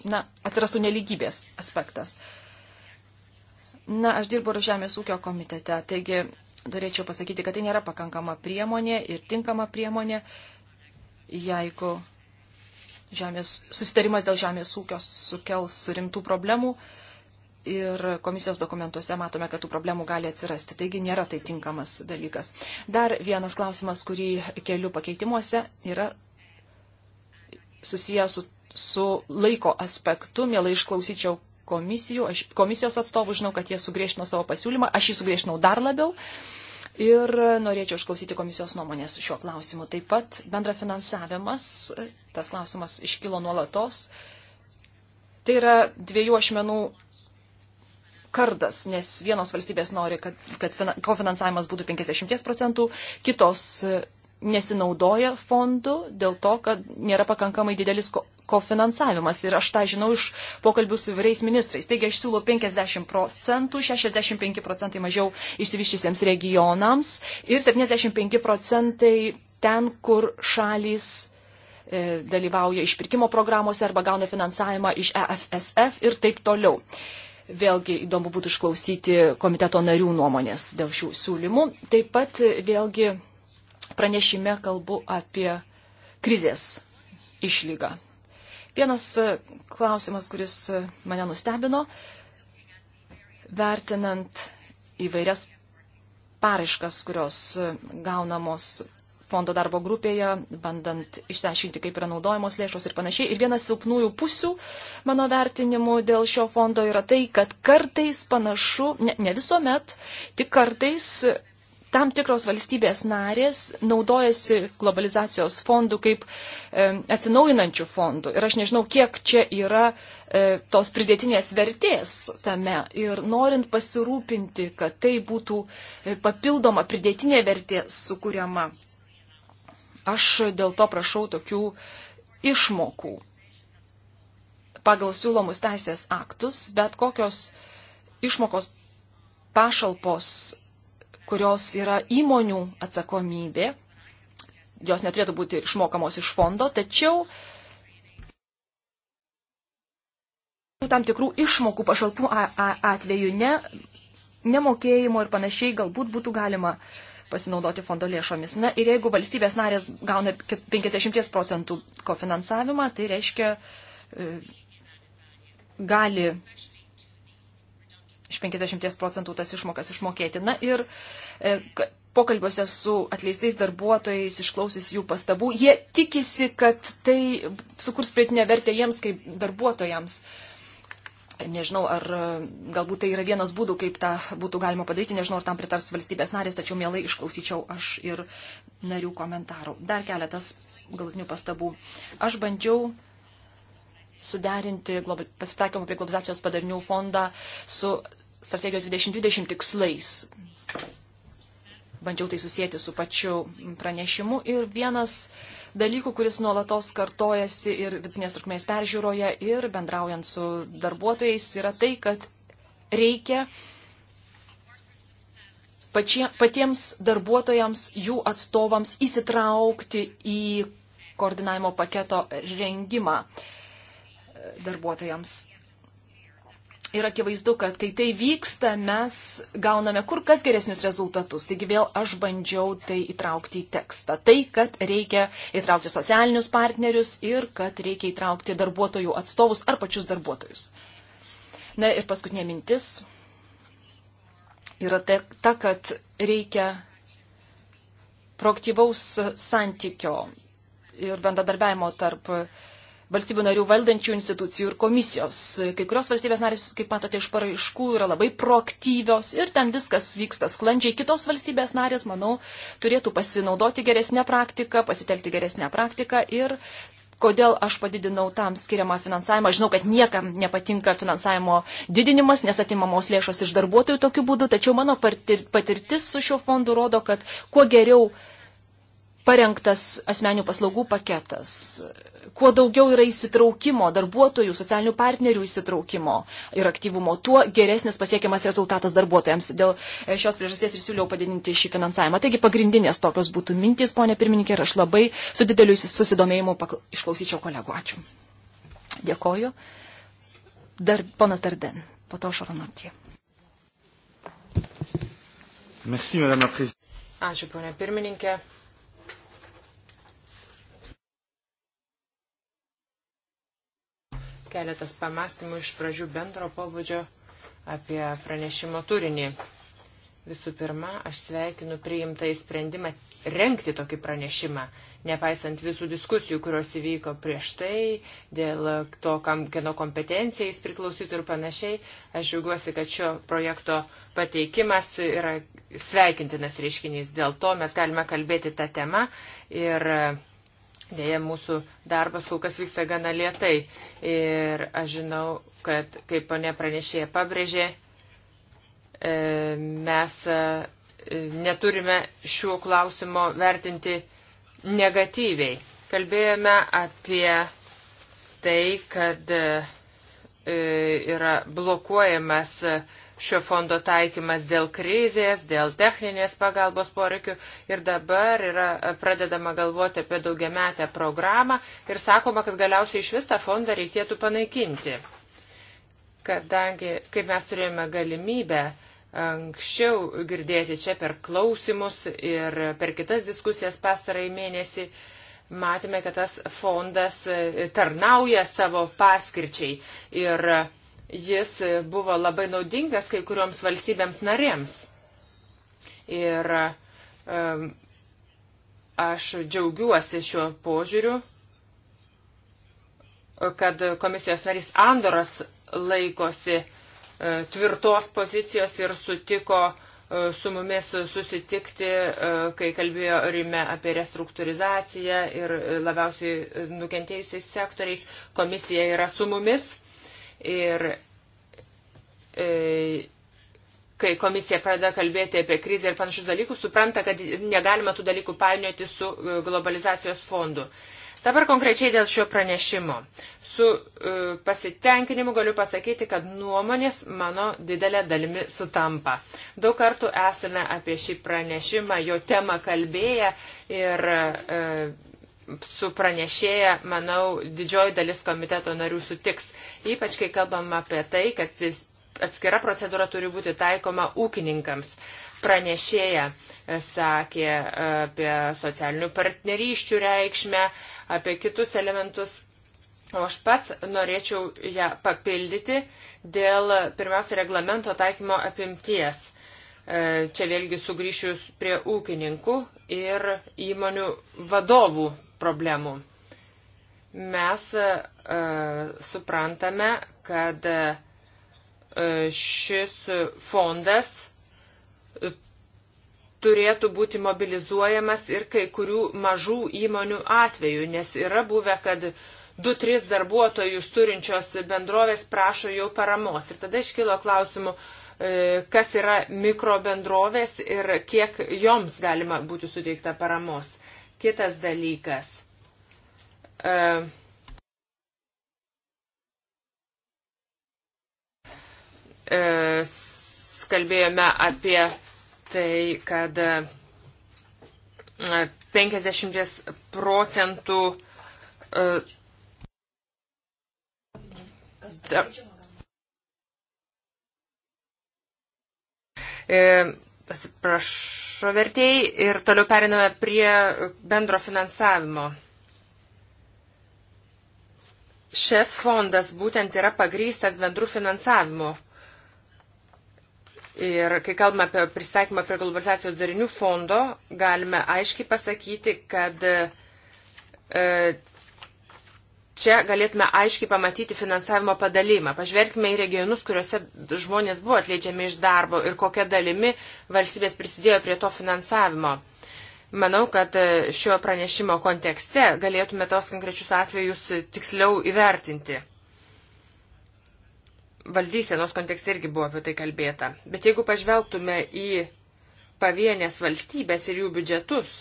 na, atsirastų neligybės aspektas. Na, aš dirbu ir Žemės ūkio komitete, taigi norėčiau pasakyti, kad tai nėra pakankama priemonė ir tinkama priemonė, jeigu žemės, susitarimas dėl žemės ūkio sukels rimtų problemų ir komisijos dokumentuose matome, kad tų problemų gali atsirasti. Taigi nėra tai tinkamas dalykas. Dar vienas klausimas, kurį keliu pakeitimuose, yra susijęs su, su laiko aspektu. Mielai išklausyčiau komisijų, aš, komisijos atstovų, žinau, kad jie sugriešino savo pasiūlymą, aš jį sugriešinau dar labiau. Uh, Ir norėčiau išklausyti komisijos nuomonės šiuo klausimu. Taip pat bendra finansavimas, tas klausimas iškilo nuolatos. Tai yra dviejų ašmenų kardas, nes vienos valstybės nori, kad, kad kofinansavimas būtų 50 procentų, kitos nesinaudoja fondu dėl to, kad nėra pakankamai didelis kofinansavimas. Ir aš tą žinau iš pokalbių su vyrais ministrais. Taigi aš siūlau 50 procentų, 65 procentai mažiau išsivyščiusiems regionams ir 75 procentai ten, kur šalys e, dalyvauja išpirkimo programuose arba gauna finansavimą iš EFSF ir taip toliau. Vėlgi įdomu būtų išklausyti komiteto narių nuomonės dėl šių siūlymų. Taip pat vėlgi pranešime kalbu apie krizės išlygą. Vienas e, klausimas, kuris e, mane nustebino, vertinant įvairias paraiškas, kurios e, gaunamos fondo darbo grupėje, bandant išsiaiškinti, kaip yra naudojamos lėšos ir panašiai. Ir vienas silpnųjų pusių mano vertinimu dėl šio fondo yra tai, kad kartais panašu, ne, ne visuomet, tik kartais tam tikros valstybės narės naudojasi globalizacijos fondų kaip e, atsinaujinančių fondų. Ir aš nežinau, kiek čia yra e, tos pridėtinės vertės tame. Ir norint pasirūpinti, kad tai būtų e, papildoma pridėtinė vertė sukūriama, aš dėl to prašau tokių išmokų pagal siūlomus teisės aktus, bet kokios išmokos pašalpos kurios yra įmonių atsakomybė. Jos neturėtų būti išmokamos iš fondo, tačiau tam tikrų išmokų pašalpų atveju ne, nemokėjimo ir panašiai galbūt būtų galima pasinaudoti fondo lėšomis. Na ir jeigu valstybės narės gauna 50 procentų kofinansavimą, tai reiškia e, gali iš 50 procentų tas išmokas išmokėti. Na ir e, pokalbiuose su atleistais darbuotojais, išklausys jų pastabų, jie tikisi, kad tai sukurs prietinę vertę jiems kaip darbuotojams. Nežinau, ar e, galbūt tai yra vienas būdų, kaip tą būtų galima padaryti, nežinau, ar tam pritars valstybės narės, tačiau mielai išklausyčiau aš ir narių komentarų. Dar keletas galutinių pastabų. Aš bandžiau suderinti pasitaikymų prie globalizacijos padarinių fondą su strategijos 2020 tikslais. Bandžiau tai susijęti su pačiu pranešimu. Ir vienas dalykų, kuris nuolatos kartojasi ir vidutinės trukmės peržiūroje, ir bendraujant su darbuotojais, yra tai, kad reikia pačie, patiems darbuotojams, jų atstovams įsitraukti į koordinavimo paketo rengimą. Uh, darbuotojams. Ir akivaizdu, kad kai tai vyksta, mes gauname kur kas geresnius rezultatus. Taigi vėl aš bandžiau tai įtraukti į tekstą. Tai, kad reikia įtraukti socialinius partnerius ir kad reikia įtraukti darbuotojų atstovus ar pačius darbuotojus. Na ir paskutinė mintis yra ta, ta kad reikia proaktyvaus santykio ir bendradarbiavimo tarp uh, valstybių narių valdančių institucijų ir komisijos. Kai kurios valstybės narės, kaip matote, iš paraiškų yra labai proaktyvios ir ten viskas vyksta sklandžiai. Kitos valstybės narės, manau, turėtų pasinaudoti geresnę praktiką, pasitelti geresnę praktiką ir kodėl aš padidinau tam skiriamą finansavimą. Žinau, kad niekam nepatinka finansavimo didinimas, nes atimamos lėšos iš darbuotojų tokiu būdu, tačiau mano patirtis su šiuo fondu rodo, kad kuo geriau parengtas asmenių paslaugų paketas. Kuo daugiau yra įsitraukimo, darbuotojų, socialinių partnerių įsitraukimo ir aktyvumo, tuo geresnis pasiekiamas rezultatas darbuotojams. Dėl e, šios priežasties ir siūliau padidinti šį finansavimą. Taigi pagrindinės tokios būtų mintys, ponė pirmininkė, ir aš labai su dideliu susidomėjimu pakla... išklausyčiau kolegų. Ačiū. Dėkoju. Dar, ponas Darden, po to Šaronartė. Ačiū, ponė pirmininkė. keletas pamastymų iš pradžių bendro pobūdžio apie pranešimo turinį. Visų pirma, aš sveikinu priimtą į sprendimą renkti tokį pranešimą, nepaisant visų diskusijų, kurios įvyko prieš tai, dėl to, kam, kieno kompetencija jis priklausytų ir panašiai. Aš džiaugiuosi, kad šio projekto pateikimas yra sveikintinas reiškinys. Dėl to mes galime kalbėti tą temą ir Dėja, mūsų darbas kol kas vyksta gana lietai. Ir aš žinau, kad, kaip ponė pranešėja pabrėžė, e, mes e, neturime šiuo klausimo vertinti negatyviai. Kalbėjome apie tai, kad e, yra blokuojamas uh, šio fondo taikymas dėl krizės, dėl techninės pagalbos poreikių ir dabar yra e, pradedama galvoti apie daugiametę programą ir sakoma, kad galiausiai iš vis tą fondą reikėtų panaikinti. Kadangi, kaip mes turėjome galimybę anksčiau girdėti čia per klausimus ir per kitas diskusijas pastarai mėnesį, matėme, kad tas fondas e, tarnauja savo paskirčiai ir jis buvo labai naudingas kai kurioms valstybėms narėms. Ir um, aš džiaugiuosi šiuo požiūriu, kad komisijos narys Andoras laikosi uh, tvirtos pozicijos ir sutiko uh, su mumis susitikti, e, kai kalbėjo Rime apie restruktūrizaciją ir labiausiai nukentėjusiais sektoriais. Komisija yra su mumis Ir e, kai komisija pradeda kalbėti apie krizę ir panašius dalykus, supranta, kad negalima tų dalykų painioti su e, globalizacijos fondu. Dabar konkrečiai dėl šio pranešimo. Su e, pasitenkinimu galiu pasakyti, kad nuomonės mano didelė dalimi sutampa. Daug kartų esame apie šį pranešimą, jo temą kalbėję ir e, su pranešėja, manau, didžioji dalis komiteto narių sutiks. Ypač, kai kalbam apie tai, kad atskira procedūra turi būti taikoma ūkininkams. Pranešėja e, sakė e, apie socialinių partneryščių reikšmę, apie kitus elementus. O aš pats norėčiau ją papildyti dėl pirmiausia reglamento taikymo apimties. E, čia vėlgi sugrįšiu prie ūkininkų ir įmonių vadovų problemų. Mes uh, suprantame, kad uh, šis fondas e, turėtų būti mobilizuojamas ir kai kurių mažų įmonių atveju, nes yra buvę, kad 2-3 darbuotojus turinčios bendrovės prašo jau paramos. Ir tada iškilo klausimų, kas yra mikro bendrovės ir kiek joms galima būti suteikta paramos. Kitas dalykas. Uh, kalbėjome apie tai, kad 50 e, procentų Pasiprašo vertėjai ir toliau periname prie bendro finansavimo. Šis fondas būtent yra pagrystas bendrų finansavimu. Ir kai kalbame apie pristatymą prie globalizacijos darinių fondo, galime aiškiai pasakyti, kad e, čia galėtume aiškiai pamatyti finansavimo padalymą. Pažvelkime į regionus, kuriuose žmonės buvo atleidžiami iš darbo ir kokia dalimi valstybės prisidėjo prie to finansavimo. Manau, kad e, šio pranešimo kontekste galėtume tos konkrečius atvejus e, tiksliau įvertinti. Valdysenos kontekste irgi buvo apie tai kalbėta. Bet jeigu pažvelgtume į pavienės valstybės ir jų biudžetus,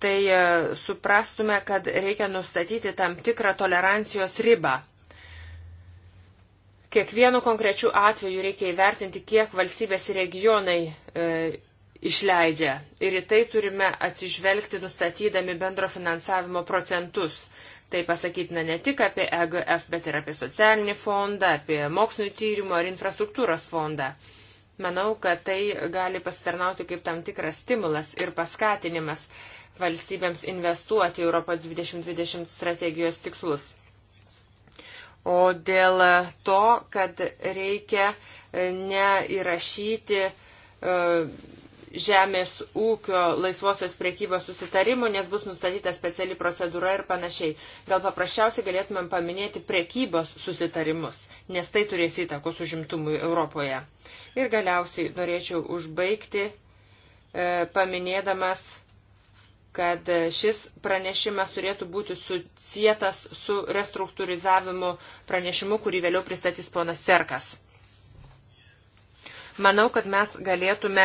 tai e, suprastume, kad reikia nustatyti tam tikrą tolerancijos ribą. Kiekvienu konkrečiu atveju reikia įvertinti, kiek valstybės ir regionai e, išleidžia. Ir į tai turime atsižvelgti, nustatydami bendro finansavimo procentus. Tai pasakytina ne tik apie EGF, bet ir apie socialinį fondą, apie mokslinio tyrimo ar infrastruktūros fondą. Manau, kad tai gali pasitarnauti kaip tam tikras stimulas ir paskatinimas valstybėms investuoti Europos 2020 strategijos tikslus. O dėl to, kad reikia e, neįrašyti e, žemės ūkio laisvosios priekybos susitarimų, nes bus nustatyta speciali procedūra ir panašiai. Gal paprasčiausiai galėtumėm paminėti priekybos susitarimus, nes tai turės įtakos užimtumui Europoje. Ir galiausiai norėčiau užbaigti e, paminėdamas kad šis pranešimas turėtų būti susijęs su restruktūrizavimu pranešimu, kurį vėliau pristatys ponas Serkas. Manau, kad mes galėtume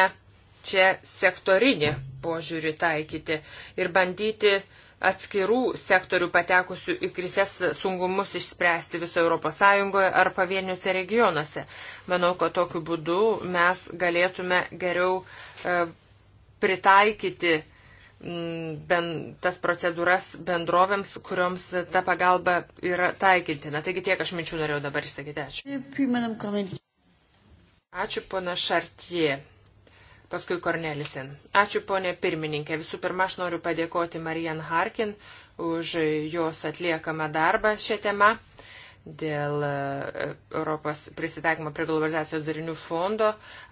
čia sektorinį požiūrį taikyti ir bandyti atskirų sektorių patekusių į krises sungumus išspręsti viso ES ar pavieniuose regionuose. Manau, kad tokiu būdu mes galėtume geriau e, pritaikyti ben, tas procedūras bendrovėms, kurioms ta pagalba yra taikintina. Taigi tiek aš minčių norėjau dabar išsakyti. Ačiū. Ačiū, pana Šartie. Paskui Kornelisin. Ačiū, ponė pirmininkė. Visų pirma, aš noriu padėkoti Marijan Harkin už jos atliekamą darbą šią temą dėl e, Europos prisitaikymo prie globalizacijos darinių fondo.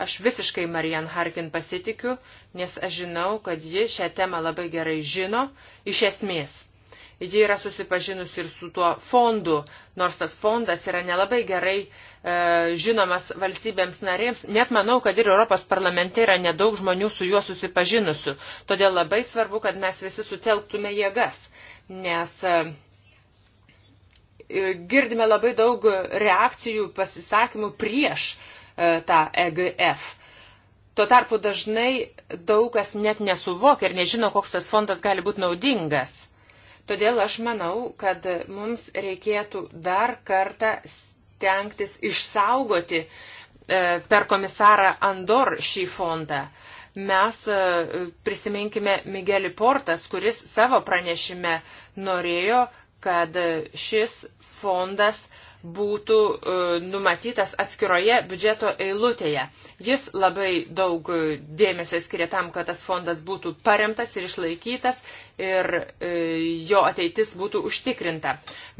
Aš visiškai Marian Harkin pasitikiu, nes aš žinau, kad ji šią temą labai gerai žino iš esmės. Ji yra susipažinusi ir su tuo fondu, nors tas fondas yra nelabai gerai e, žinomas valstybėms narėms. Net manau, kad ir Europos parlamente yra nedaug žmonių su juo susipažinusių. Todėl labai svarbu, kad mes visi sutelktume jėgas, nes. E, E, girdime labai daug reakcijų, pasisakymų prieš e, tą EGF. Tuo tarpu dažnai daug kas net nesuvokia ir nežino, koks tas fondas gali būti naudingas. Todėl aš manau, kad mums reikėtų dar kartą stengtis išsaugoti e, per komisarą Andor šį fondą mes prisiminkime Migelį Portas, kuris savo pranešime norėjo, kad šis fondas būtų e, numatytas atskiroje biudžeto eilutėje. Jis labai daug dėmesio skiria tam, kad tas fondas būtų paremtas ir išlaikytas ir e, jo ateitis būtų užtikrinta.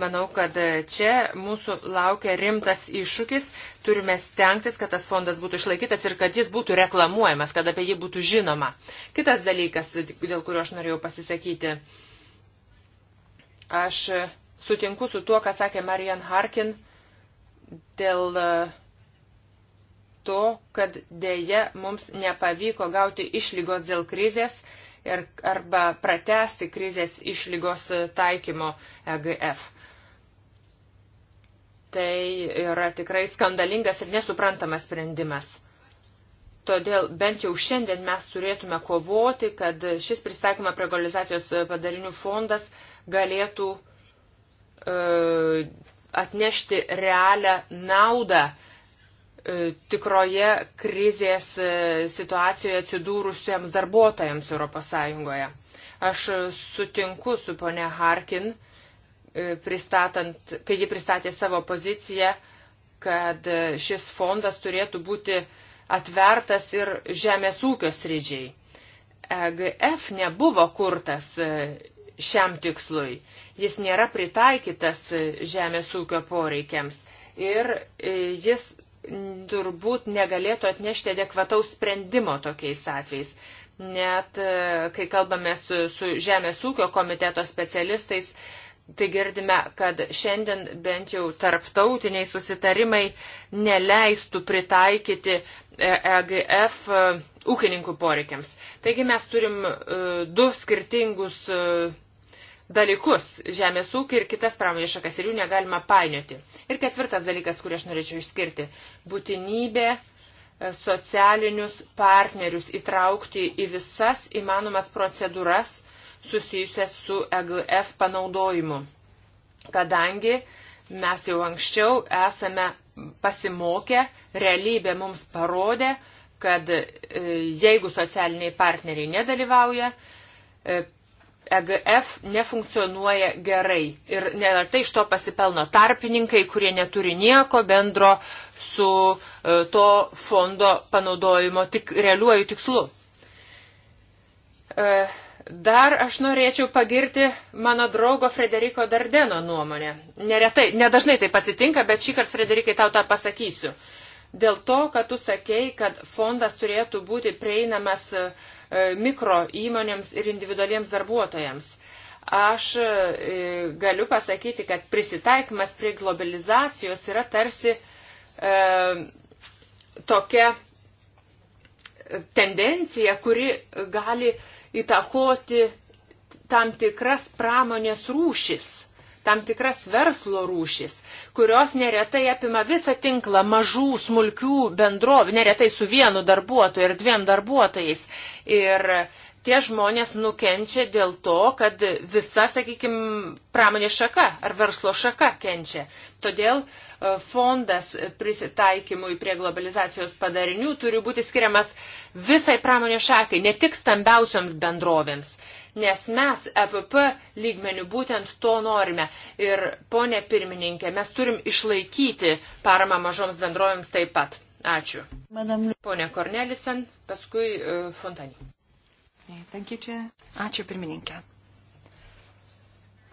Manau, kad čia mūsų laukia rimtas iššūkis. Turime stengtis, kad tas fondas būtų išlaikytas ir kad jis būtų reklamuojamas, kad apie jį būtų žinoma. Kitas dalykas, dėl kurio aš norėjau pasisakyti Aš sutinku su tuo, ką sakė Marian Harkin dėl e, to, kad dėje mums nepavyko gauti išlygos dėl krizės ir, arba pratesti krizės išlygos e, taikymo EGF. Tai yra tikrai skandalingas ir nesuprantamas sprendimas. Todėl bent jau šiandien mes turėtume kovoti, kad šis pristatymo prie globalizacijos e, padarinių fondas galėtų e, atnešti realią naudą e, tikroje krizės e, situacijoje atsidūrusiems darbuotojams ES. Aš sutinku su ponia Harkin, e, pristatant, kai ji pristatė savo poziciją, kad e, šis fondas turėtų būti e, atvertas ir žemės ūkio sridžiai. EGF nebuvo kurtas e, šiam tikslui. Jis nėra pritaikytas e, žemės ūkio poreikiams ir e, jis turbūt negalėtų atnešti adekvataus sprendimo tokiais atvejais. Net kai kalbame su, su Žemės ūkio komiteto specialistais, tai girdime, kad šiandien bent jau tarptautiniai susitarimai neleistų pritaikyti EGF e e, ūkininkų poreikiams. Taigi mes turim e, du skirtingus dalykus - žemės ūkį ir kitas pramonės šakas ir jų negalima painioti. Ir ketvirtas dalykas, kurį aš norėčiau išskirti - būtinybė socialinius partnerius įtraukti į visas įmanomas procedūras susijusias su EGF panaudojimu. Kadangi mes jau anksčiau esame pasimokę, realybė mums parodė, kad e, jeigu socialiniai partneriai nedalyvauja, EGF e nefunkcionuoja gerai. Ir neretai iš to pasipelno tarpininkai, kurie neturi nieko bendro su e, to fondo panaudojimo tik realiuoju tikslu. Dar aš norėčiau pagirti mano draugo Frederiko Dardeno nuomonę. Neretai, nedažnai taip atsitinka, bet šį kartą, Frederikai, tau tą pasakysiu. Dėl to, kad tu sakei, kad fondas turėtų būti prieinamas e, mikro įmonėms ir individualiems darbuotojams. Aš e, galiu pasakyti, kad prisitaikymas prie globalizacijos yra tarsi e, tokia tendencija, kuri gali įtakoti tam tikras pramonės rūšis, tam tikras verslo rūšis, kurios neretai apima visą tinklą mažų, smulkių bendrovų, neretai su vienu darbuotoju ir dviem darbuotojais. Ir tie žmonės nukenčia dėl to, kad visa, sakykime, pramonės šaka ar verslo šaka kenčia. Todėl uh, fondas prisitaikymui prie globalizacijos padarinių turi būti skiriamas visai pramonės šakai, ne tik stambiausioms bendrovėms. Nes mes EPP lygmenių būtent to norime. Ir, ponė pirmininkė, mes turim išlaikyti paramą mažoms bendrovėms taip pat. Ačiū. Madame... Pone Kornelisen, paskui uh, e, Fontanį. Ačiū pirmininkė.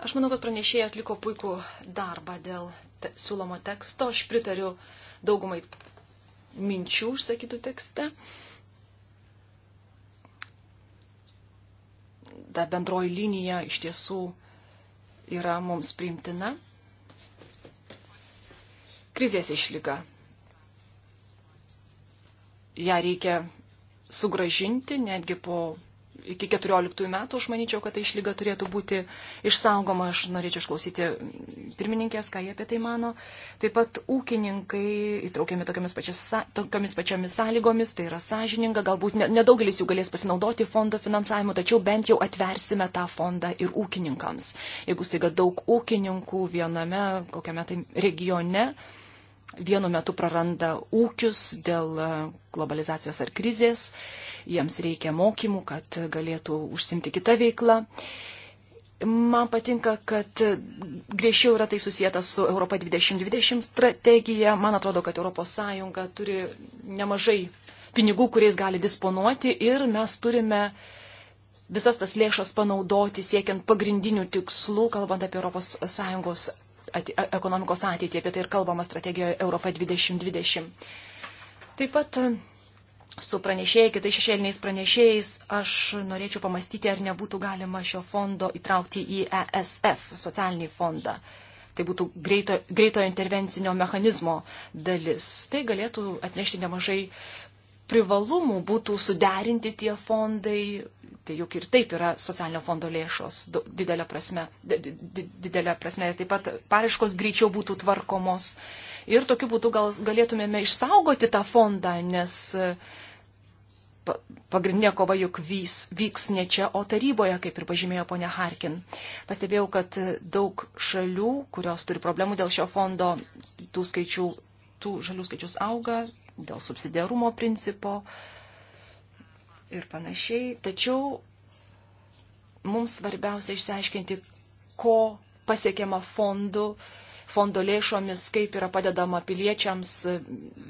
Aš manau, kad pranešėjai atliko puikų darbą dėl te, siūlomo teksto. Aš pritariu daugumai minčių užsakytų tekste. Ta bendroji linija iš tiesų yra mums priimtina. Krizės išlyga. Ja reikia sugražinti netgi po iki 14 metų, aš manyčiau, kad ta išlyga turėtų būti išsaugoma. Aš norėčiau išklausyti pirmininkės, ką jie apie tai mano. Taip pat ūkininkai įtraukiami tokiamis, pačias, tokiamis pačiamis sąlygomis, tai yra sąžininga, galbūt nedaugelis jų galės pasinaudoti fondo finansavimu, tačiau bent jau atversime tą fondą ir ūkininkams. Jeigu staiga daug ūkininkų viename kokiame tai regione, vienu metu praranda ūkius dėl e, globalizacijos ar krizės, jiems reikia mokymų, kad galėtų užsimti kitą veiklą. Man patinka, kad griežčiau yra tai susijęta su Europa 2020 strategija. Man atrodo, kad ES turi nemažai pinigų, kuriais gali disponuoti ir mes turime visas tas lėšas panaudoti siekiant pagrindinių tikslų, kalbant apie ES ati, ekonomikos ateitį, apie tai ir kalbama strategijoje Europa 2020. Taip pat e, su pranešėjai, kitais šešėliniais pranešėjais, aš norėčiau pamastyti, ar nebūtų galima šio fondo įtraukti į ESF, socialinį fondą. Tai būtų greito, greito intervencinio mechanizmo dalis. Tai galėtų atnešti nemažai privalumų, būtų suderinti tie fondai, Tai juk ir taip yra socialinio fondo lėšos didelė prasme. Didelė prasme. Taip pat paraiškos greičiau būtų tvarkomos. Ir tokiu būdu gal galėtumėme išsaugoti tą fondą, nes e, pagrindinė kova juk vys, vyks ne čia, o taryboje, kaip ir pažymėjo ponia Harkin. Pastebėjau, kad daug šalių, kurios turi problemų dėl šio fondo, tų, skaičių, tų šalių skaičius auga dėl subsidiarumo principo. Uh, ir panašiai. Tačiau mums svarbiausia išsiaiškinti, ko pasiekiama fondu, fondo lėšomis, kaip yra padedama piliečiams,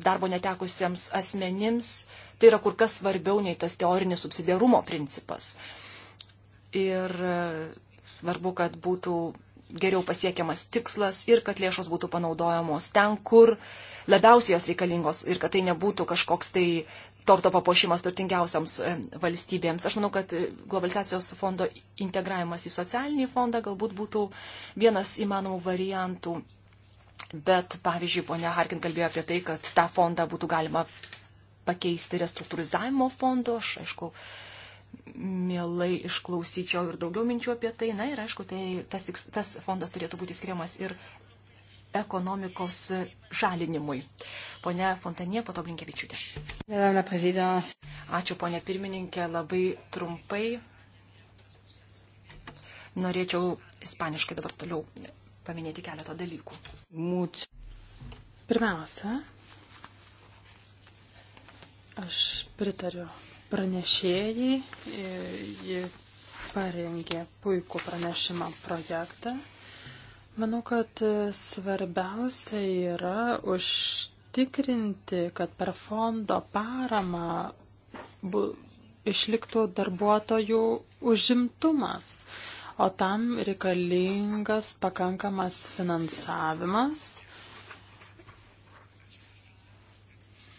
darbo netekusiems asmenims. Tai yra kur kas svarbiau nei tas teorinis subsidiarumo principas. Ir e, svarbu, kad būtų geriau pasiekiamas tikslas ir kad lėšos būtų panaudojamos ten, kur labiausiai jos reikalingos ir kad tai nebūtų kažkoks tai torto papuošimas turtingiausiams e, valstybėms. Aš manau, kad globalizacijos fondo integravimas į socialinį fondą galbūt būtų vienas įmanomų variantų. Bet, pavyzdžiui, ponia Harkin kalbėjo apie tai, kad tą fondą būtų galima pakeisti restruktūrizavimo fondu. Aš, aišku, mielai išklausyčiau ir daugiau minčių apie tai. Na ir, aišku, tai, tas, tas fondas turėtų būti skiriamas ir ekonomikos žalinimui. Pone Fontanė, pato Blinkevičiūtė. Ačiū, ponė pirmininkė, labai trumpai. Norėčiau ispaniškai dabar toliau paminėti keletą dalykų. Mūč. Pirmiausia, aš pritariu pranešėjai, ji parengė puikų pranešimą projektą Manau, kad e, svarbiausia yra užtikrinti, kad per fondo paramą bu, išliktų darbuotojų užimtumas, o tam reikalingas pakankamas finansavimas.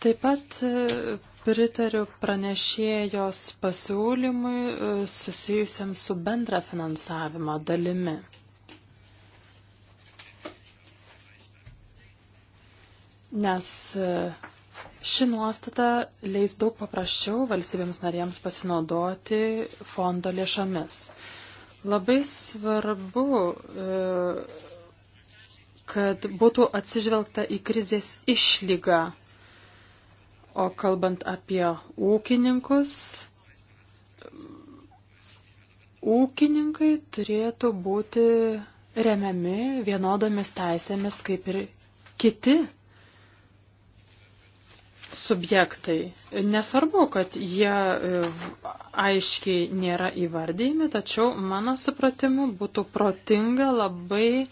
Taip pat e, pritariu pranešėjos pasiūlymui e, susijusiam su bendra finansavimo dalimi. nes e, ši nuostata leis daug paprasčiau valstybėms narėms pasinaudoti fondo lėšomis. Labai svarbu, e, kad būtų atsižvelgta į krizės išlygą. O kalbant apie ūkininkus, ūkininkai turėtų būti remiami vienodomis teisėmis kaip ir kiti subjektai. Nesvarbu, kad jie e, aiškiai nėra įvardyjami, tačiau mano supratimu būtų protinga labai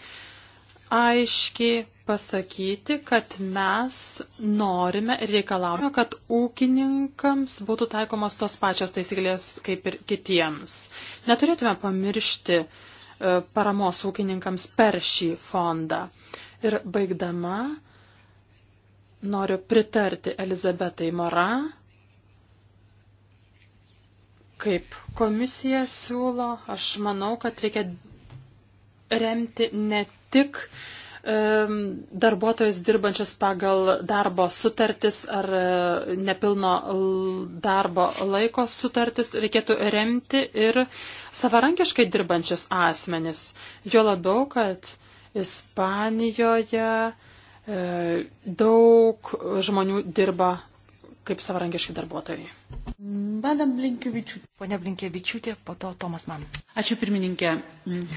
aiškiai pasakyti, kad mes norime ir reikalavome, kad ūkininkams būtų taikomas tos pačios taisyklės kaip ir kitiems. Neturėtume pamiršti e, paramos ūkininkams per šį fondą. Ir baigdama, Noriu pritarti Elizabetai Mora, kaip komisija siūlo. Aš manau, kad reikia remti ne tik um, darbuotojus dirbančius pagal darbo sutartis ar e, nepilno darbo laiko sutartis, reikėtų remti ir savarankiškai dirbančius asmenis. Jo labiau, kad Ispanijoje E, daug žmonių dirba kaip savarankiški darbuotojai. Madam Blinkevičiūtė. Pone Blinkevičiūtė, po to Tomas man. Ačiū pirmininkė. Mm.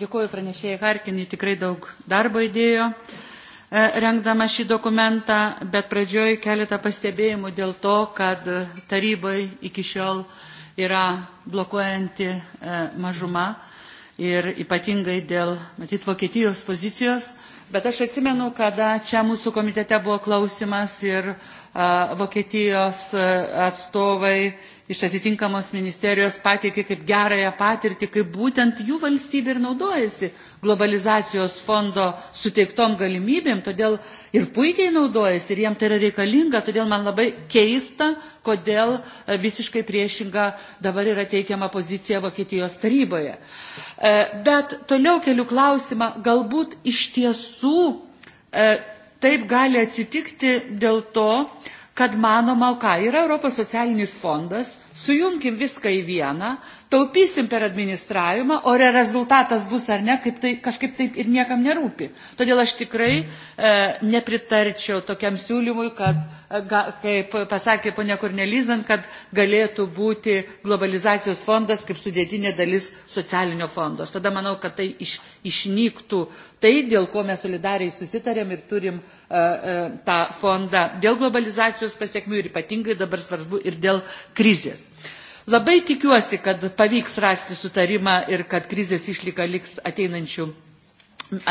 Dėkuoju pranešėjai Harkinai, tikrai daug darbo įdėjo e, rengdama šį dokumentą, bet pradžioj keletą pastebėjimų dėl to, kad tarybai iki šiol yra blokuojanti e, mažuma ir ypatingai dėl, matyt, Vokietijos pozicijos Bet aš atsimenu, kada čia mūsų komitete buvo klausimas ir Vokietijos atstovai iš atitinkamos ministerijos pateikė kaip gerąją patirtį, kaip būtent jų valstybė ir naudojasi globalizacijos fondo suteiktom galimybėm, todėl ir puikiai naudojasi ir jiem tai yra reikalinga, todėl man labai keista, kodėl e, visiškai priešinga dabar yra teikiama pozicija Vokietijos taryboje. E, bet toliau keliu klausimą, galbūt iš tiesų e, taip gali atsitikti dėl to, kad manoma, ką yra Europos socialinis fondas, sujunkim viską į vieną, taupysim per administravimą, o re rezultatas bus ar ne, kaip tai, kažkaip taip ir niekam nerūpi. Todėl aš tikrai e, nepritarčiau tokiam siūlymui, kad, e, ga, kaip pasakė ponia Kornelizan, kad galėtų būti globalizacijos fondas kaip sudėtinė dalis socialinio fondo. Aš tada manau, kad tai iš, išnyktų tai, dėl ko mes solidariai susitarėm ir turim e, e, tą fondą dėl globalizacijos pasiekmių ir ypatingai dabar svarbu ir dėl krizės. E, Labai tikiuosi, kad pavyks rasti sutarimą ir kad krizės išlika liks ateinančių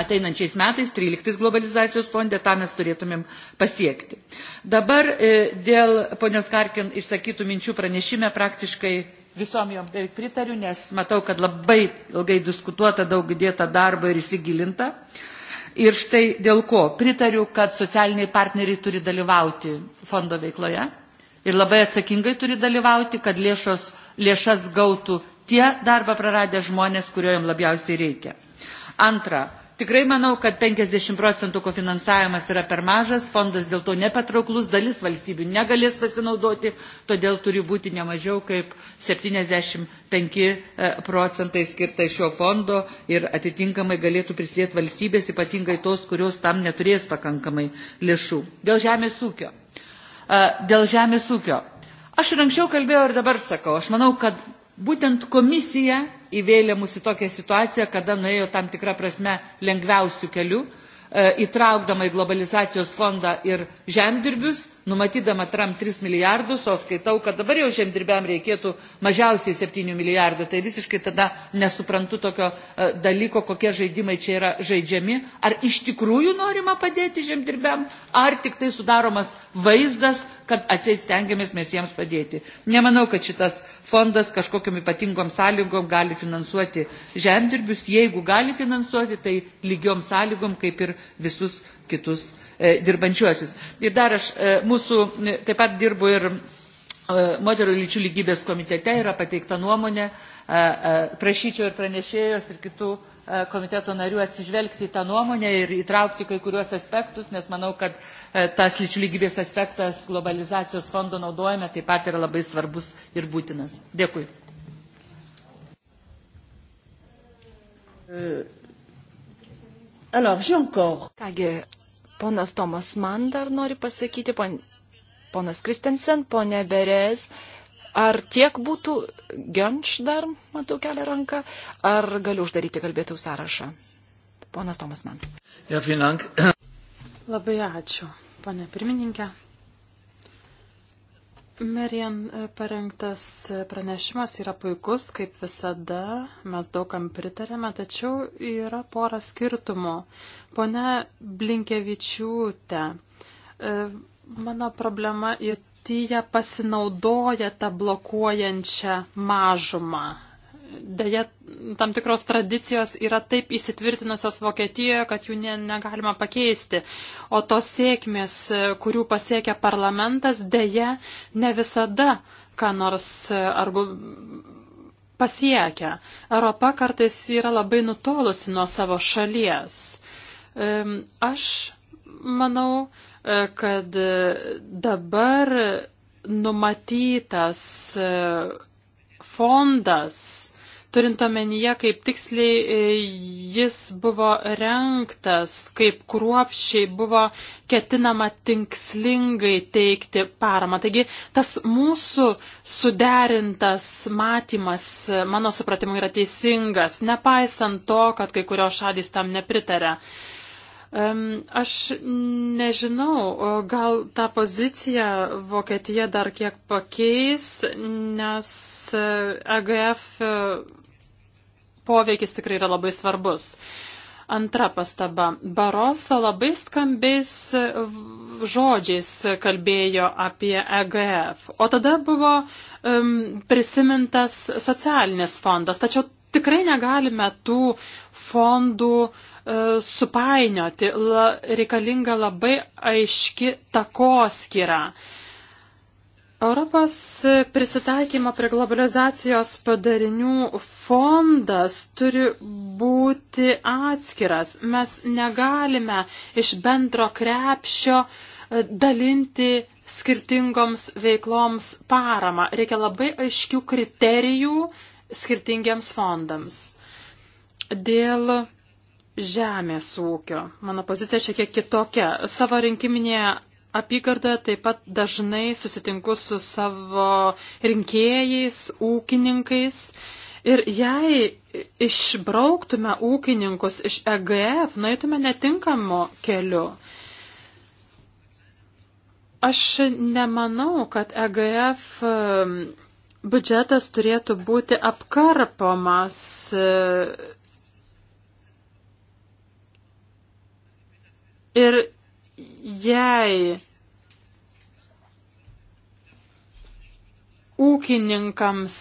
ateinančiais metais, 13 globalizacijos fonde, tą mes turėtumėm pasiekti. Dabar e, dėl ponios Karkin išsakytų minčių pranešime praktiškai visom jom beveik pritariu, nes matau, kad labai ilgai diskutuota, daug įdėta darbo ir įsigilinta. Ir štai dėl ko pritariu, kad socialiniai partneriai turi dalyvauti fondo veikloje ir labai atsakingai turi dalyvauti, kad lėšos, lėšas gautų tie darbą praradę žmonės, kurio jam labiausiai reikia. Antra, Tikrai manau, kad 50 procentų kofinansavimas yra per mažas, fondas dėl to nepatrauklus, dalis valstybių negalės pasinaudoti, todėl turi būti nemažiau kaip 75 e, procentai skirta šio fondo ir atitinkamai galėtų prisidėti valstybės, ypatingai tos, kurios tam neturės pakankamai lėšų. Dėl žemės ūkio. E, dėl žemės ūkio. Aš ir anksčiau kalbėjau ir dabar sakau, aš manau, kad būtent komisija įvėlė mūsų tokią situaciją, kada nuėjo tam tikrą prasme lengviausių kelių, e, įtraukdama į globalizacijos fondą ir žemdirbius, numatydama tram 3 milijardus, o skaitau, kad dabar jau žemdirbiam reikėtų mažiausiai 7 milijardų. Tai visiškai tada nesuprantu tokio e, dalyko, kokie žaidimai čia yra žaidžiami. Ar iš tikrųjų norima padėti žemdirbiam, ar tik tai sudaromas vaizdas, kad atsiai stengiamės mes jiems padėti. Nemanau, kad šitas fondas kažkokiam ypatingom sąlygom gali finansuoti žemdirbius. Jeigu gali finansuoti, tai lygiom sąlygom kaip ir visus kitus E, dirbančiuosius. Ir dar aš e, mūsų, e, taip pat dirbu ir moterų lyčių lygybės komitete, yra pateikta nuomonė, prašyčiau ir pranešėjos ir kitų komiteto narių atsižvelgti į tą nuomonę ir įtraukti kai kuriuos aspektus, nes manau, kad tas lyčių lygybės aspektas globalizacijos fondo naudojame taip pat yra labai svarbus ir būtinas. Dėkui. Euh, alors, j'ai encore. Kągi, Ponas Tomas man dar nori pasakyti, pon, ponas Kristensen, ponė Berės, ar tiek būtų Genč dar, matau kelią ranką, ar galiu uždaryti kalbėtų sąrašą? Ponas Tomas man. Ja, Labai ačiū, ponė pirmininkė. Marian e, parengtas pranešimas yra puikus, kaip visada, mes daugam pritarėme, tačiau yra pora skirtumų. Pone Blinkevičiūtė, e, mano problema į tyją pasinaudoja tą blokuojančią mažumą Deja, tam tikros tradicijos yra taip įsitvirtinusios Vokietijoje, kad jų ne, negalima pakeisti. O tos sėkmės, kurių pasiekia parlamentas, deja, ne visada ką nors e, argu pasiekia. Europa kartais yra labai nutolusi nuo savo šalies. Aš manau, e, kad dabar numatytas e, fondas turint omenyje, kaip tiksliai e, jis buvo renktas, kaip kruopščiai buvo ketinama tinkslingai teikti paramą. Taigi tas mūsų suderintas matymas, e, mano supratimu, yra teisingas, nepaisant to, kad kai kurios šalys tam nepritarė. Aš nežinau, gal tą poziciją Vokietija dar kiek pakeis, nes EGF e poveikis tikrai yra labai svarbus. Antra pastaba. Baroso labai skambiais žodžiais kalbėjo apie EGF, o tada buvo um, prisimintas socialinis fondas, tačiau tikrai negalime tų fondų uh, supainioti, la, reikalinga labai aiški takoskyra. Uh, Europos prisitaikymo prie globalizacijos padarinių fondas turi būti atskiras. Mes negalime iš bendro krepšio e, dalinti skirtingoms veikloms paramą. Reikia labai aiškių kriterijų skirtingiems fondams. Dėl žemės ūkio. Mano pozicija šiek tiek kitokia. Savo rinkiminėje apygardoje taip pat dažnai susitinku su savo rinkėjais, ūkininkais. Ir jei išbrauktume ūkininkus iš EGF, nueitume netinkamo keliu. Aš nemanau, kad EGF um, biudžetas turėtų būti apkarpomas uh, Ir jei ūkininkams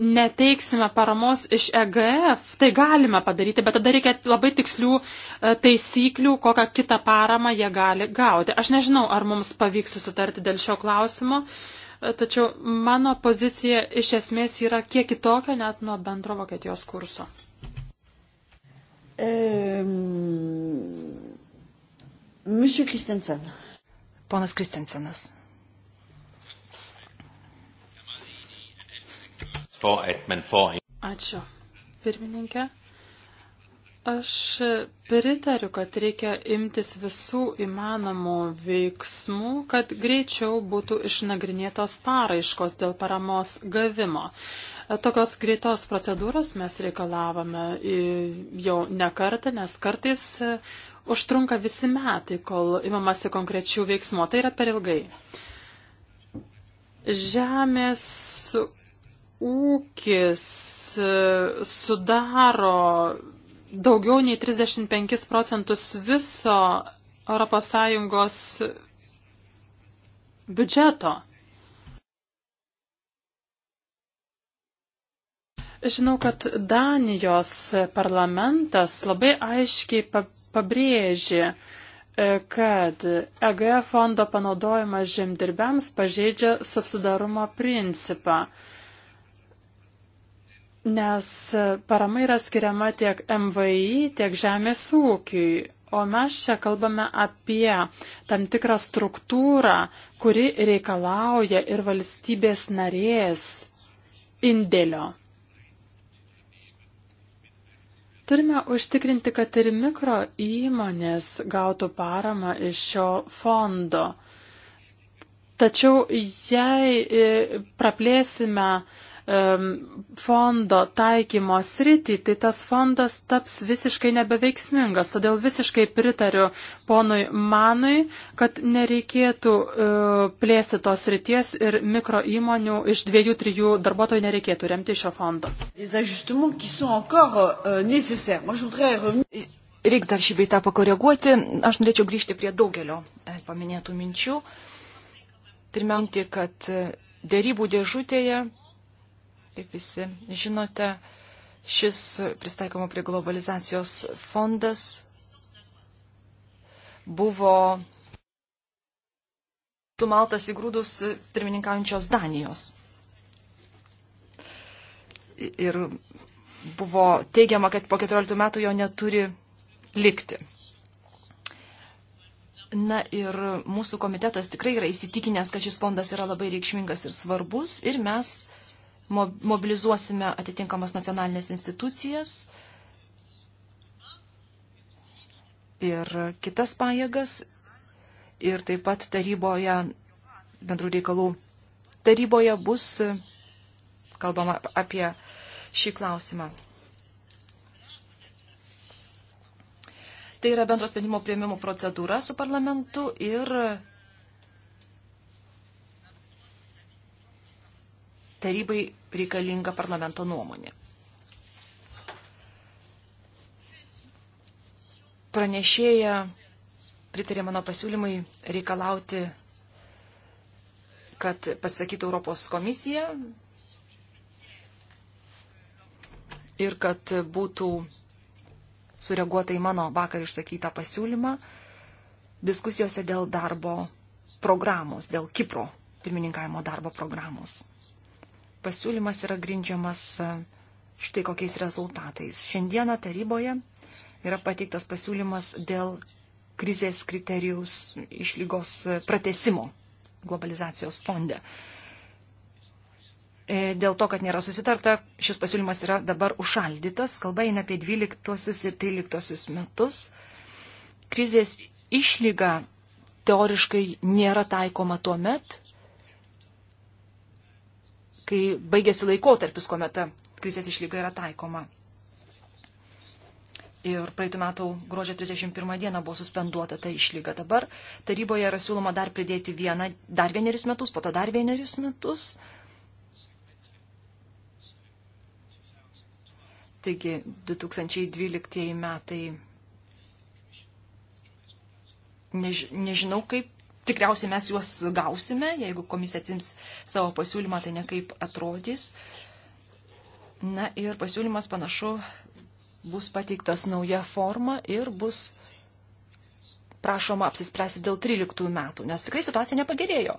neteiksime paramos iš EGF, tai galime padaryti, bet tada reikia labai tikslių e, taisyklių, kokią kitą paramą jie gali gauti. Aš nežinau, ar mums pavyks susitarti dėl šio klausimo, e, tačiau mano pozicija iš esmės yra kiek kitokia net nuo bendro Vokietijos kurso. Um... Monsieur Kristensen. Ponas Kristensenas. Ačiū. Pirmininkė. Aš pritariu, kad reikia imtis visų įmanomų veiksmų, kad greičiau būtų išnagrinėtos paraiškos dėl paramos gavimo. Tokios greitos procedūros mes reikalavome jau ne kartą, nes kartais užtrunka visi metai, kol imamasi konkrečių veiksmų. Tai yra per ilgai. Žemės ūkis e, sudaro daugiau nei 35 procentus viso ES biudžeto. Žinau, kad Danijos parlamentas labai aiškiai pabrėžė, e, kad EGF fondo panaudojimas žemdirbiams pažeidžia subsidarumo principą, nes parama yra skiriama tiek MVI, tiek žemės ūkiui. O mes čia kalbame apie tam tikrą struktūrą, kuri reikalauja ir valstybės narės indėlio. Turime užtikrinti, kad ir mikro įmonės gautų paramą iš šio fondo. Tačiau jei e, praplėsime fondo taikymo sritį, tai tas fondas taps visiškai nebeveiksmingas. Todėl visiškai pritariu ponui Manui, kad nereikėtų e, plėsti tos srities ir mikro įmonių iš dviejų, trijų darbuotojų nereikėtų remti šio fondo. Euh, Reiks dar šį beitą pakoreguoti. Aš norėčiau grįžti prie daugelio e, paminėtų minčių. Pirmiausia, kad e, dėrybų dėžutėje Kaip visi žinote, šis pristaikomo prie globalizacijos fondas buvo sumaltas į grūdus pirmininkaujančios Danijos. Ir buvo teigiama, kad po 14 metų jo neturi likti. Na ir mūsų komitetas tikrai yra įsitikinęs, kad šis fondas yra labai reikšmingas ir svarbus ir mes mobilizuosime atitinkamas nacionalinės institucijas ir kitas pajėgas ir taip pat taryboje, bendrų reikalų taryboje bus kalbama apie šį klausimą. Tai yra bendros sprendimo prieimimo procedūra su parlamentu ir tarybai reikalinga parlamento nuomonė. Pranešėja pritarė mano pasiūlymui reikalauti, kad pasakytų Europos komisija ir kad būtų sureaguota į mano vakar išsakytą pasiūlymą diskusijose dėl darbo programos, dėl Kipro pirmininkavimo darbo programos pasiūlymas yra grindžiamas e, štai kokiais rezultatais. Šiandieną taryboje yra pateiktas pasiūlymas dėl krizės kriterijus išlygos e, pratesimo globalizacijos fonde. E, dėl to, kad nėra susitarta, šis pasiūlymas yra dabar užšaldytas, kalba eina apie 12 ir 13 metus. Krizės išlyga teoriškai nėra taikoma tuo met, kai baigėsi laikotarpis, kuomet ta krizės išlyga yra taikoma. Ir praeitų metų gruodžio 31 dieną buvo suspenduota ta išlyga. Dabar taryboje yra siūloma dar pridėti vieną, dar vienerius metus, po to dar vienerius metus. Taigi 2012 metai. Než, nežinau, kaip tikriausiai mes juos gausime, jeigu komisija atsims savo pasiūlymą, tai nekaip atrodys. Na ir pasiūlymas panašu bus pateiktas nauja forma ir bus prašoma apsispręsti dėl 13 metų, nes tikrai situacija nepagerėjo.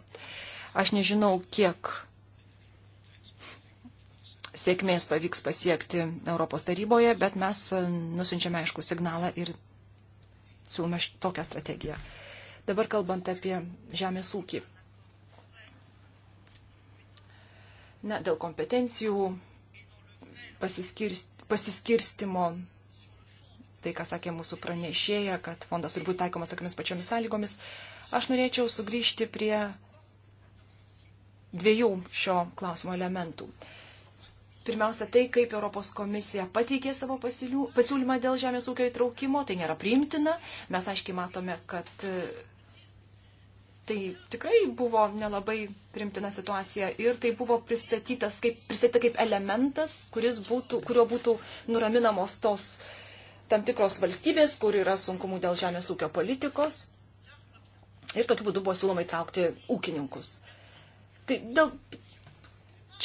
Aš nežinau, kiek sėkmės pavyks pasiekti Europos taryboje, bet mes nusinčiame aišku signalą ir siūlome tokią strategiją. Dabar kalbant apie žemės ūkį. Na, dėl kompetencijų pasiskirst, pasiskirstimo, tai, ką sakė mūsų pranešėja, kad fondas turi būti taikomas tokiamis pačiomis sąlygomis, aš norėčiau sugrįžti prie dviejų šio klausimo elementų. Pirmiausia, tai, kaip Europos komisija pateikė savo pasiūlymą dėl žemės ūkio įtraukimo, tai nėra priimtina. Mes aiškiai matome, kad Tai tikrai buvo nelabai primtina situacija ir tai buvo pristatytas kaip, pristatyta kaip elementas, būtų, kuriuo būtų nuraminamos tos tam tikros valstybės, kur yra sunkumų dėl žemės ūkio politikos. Ir tokiu būdu buvo siūloma įtraukti ūkininkus. Tai dėl,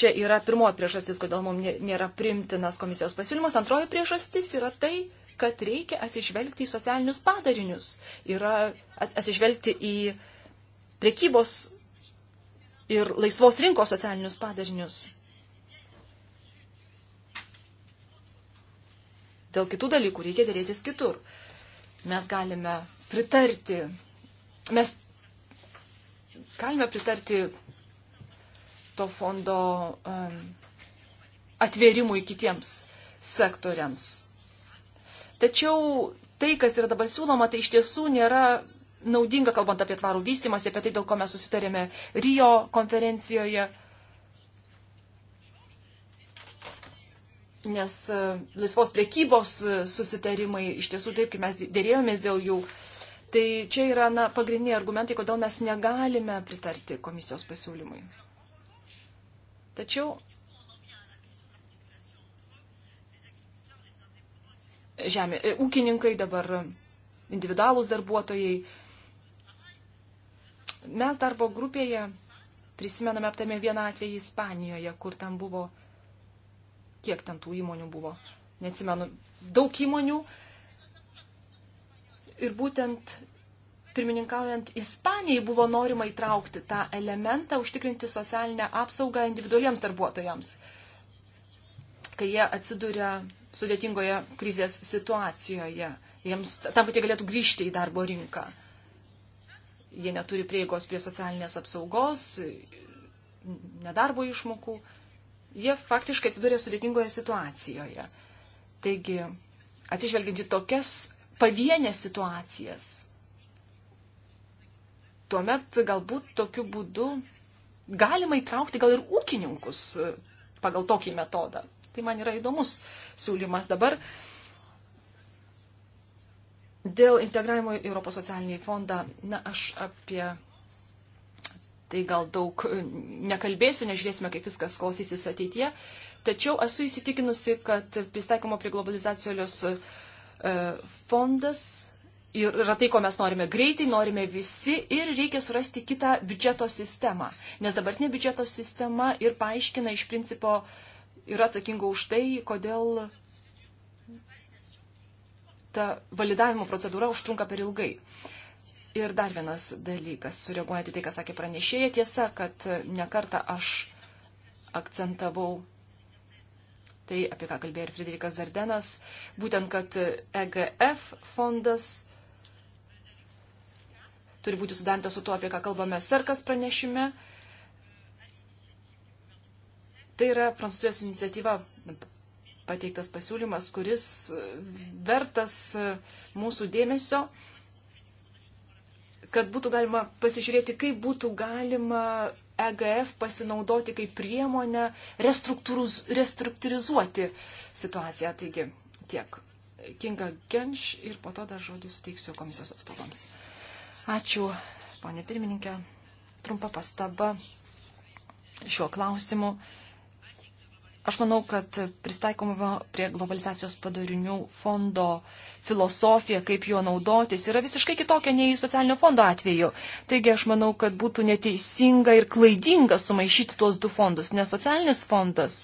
čia yra pirmoji priežastis, kodėl mums nėra primtinas komisijos pasiūlymas. Antroji priežastis yra tai, kad reikia atsižvelgti į socialinius padarinius. Yra atsižvelgti į uh, priekybos ir laisvos rinkos socialinius padarinius. Dėl kitų dalykų reikia dėrėtis kitur. Mes galime pritarti, mes galime pritarti to fondo um, atvėrimui kitiems sektoriams. Tačiau tai, kas yra dabar siūloma, tai iš tiesų nėra naudinga, kalbant apie tvarų vystimąsi, apie tai, dėl ko mes susitarėme Rio konferencijoje. Nes e, laisvos priekybos e, susitarimai, iš tiesų taip, kaip mes dėrėjomės dėl jų, tai čia yra na, pagrindiniai argumentai, kodėl mes negalime pritarti komisijos pasiūlymui. Tačiau žemė, e, ūkininkai dabar individualūs darbuotojai, Mes darbo grupėje prisimename aptame vieną atvejį Ispanijoje, kur ten buvo, kiek ten tų įmonių buvo, neatsimenu, daug įmonių. Ir būtent pirmininkaujant Ispanijai buvo norima įtraukti tą elementą, užtikrinti socialinę apsaugą individualiems darbuotojams, kai jie atsiduria sudėtingoje krizės situacijoje, jiems tam, kad jie galėtų grįžti į darbo rinką jie neturi prieigos prie socialinės apsaugos, nedarbo išmokų, jie faktiškai atsiduria sudėtingoje situacijoje. Taigi, atsižvelgiant į tokias pavienės situacijas, tuomet galbūt tokiu būdu galima įtraukti gal ir ūkininkus pagal tokį metodą. Tai man yra įdomus siūlymas dabar. Uh, Dėl integravimo į Europos socialinį fondą, na, aš apie tai gal daug e, nekalbėsiu, nežiūrėsime, kaip viskas klausysis ateitie. Tačiau esu įsitikinusi, kad pristaikomo prie globalizacijos e, fondas yra tai, ko mes norime greitai, norime visi ir reikia surasti kitą biudžeto sistemą. Nes dabartinė biudžeto sistema ir paaiškina iš principo yra atsakinga už tai, kodėl ta validavimo procedūra užtrunka per ilgai. Ir dar vienas dalykas, sureaguojant į tai, ką sakė pranešėja, tiesa, kad nekartą aš akcentavau tai, apie ką kalbėjo ir Friderikas Dardenas, būtent, kad EGF fondas turi būti sudantas su tuo, apie ką kalbame Serkas pranešime. Tai yra prancūzijos iniciatyva pateiktas pasiūlymas, kuris vertas mūsų dėmesio, kad būtų galima pasižiūrėti, kaip būtų galima EGF pasinaudoti kaip priemonę restruktūrizuoti situaciją. Taigi tiek. Kinga Genš ir po to dar žodį suteiksiu komisijos atstovams. Ačiū, ponė pirmininkė. Trumpa pastaba šiuo klausimu. Uh, Aš manau, kad pristaikoma prie globalizacijos padarinių fondo filosofija, kaip juo naudotis, yra visiškai kitokia nei socialinio fondo atveju. Taigi aš manau, kad būtų neteisinga ir klaidinga sumaišyti tuos du fondus, nes socialinis fondas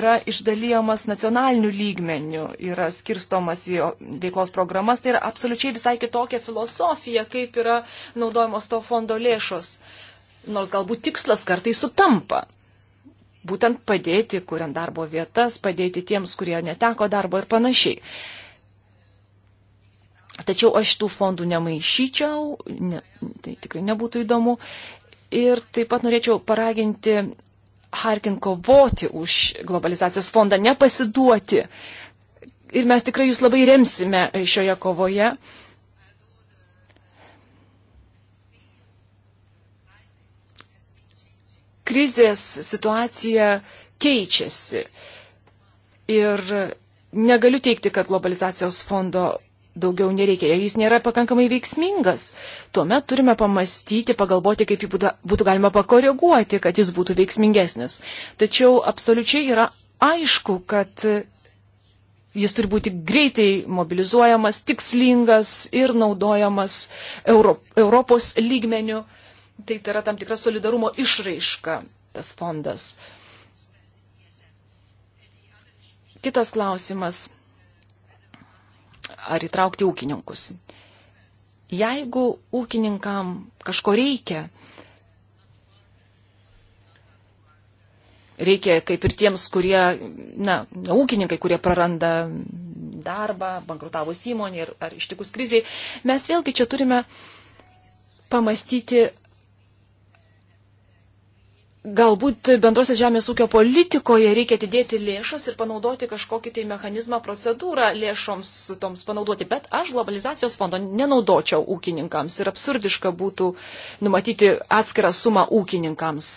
yra išdalyjamas nacionaliniu lygmeniu, yra skirstomas į veiklos programas, tai yra absoliučiai visai kitokia filosofija, kaip yra naudojamos to fondo lėšos. Nors galbūt tikslas kartai sutampa būtent padėti, kuriant darbo vietas, padėti tiems, kurie neteko darbo ir panašiai. Tačiau aš tų fondų nemaišyčiau, ne, tai tikrai nebūtų įdomu. Ir taip pat norėčiau paraginti Harkin kovoti už globalizacijos fondą, nepasiduoti. Ir mes tikrai jūs labai remsime šioje kovoje. Uh, krizės situacija keičiasi. Ir negaliu teikti, kad globalizacijos fondo daugiau nereikia, jis nėra pakankamai veiksmingas. Tuomet turime pamastyti, pagalvoti, kaip jį būtų galima pakoreguoti, kad jis būtų veiksmingesnis. Tačiau absoliučiai yra aišku, kad jis turi būti greitai mobilizuojamas, tikslingas ir naudojamas Euro, Europos lygmenių Tai, tai yra tam tikra solidarumo išraiška tas fondas. Kitas klausimas. Ar įtraukti ūkininkus? Jeigu ūkininkam kažko reikia, reikia kaip ir tiems, kurie, na, ūkininkai, kurie praranda darbą, bankrutavus įmonį ir, ar ištikus kriziai, mes vėlgi čia turime pamastyti, galbūt bendrosios žemės ūkio politikoje reikia atidėti lėšas ir panaudoti kažkokį tai mechanizmą, procedūrą lėšoms toms panaudoti. Bet aš globalizacijos fondo nenaudočiau ūkininkams ir absurdiška būtų numatyti atskirą sumą ūkininkams,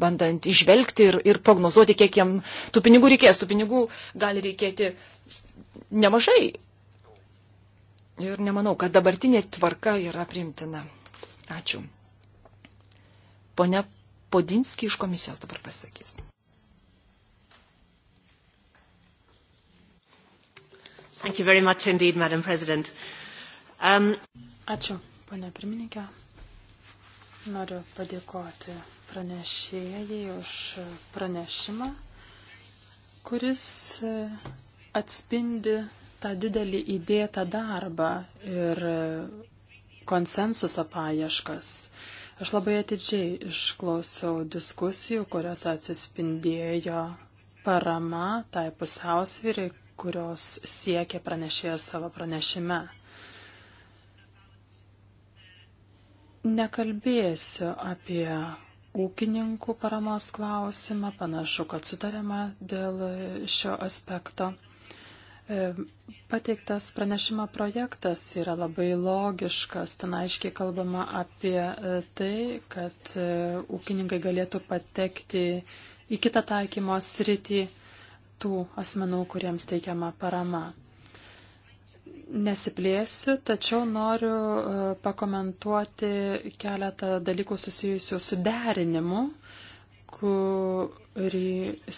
bandant išvelgti ir, ir prognozuoti, kiek jam tų pinigų reikės. Tų pinigų gali reikėti nemažai. Ir nemanau, kad dabartinė tvarka yra primtina. Ačiū. Pone Podinski iš komisijos dabar pasakys. Indeed, um... Ačiū, ponia pirmininkė. Noriu padėkoti pranešėjai už pranešimą, kuris e, atspindi tą didelį įdėtą darbą ir konsensuso paieškas. Aš labai atidžiai išklausiau diskusijų, kurios atsispindėjo parama tai pusiausvyrai, kurios siekia pranešėjas savo pranešime. Nekalbėsiu apie ūkininkų paramos klausimą, panašu, kad sutarėma dėl šio aspekto. E, pateiktas pranešimo projektas yra labai logiškas. Ten aiškiai kalbama apie e, tai, kad e, ūkininkai galėtų patekti į kitą taikymo sritį tų asmenų, kuriems teikiama parama. Nesiplėsiu, tačiau noriu pakomentuoti keletą dalykų susijusių su derinimu, kurį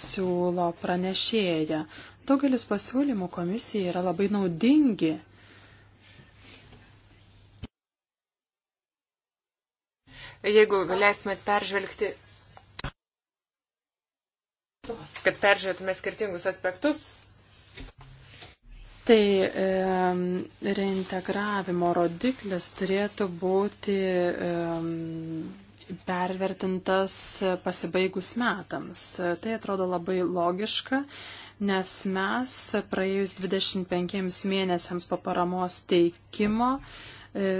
siūlo pranešėja. Daugelis pasiūlymų komisijai yra labai naudingi. Jeigu galėsimėt peržvelgti, kad peržiūrėtume skirtingus aspektus, Tai e, reintegravimo rodiklis turėtų būti e, pervertintas pasibaigus metams. Tai atrodo labai logiška, nes mes praėjus 25 mėnesiams po paramos teikimo e,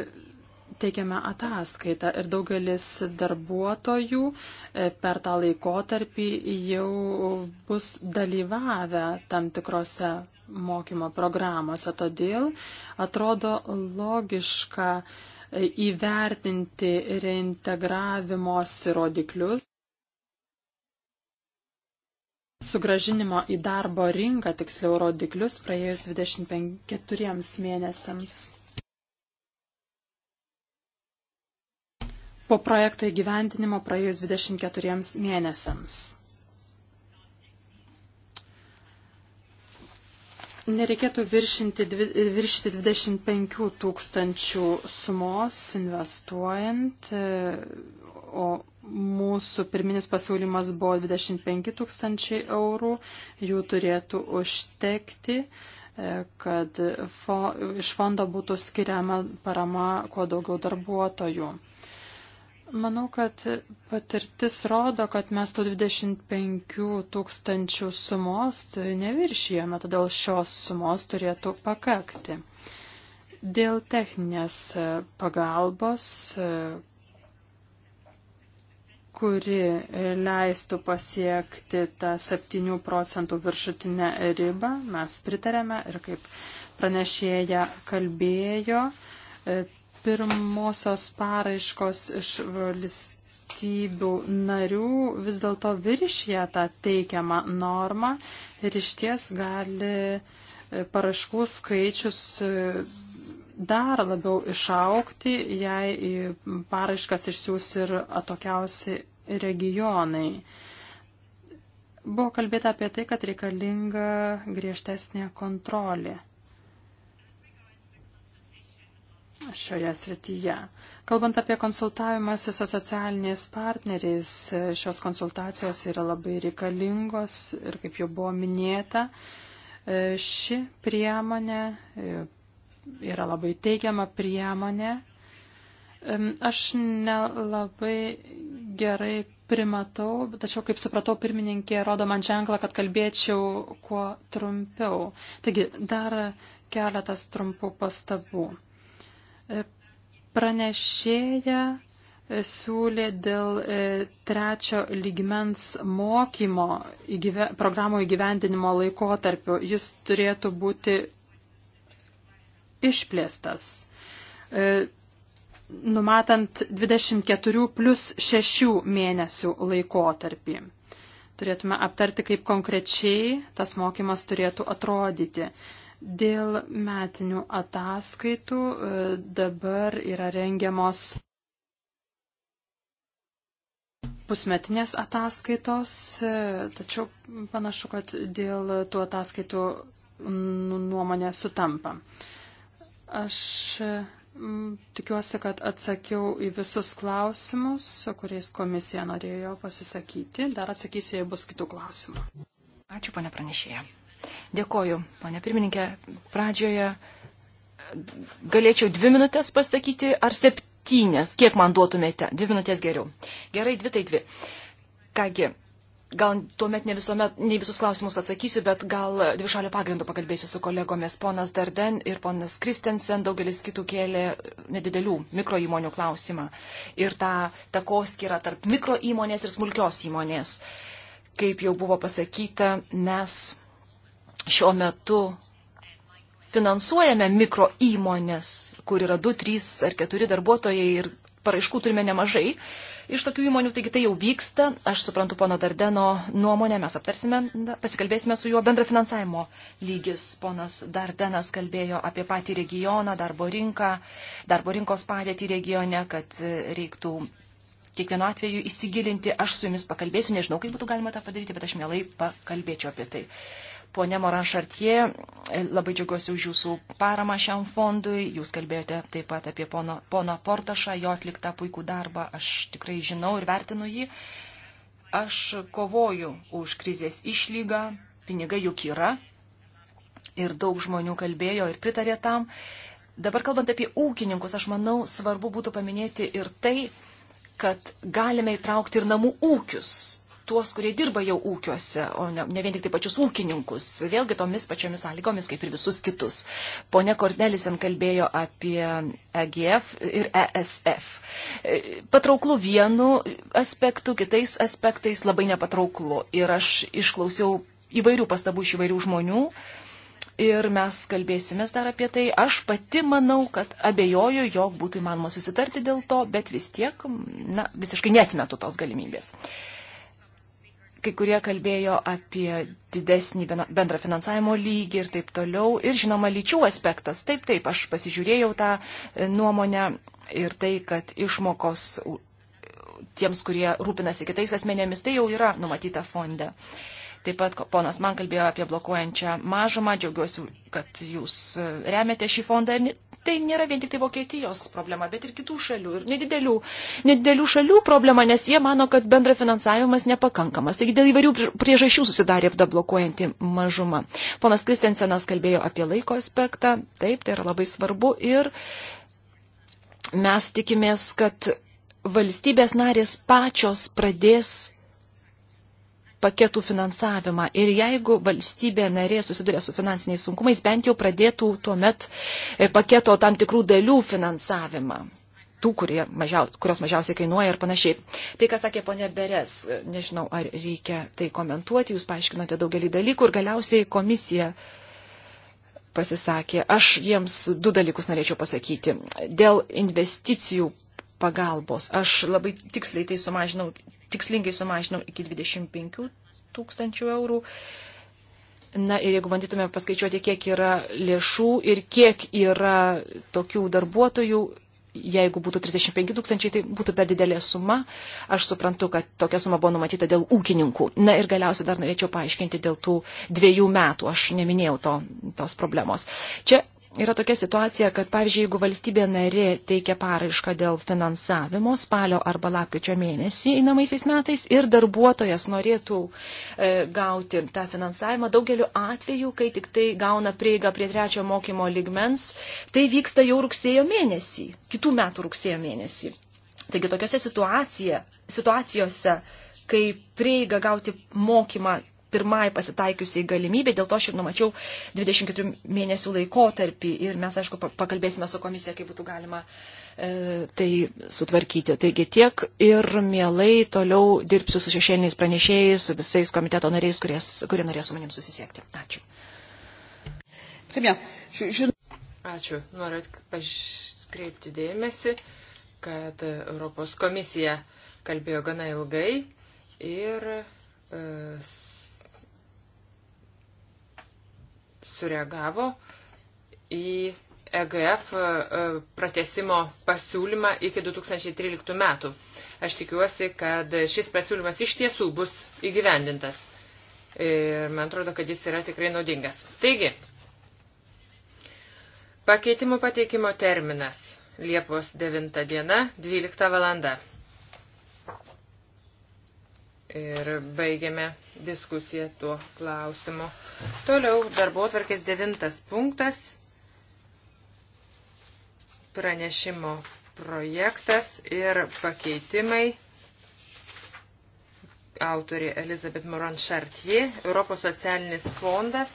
teikiame ataskaitą ir daugelis darbuotojų e, per tą laikotarpį jau bus dalyvavę tam tikrose mokymo programuose. Todėl atrodo logiška e, įvertinti reintegravimos rodiklius sugražinimo į darbo rinką, tiksliau rodiklius, praėjus 24 mėnesiams. Po projekto įgyvendinimo praėjus 24 mėnesiams. Nereikėtų viršinti, viršyti 25 tūkstančių sumos investuojant, o Mūsų pirminis pasiūlymas buvo 25 tūkstančiai eurų, jų turėtų užtekti, e, kad fo, iš fondo būtų skiriama parama kuo daugiau darbuotojų. Manau, kad patirtis rodo, kad mes tų 25 tūkstančių sumos neviršijame, todėl šios sumos turėtų pakakti. Dėl techninės pagalbos, kuri e, leistų pasiekti tą 7 procentų viršutinę ribą. Mes pritarėme ir kaip pranešėja kalbėjo, e, pirmosios paraiškos iš valstybių narių vis dėlto viršė tą teikiamą normą ir iš ties gali e, paraškų skaičius dar labiau išaukti, jei paraiškas išsiūs ir atokiausi regionai. Buvo kalbėta apie tai, kad reikalinga griežtesnė kontrolė šioje srityje. Kalbant apie konsultavimąsi su socialiniais partneriais, šios konsultacijos yra labai reikalingos ir, kaip jau buvo minėta, ši priemonė e, yra labai teigiama priemonė. Aš nelabai gerai primatau, tačiau, kaip supratau, pirmininkė rodo man ženklą, kad kalbėčiau kuo trumpiau. Taigi, dar keletas trumpų pastabų. Pranešėja siūlė dėl e, trečio lygmens mokymo įgyve, programų įgyvendinimo laikotarpiu. Jis turėtų būti išplėstas e, numatant 24 plus 6 mėnesių laikotarpį. Turėtume aptarti, kaip konkrečiai tas mokymas turėtų atrodyti. Dėl metinių ataskaitų e, dabar yra rengiamos pusmetinės ataskaitos, e, tačiau panašu, kad dėl tų ataskaitų nuomonė sutampa. Aš Mm, tikiuosi, kad atsakiau į visus klausimus, su kuriais komisija norėjo pasisakyti. Dar atsakysiu, jei bus kitų klausimų. Ačiū, ponė pranešėja. Dėkoju, ponė pirmininkė. Pradžioje e, galėčiau dvi minutės pasakyti, ar septynės, kiek man duotumėte. Dvi minutės geriau. Gerai, dvi tai dvi. Kągi, gal tuomet ne visuomet, ne visus klausimus atsakysiu, bet gal dvišalio pagrindu pakalbėsiu su kolegomis. Ponas Darden ir ponas Kristensen, daugelis kitų kėlė nedidelių mikro įmonių klausimą. Ir tą takoskirą tarp mikro įmonės ir smulkios įmonės. Kaip jau buvo pasakyta, mes šiuo metu finansuojame mikro įmonės, kur yra 2, 3 ar 4 darbuotojai ir paraiškų turime nemažai. Uh, iš tokių įmonių, taigi tai jau vyksta. Aš suprantu pono Dardeno nuomonę, mes aptarsime, pasikalbėsime su juo bendrafinansavimo lygis. Ponas Dardenas kalbėjo apie patį regioną, darbo rinką, darbo rinkos padėtį regione, kad reiktų kiekvienu atveju įsigilinti. Aš su jumis pakalbėsiu, nežinau, kaip būtų galima tą padaryti, bet aš mielai pakalbėčiau apie tai. Pone Moran Šartie, labai džiugiuosi už jūsų paramą šiam fondui. Jūs kalbėjote taip pat apie pono, pono Portašą, jo atliktą puikų darbą. Aš tikrai žinau ir vertinu jį. Aš kovoju už krizės išlygą, pinigai juk yra. Ir daug žmonių kalbėjo ir pritarė tam. Dabar kalbant apie ūkininkus, aš manau, svarbu būtų paminėti ir tai, kad galime įtraukti ir namų ūkius tuos, kurie dirba jau ūkiuose, o ne, ne vien tik tai pačius ūkininkus, vėlgi tomis pačiomis sąlygomis, kaip ir visus kitus. Pone Kornelisen kalbėjo apie EGF ir ESF. E, patrauklu vienu aspektu, kitais aspektais labai nepatrauklu. Ir aš išklausiau įvairių pastabų iš įvairių žmonių ir mes kalbėsime dar apie tai. Aš pati manau, kad abejoju, jog būtų įmanoma susitarti dėl to, bet vis tiek, na, visiškai neatmetu tos galimybės. Uh, Kai kurie kalbėjo apie didesnį bendrą finansavimo lygį ir taip toliau. Ir žinoma, lyčių aspektas. Taip, taip, aš pasižiūrėjau tą e, nuomonę ir tai, kad išmokos tiems, kurie rūpinasi kitais asmenėmis, tai jau yra numatyta fonde. Uh, Taip pat ponas man kalbėjo apie blokuojančią mažumą, džiaugiuosi, kad jūs e, remiate šį fondą. Tai nėra vien tik tai Vokietijos problema, bet ir kitų šalių, ir nedidelių, nedidelių šalių problema, nes jie mano, kad bendra finansavimas nepakankamas. Taigi dėl įvairių priežasčių susidarė apda blokuojanti mažuma. Ponas Kristensenas kalbėjo apie laiko aspektą, taip, tai yra labai svarbu ir mes tikimės, kad valstybės narės pačios pradės paketų finansavimą. Ir jeigu valstybė narė susiduria su finansiniais sunkumais, bent jau pradėtų tuomet e, paketo tam tikrų dalių finansavimą. Tų, mažiau, kurios mažiausiai kainuoja ir panašiai. Tai, ką sakė ponė Beres, e, nežinau, ar reikia tai komentuoti, jūs paaiškinote daugelį dalykų ir galiausiai komisija pasisakė. Aš jiems du dalykus norėčiau pasakyti. Dėl investicijų pagalbos. Aš labai tiksliai tai sumažinau tikslingai sumažinom iki 25 tūkstančių eurų. Na ir jeigu bandytume paskaičiuoti, kiek yra lėšų ir kiek yra tokių darbuotojų, jeigu būtų 35 tūkstančiai, tai būtų per didelė suma. Aš suprantu, kad tokia suma buvo numatyta dėl ūkininkų. Na ir galiausiai dar norėčiau paaiškinti dėl tų dviejų metų. Aš neminėjau to, tos problemos. Čia yra tokia situacija, kad pavyzdžiui, jeigu valstybė nari teikia paraišką dėl finansavimo spalio arba lapkričio mėnesį einamaisiais metais ir darbuotojas norėtų e, gauti tą finansavimą, daugeliu atveju, kai tik tai gauna prieigą prie trečio mokymo ligmens, tai vyksta jau rugsėjo mėnesį, kitų metų rugsėjo mėnesį. Taigi tokiose situacijose, kai prieiga gauti mokymą pirmai pasitaikiusiai galimybė, dėl to aš ir numačiau 24 mėnesių laikotarpį ir mes, aišku, pakalbėsime su komisija, kaip būtų galima e, tai sutvarkyti. Taigi tiek ir mielai toliau dirbsiu su šešėliniais pranešėjais, su visais komiteto nariais, kuries, kurie norės su manim susisiekti. Ačiū. Ačiū. Noriu paškreipti dėmesį, kad Europos komisija kalbėjo gana ilgai ir e, sureagavo į EGF e, pratesimo pasiūlymą iki 2013 metų. Aš tikiuosi, kad šis pasiūlymas iš tiesų bus įgyvendintas. Ir man atrodo, kad jis yra tikrai naudingas. Taigi, pakeitimų pateikimo terminas Liepos 9 diena, 12 valanda. Ir baigiame diskusiją tuo klausimu. Toliau darbo atvarkės devintas punktas. Pranešimo projektas ir pakeitimai. Autorė Elizabeth Moran Chartier, Europos socialinis fondas,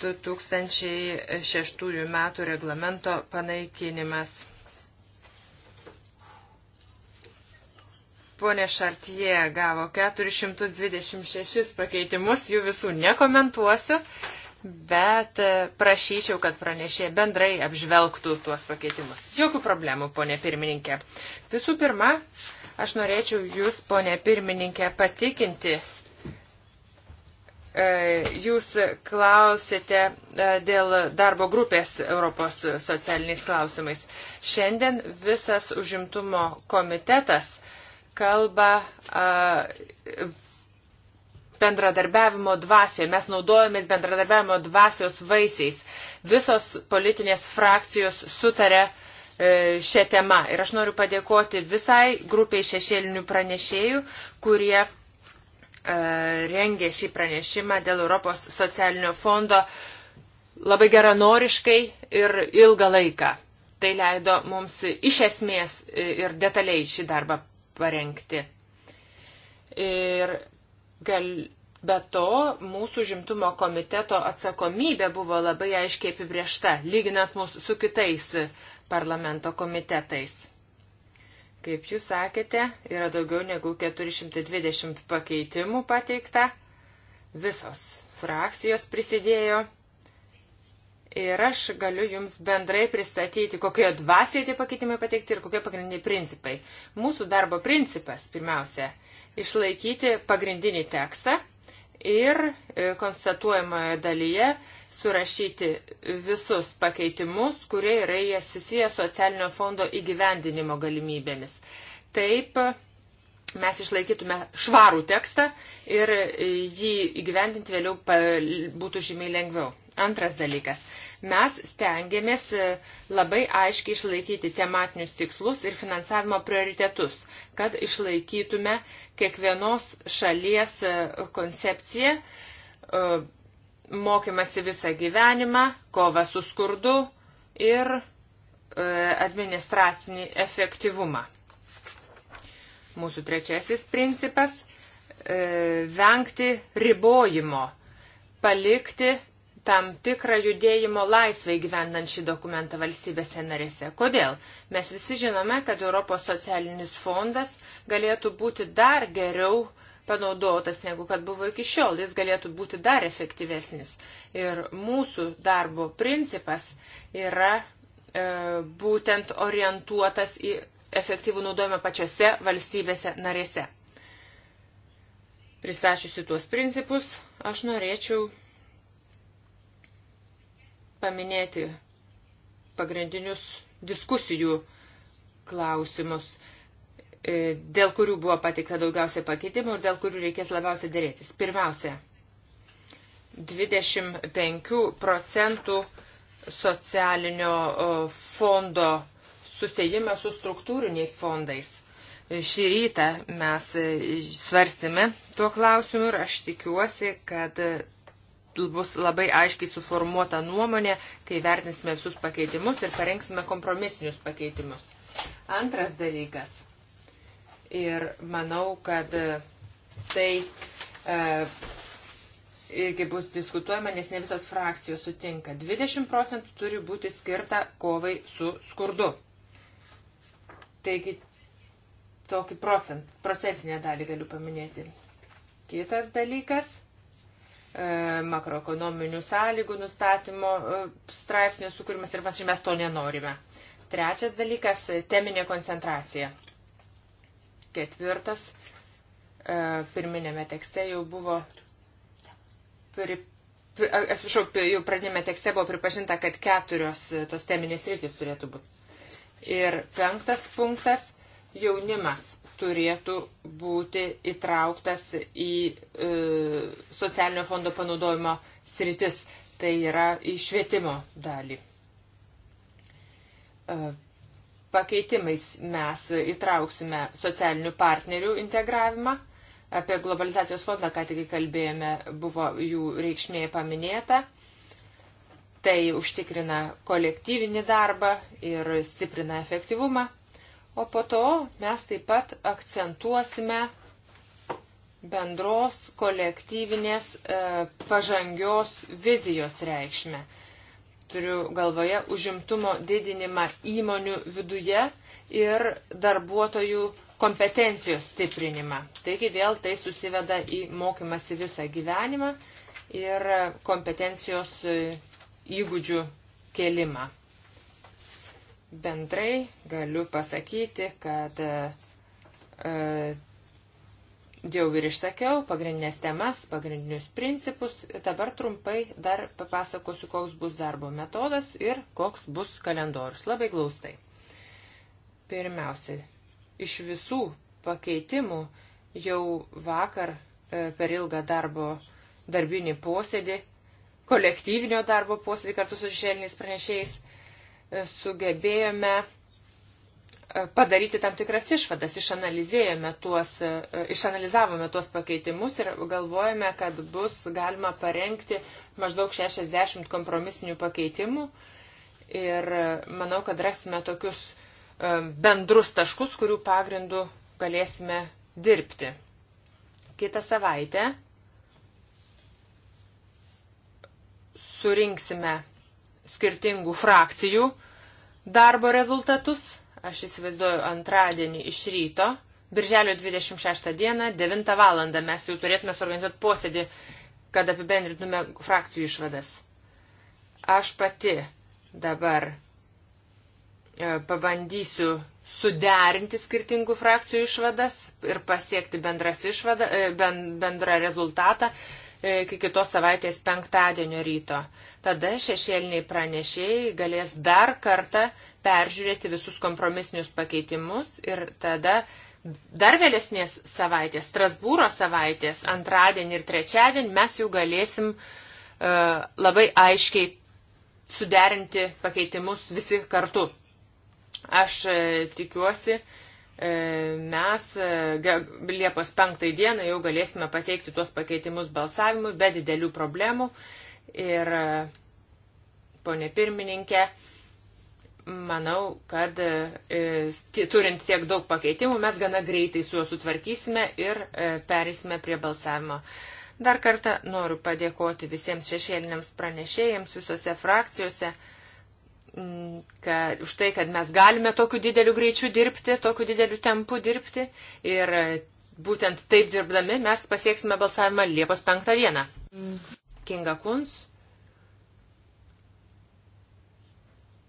2006 metų reglamento panaikinimas. Pone Šartie gavo 426 pakeitimus, jų visų nekomentuosiu, bet e, prašyčiau, kad pranešė bendrai apžvelgtų tuos pakeitimus. Jokių problemų, ponė pirmininkė. Visų pirma, aš norėčiau jūs, ponė pirmininkė, patikinti. E, jūs klausėte e, dėl darbo grupės Europos socialiniais klausimais. Šiandien visas užimtumo komitetas kalba a, bendradarbiavimo dvasioje. Mes naudojamės bendradarbiavimo dvasios vaisiais. Visos politinės frakcijos sutarė e, šią temą. Ir aš noriu padėkoti visai grupiai šešėlinių pranešėjų, kurie e, rengė šį pranešimą dėl Europos socialinio fondo labai geranoriškai ir ilgą laiką. Tai leido mums iš esmės ir detaliai šį darbą parengti. Ir gal, be to, mūsų žimtumo komiteto atsakomybė buvo labai aiškiai apibriešta, lyginant mūsų su kitais parlamento komitetais. Kaip jūs sakėte, yra daugiau negu 420 pakeitimų pateikta. Visos frakcijos prisidėjo Ir aš galiu Jums bendrai pristatyti, kokioje dvasioje tie pakeitimai pateikti ir kokie pagrindiniai principai. Mūsų darbo principas, pirmiausia, išlaikyti pagrindinį tekstą ir e, konstatuojamoje dalyje surašyti visus pakeitimus, kurie yra susiję socialinio fondo įgyvendinimo galimybėmis. Taip mes išlaikytume švarų tekstą ir e, jį įgyvendinti vėliau būtų žymiai lengviau. Antras dalykas. Mes stengiamės e, labai aiškiai išlaikyti tematinius tikslus ir finansavimo prioritetus, kad išlaikytume kiekvienos šalies e, koncepciją, e, mokymasi visą gyvenimą, kovą su skurdu ir administracinį efektyvumą. Mūsų trečiasis principas - vengti ribojimo, palikti tam tikrą judėjimo laisvę įgyvendant šį dokumentą valstybėse narėse. Kodėl? Mes visi žinome, kad Europos socialinis fondas galėtų būti dar geriau panaudotas, negu kad buvo iki šiol. Jis galėtų būti dar efektyvesnis. Ir mūsų darbo principas yra e, būtent orientuotas į efektyvų naudojimą pačiose valstybėse narėse. Pristačiusi tuos principus, aš norėčiau paminėti pagrindinius diskusijų klausimus, e, dėl kurių buvo patikta daugiausia pakeitimų ir dėl kurių reikės labiausiai dėrėtis. Pirmiausia, 25 procentų socialinio fondo susijimas su struktūriniais fondais. Šį rytą mes e, svarstėme tuo klausimu ir aš tikiuosi, kad bus labai aiškiai suformuota nuomonė, kai vertinsime visus pakeitimus ir parengsime kompromisinius pakeitimus. Antras dalykas. Ir manau, kad e, tai e, irgi bus diskutuojama, nes ne visos frakcijos sutinka. 20 procentų turi būti skirta kovai su skurdu. Taigi tokį procent, procentinę dalį galiu paminėti. Kitas dalykas E, makroekonominių sąlygų nustatymo e, straipsnių sukūrimas ir panašiai mes to nenorime. Trečias dalykas - teminė koncentracija. Ketvirtas, e, pirminėme tekste jau buvo, pri, atsiprašau, jau pradinėme tekste buvo pripažinta, kad keturios tos teminės rytis turėtų būti. Ir penktas punktas - jaunimas turėtų būti įtrauktas į e, socialinio fondo panaudojimo sritis, tai yra į švietimo dalį. E, pakeitimais mes įtrauksime socialinių partnerių integravimą. Apie globalizacijos fondą, ką tik kalbėjome, buvo jų reikšmė paminėta. Tai užtikrina kolektyvinį darbą ir stiprina efektyvumą. O po to mes taip pat akcentuosime bendros kolektyvinės e, pažangios vizijos reikšmę. Turiu galvoje užimtumo didinimą įmonių viduje ir darbuotojų kompetencijos stiprinimą. Taigi vėl tai susiveda į mokymasi visą gyvenimą ir kompetencijos e, įgūdžių kelimą. Bendrai galiu pasakyti, kad e, e, jau ir išsakiau pagrindinės temas, pagrindinius principus. Dabar trumpai dar papasakosiu, koks bus darbo metodas ir koks bus kalendorius. Labai glaustai. Pirmiausiai, iš visų pakeitimų jau vakar e, per ilgą darbo darbinį posėdį, kolektyvinio darbo posėdį kartu su šešėliniais pranešėjais sugebėjome e, padaryti tam tikras išvadas, išanalizėjome tuos, e, išanalizavome tuos pakeitimus ir galvojame, kad bus galima parengti maždaug 60 kompromisinių pakeitimų. Ir e, manau, kad rasime tokius bendrus taškus, kurių pagrindų galėsime dirbti. Kita savaitė surinksime skirtingų frakcijų darbo rezultatus. Aš įsivaizduoju antradienį iš ryto, birželio 26 dieną, 9 val. mes jau turėtume suorganizuoti posėdį, kad apibendrintume frakcijų išvadas. Aš pati dabar e, pabandysiu suderinti skirtingų frakcijų išvadas ir pasiekti bendras išvada, e, ben, bendrą rezultatą. E, iki kitos savaitės penktadienio ryto. Tada šešėliniai pranešėjai galės dar kartą peržiūrėti visus kompromisinius pakeitimus ir tada dar vėlesnės savaitės, Strasbūro savaitės, antradienį ir trečiadienį mes jau galėsim uh, labai aiškiai suderinti pakeitimus visi kartu. Aš uh, tikiuosi, uh, E, mes e, Liepos 5 dieną jau galėsime pateikti tuos pakeitimus balsavimui be didelių problemų. Ir, e, ponė pirmininkė, manau, kad turint tiek daug pakeitimų, mes gana greitai su juo sutvarkysime ir perėsime prie balsavimo. Dar kartą noriu padėkoti visiems šešėliniams pranešėjams visose frakcijose kad, už tai, kad mes galime tokiu dideliu greičiu dirbti, tokiu dideliu tempu dirbti. Ir būtent taip dirbdami mes pasieksime balsavimą Liepos 5 dieną. Kinga Kuns.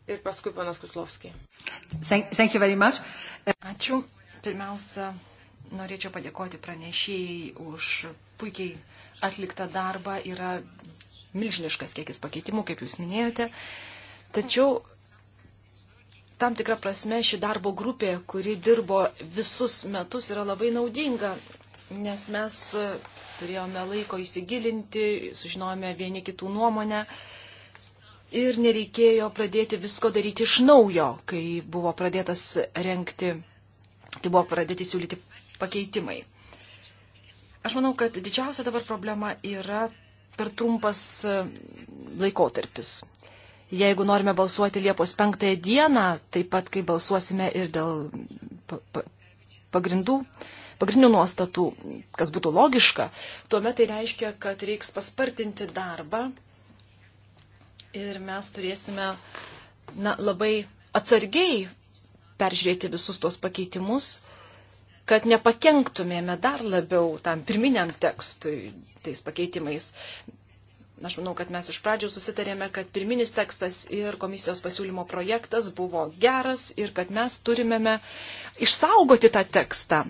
Ir paskui panas Kuslovski. Thank you very much. Ačiū. Pirmiausia, norėčiau padėkoti pranešėjai už puikiai atliktą darbą. Yra milžiniškas kiekis pakeitimų, kaip jūs minėjote. Uh, Tačiau tam tikrą prasme ši darbo grupė, kuri dirbo visus metus, yra labai naudinga, nes mes e, turėjome laiko įsigilinti, sužinojome vieni kitų nuomonę ir nereikėjo pradėti visko daryti iš naujo, kai buvo pradėtas renkti, kai buvo pradėti siūlyti pakeitimai. Aš manau, kad didžiausia dabar problema yra per trumpas e, laikotarpis jeigu norime balsuoti Liepos 5 dieną, taip pat kai balsuosime ir dėl pagrindų, pagrindinių nuostatų, kas būtų logiška, tuomet tai reiškia, kad reiks paspartinti darbą ir mes turėsime na, labai atsargiai peržiūrėti visus tuos pakeitimus, kad nepakenktumėme dar labiau tam pirminiam tekstui tais pakeitimais. Aš manau, kad mes iš pradžių susitarėme, kad pirminis tekstas ir komisijos pasiūlymo projektas buvo geras ir kad mes turimėme išsaugoti tą tekstą.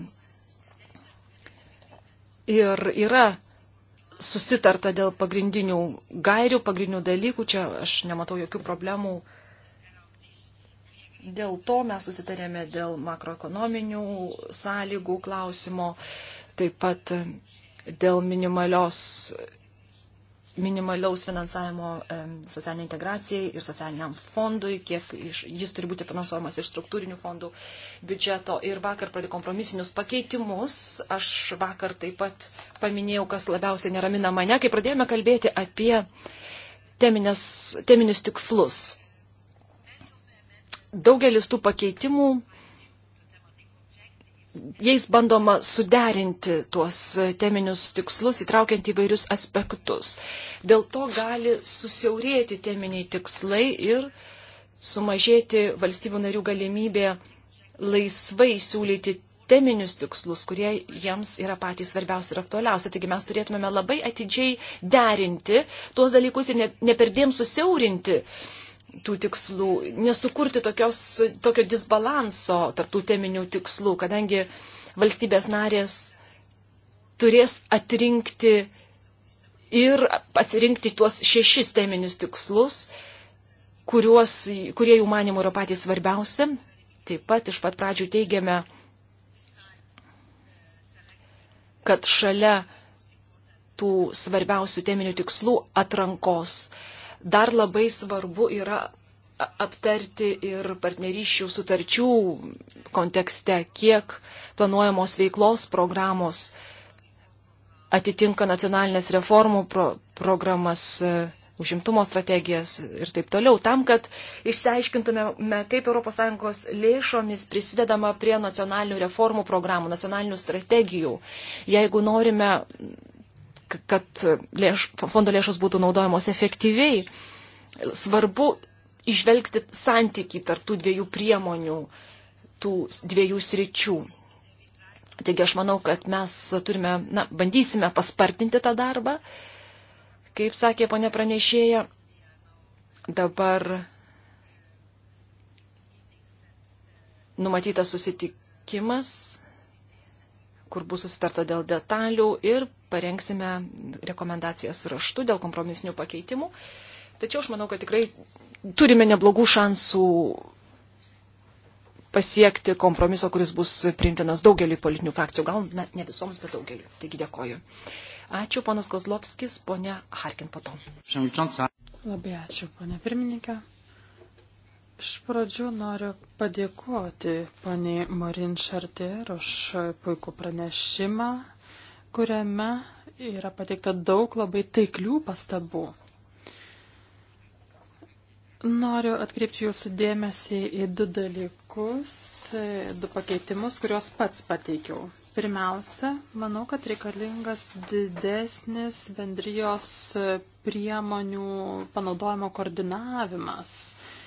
Ir yra susitarta dėl pagrindinių gairių, pagrindinių dalykų, čia aš nematau jokių problemų. Dėl to mes susitarėme dėl makroekonominių sąlygų klausimo, taip pat dėl minimalios minimaliaus finansavimo socialiniai integracijai ir socialiniam fondui, kiek iš, jis turi būti finansuojamas iš struktūrinių fondų biudžeto. Ir vakar pradė kompromisinius pakeitimus. Aš vakar taip pat paminėjau, kas labiausiai neramina mane, kai pradėjome kalbėti apie teminės, teminius tikslus. Daugelis tų pakeitimų jais bandoma suderinti tuos teminius tikslus, įtraukiant įvairius aspektus. Dėl to gali susiaurėti teminiai tikslai ir sumažėti valstybių narių galimybė laisvai siūlyti teminius tikslus, kurie jiems yra patys svarbiausi ir aktualiausi. Taigi mes turėtumėme labai atidžiai derinti tuos dalykus ir ne, ne perdėm susiaurinti uh, tų tikslų, nesukurti tokios, tokio disbalanso tarptų teminių tikslų, kadangi valstybės narės turės atrinkti ir atsirinkti tuos šešis teminius tikslus, kuriuos, kurie jų manimų yra patys svarbiausi. Taip pat iš pat pradžių teigiame, kad šalia tų svarbiausių teminių tikslų atrankos uh, dar labai svarbu yra aptarti ir partnerysčių sutarčių kontekste, kiek planuojamos veiklos programos atitinka nacionalinės reformų pro programas, e, užimtumo strategijas ir taip toliau, tam, kad išsiaiškintume, kaip ES lėšomis prisidedama prie nacionalinių reformų programų, nacionalinių strategijų. Jeigu norime kad lėš, fondo lėšos būtų naudojamos efektyviai. Svarbu išvelgti santykį tarptų dviejų priemonių, tų dviejų sričių. Taigi aš manau, kad mes turime, na, bandysime paspartinti tą darbą. Kaip sakė ponė pranešėja, dabar numatytas susitikimas kur bus susitarta dėl detalių ir parengsime rekomendacijas raštu dėl kompromisinių pakeitimų. Tačiau aš manau, kad tikrai turime neblogų šansų pasiekti kompromiso, kuris bus priimtinas daugeliu politinių frakcijų. Gal na, ne visoms, bet daugeliu. Taigi dėkoju. Ačiū, ponas Kozlovskis, ponia Harkin po to. Labai ačiū, ponia pirmininkė. Iš pradžių noriu padėkoti poniai Morin Šartier už puikų pranešimą, kuriame yra pateikta daug labai taiklių pastabų. Noriu atkreipti jūsų dėmesį į du dalykus, du pakeitimus, kuriuos pats pateikiau. Pirmiausia, manau, kad reikalingas didesnis bendrijos priemonių panaudojimo koordinavimas. Uh,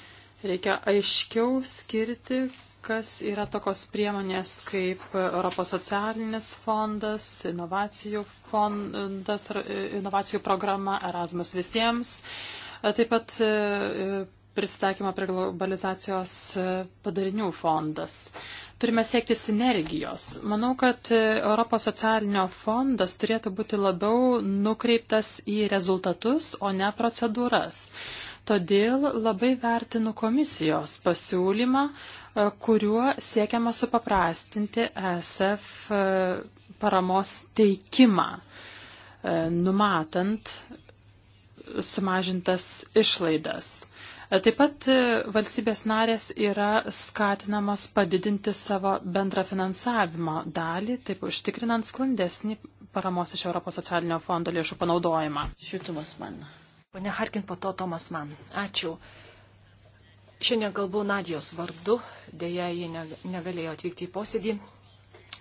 Reikia aiškiau skirti, kas yra tokios priemonės kaip Europos socialinis fondas, inovacijų fondas, e, inovacijų programa Erasmus visiems. E, taip pat e, pristatymo prie globalizacijos padarinių fondas. Turime siekti sinergijos. Manau, kad Europos socialinio fondas turėtų būti labiau nukreiptas į rezultatus, o ne procedūras. Todėl labai vertinu komisijos pasiūlymą, e, kuriuo siekiama supaprastinti ESF e, paramos teikimą, e, numatant sumažintas išlaidas. Taip pat valstybės narės yra skatinamas padidinti savo bendrą finansavimo dalį, taip užtikrinant sklandesnį paramos iš Europos socialinio fondo lėšų panaudojimą. Šitumas man. Pane Harkin, po to Tomas man. Ačiū. Šiandien kalbu Nadijos vardu, dėja ji negalėjo atvykti į posėdį.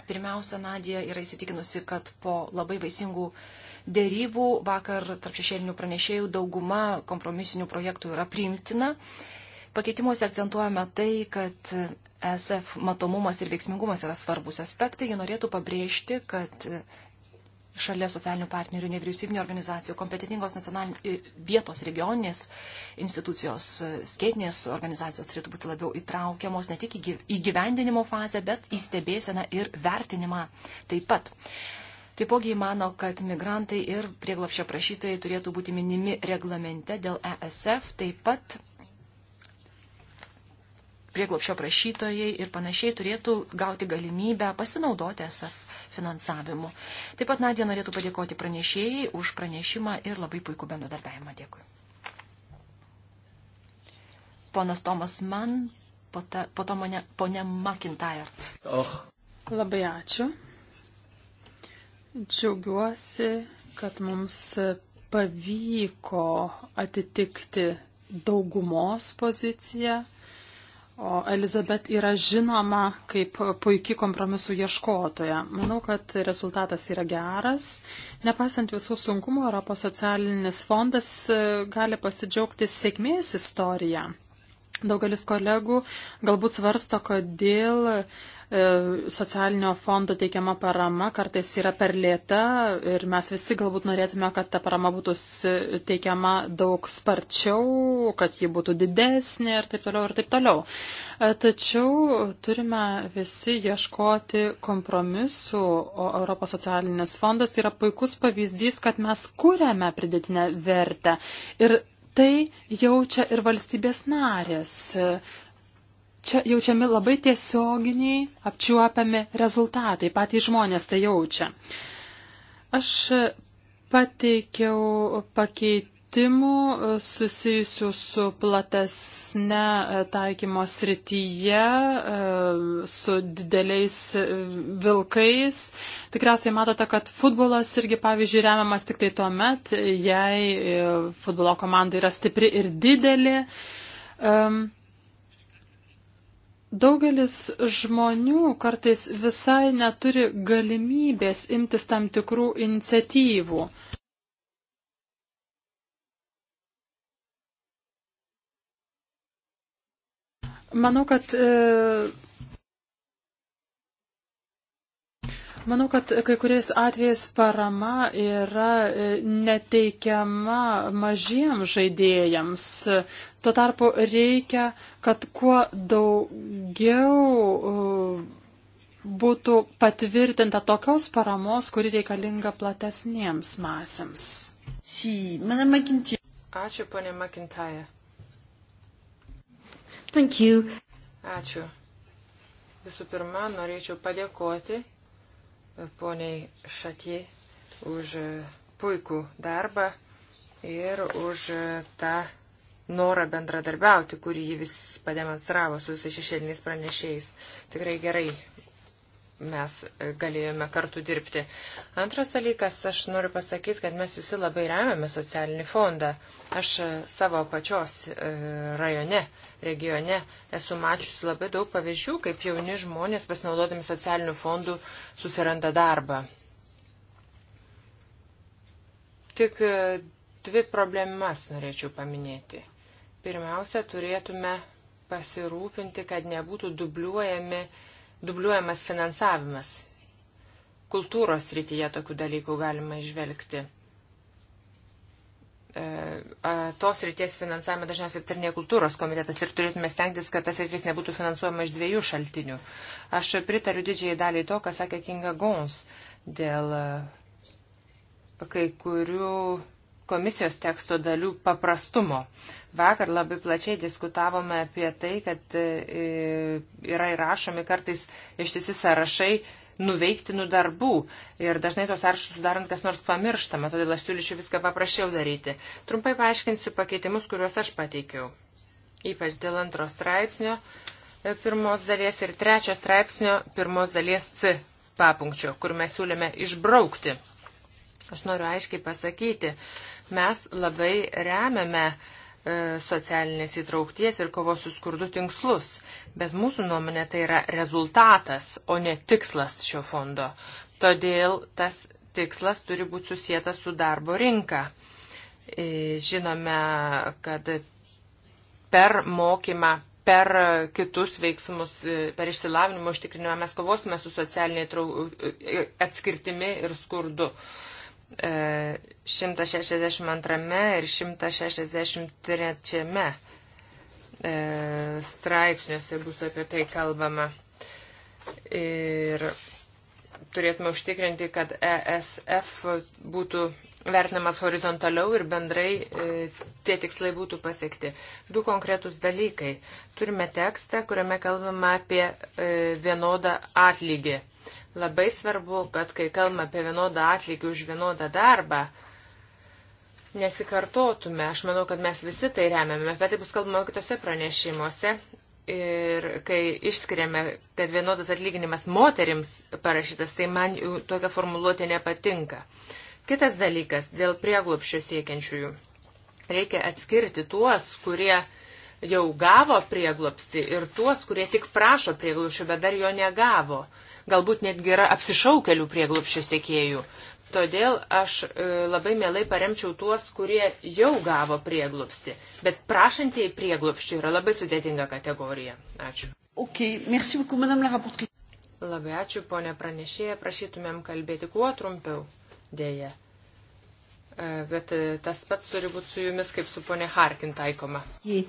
Pirmiausia, Nadija yra įsitikinusi, kad po labai vaisingų dėrybų vakar tarp šešėlinių pranešėjų dauguma kompromisinių projektų yra priimtina. Pakeitimuose akcentuojame tai, kad ESF matomumas ir veiksmingumas yra svarbus aspektai. Ji norėtų pabrėžti, kad šalia socialinių partnerių, nevyriausybinio organizacijų, kompetitingos vietos regioninės institucijos, e, skėtinės organizacijos turėtų būti labiau įtraukiamos ne tik į gyvendinimo fazę, bet į stebėseną ir vertinimą taip pat. Taipogi įmano, kad migrantai ir prieglapšio prašytojai turėtų būti minimi reglamente dėl ESF, taip pat prieglopšio prašytojai ir panašiai turėtų gauti galimybę pasinaudoti e SF finansavimu. Taip pat Nadė norėtų padėkoti pranešėjai už pranešimą ir labai puikų bendradarbiavimą. Dėkui. Ponas Tomas Mann, po, ta, po to mane, ponė McIntyre. Oh. Labai ačiū. Džiaugiuosi, kad mums pavyko atitikti daugumos poziciją. O Elizabet yra žinoma kaip puikiai kompromisų ieškotoja. Manau, kad rezultatas yra geras. Nepasant visų sunkumų, Europos socialinis fondas e, gali pasidžiaugti sėkmės istoriją. Daugelis kolegų galbūt svarsto, kodėl E, socialinio fondo teikiama parama kartais yra per lėta ir mes visi galbūt norėtume, kad ta parama būtų teikiama daug sparčiau, kad ji būtų didesnė ir taip toliau ir taip toliau. E, tačiau turime visi ieškoti kompromisų, o Europos socialinis fondas yra puikus pavyzdys, kad mes kūrėme pridėtinę vertę. Ir Tai jaučia ir valstybės narės čia jaučiami labai tiesioginiai, apčiuopiami rezultatai, patys žmonės tai jaučia. Aš pateikiau pakeitimų e, susijusių su platesne e, taikymo srityje, e, su dideliais vilkais. Tikriausiai matote, kad futbolas irgi, pavyzdžiui, remiamas tik tai tuo met, jei futbolo komanda yra stipri ir didelė. Um, Daugelis žmonių kartais visai neturi galimybės imtis tam tikrų iniciatyvų. Manau, kad e, Manau, kad kai kuriais atvejais parama yra e, neteikiama mažiems žaidėjams. Tuo tarpu reikia, kad kuo daugiau e, būtų patvirtinta tokios paramos, kuri reikalinga platesniems masėms. Ačiū, ponė Makintaja. Ačiū. Visų pirma, norėčiau padėkoti poniai Šatie už puikų darbą ir už tą norą bendradarbiauti, kurį ji vis pademonstravo su visais šešėliniais pranešėjais. Tikrai gerai mes e, galėjome kartu dirbti. Antras dalykas, aš noriu pasakyti, kad mes visi labai remiame socialinį fondą. Aš e, savo pačios e, rajone, regione esu mačiusi labai daug pavyzdžių, kaip jauni žmonės pasinaudodami socialinių fondų susiranda darbą. Tik dvi problemas norėčiau paminėti. Pirmiausia, turėtume pasirūpinti, kad nebūtų dubliuojami uh, dubliuojamas finansavimas. Kultūros rytyje tokių dalykų galima išvelgti. E, tos ryties finansavimą dažniausiai aptarnėja kultūros komitetas ir turėtume stengtis, kad tas rytis nebūtų finansuojama iš dviejų šaltinių. Aš pritariu didžiai daliai to, ką sakė Kinga Gons dėl e, kai kurių komisijos teksto dalių paprastumo. Vakar labai plačiai diskutavome apie tai, kad e, yra įrašomi kartais ištisi sąrašai nuveiktinų darbų ir dažnai tos sąrašus sudarant kas nors pamirštama, todėl aš siūlyčiau viską paprasčiau daryti. Trumpai paaiškinsiu pakeitimus, kuriuos aš pateikiau. Ypač dėl antro straipsnio e, pirmos dalies ir trečio straipsnio pirmos dalies C papunkčio, kur mes siūlėme išbraukti Aš noriu aiškiai pasakyti, mes labai remiame e, socialinės įtraukties ir kovos su skurdu tinkslus, bet mūsų nuomonė tai yra rezultatas, o ne tikslas šio fondo. Todėl tas tikslas turi būti susijęs su darbo rinka. E, žinome, kad per mokymą per kitus veiksmus, e, per išsilavinimo užtikrinimą mes kovosime su socialinė atskirtimi ir skurdu. 162 e, ir 163 e, straipsniuose bus apie tai kalbama. Ir turėtume užtikrinti, kad ESF būtų vertinamas horizontaliau ir bendrai e, tie tikslai būtų pasiekti. Du konkretūs dalykai. Turime tekstą, kuriame kalbama apie e, vienodą atlygį. Labai svarbu, kad kai kalbame apie vienodą atlygį už vienodą darbą, nesikartotume. Aš manau, kad mes visi tai remiame, bet tai bus kalbama kitose pranešimuose. Ir kai išskiriame, kad vienodas atlyginimas moterims parašytas, tai man tokia formuluotė nepatinka. Kitas dalykas - dėl prieglopščio siekiančiųjų. Reikia atskirti tuos, kurie jau gavo prieglopsi ir tuos, kurie tik prašo prieglopščio, bet dar jo negavo galbūt netgi yra apsišaukelių prieglupščių sėkėjų. Todėl aš e, labai mielai paremčiau tuos, kurie jau gavo prieglupsti. Bet prašantieji prieglupščių yra labai sudėtinga kategorija. Ačiū. Okay, merci beaucoup, madame la rapportrice. Labai ačiū, ponė pranešėja, prašytumėm kalbėti kuo trumpiau. Dėja. E, bet e, tas pats turi būti su jumis, kaip su ponė Harkin taikoma. E,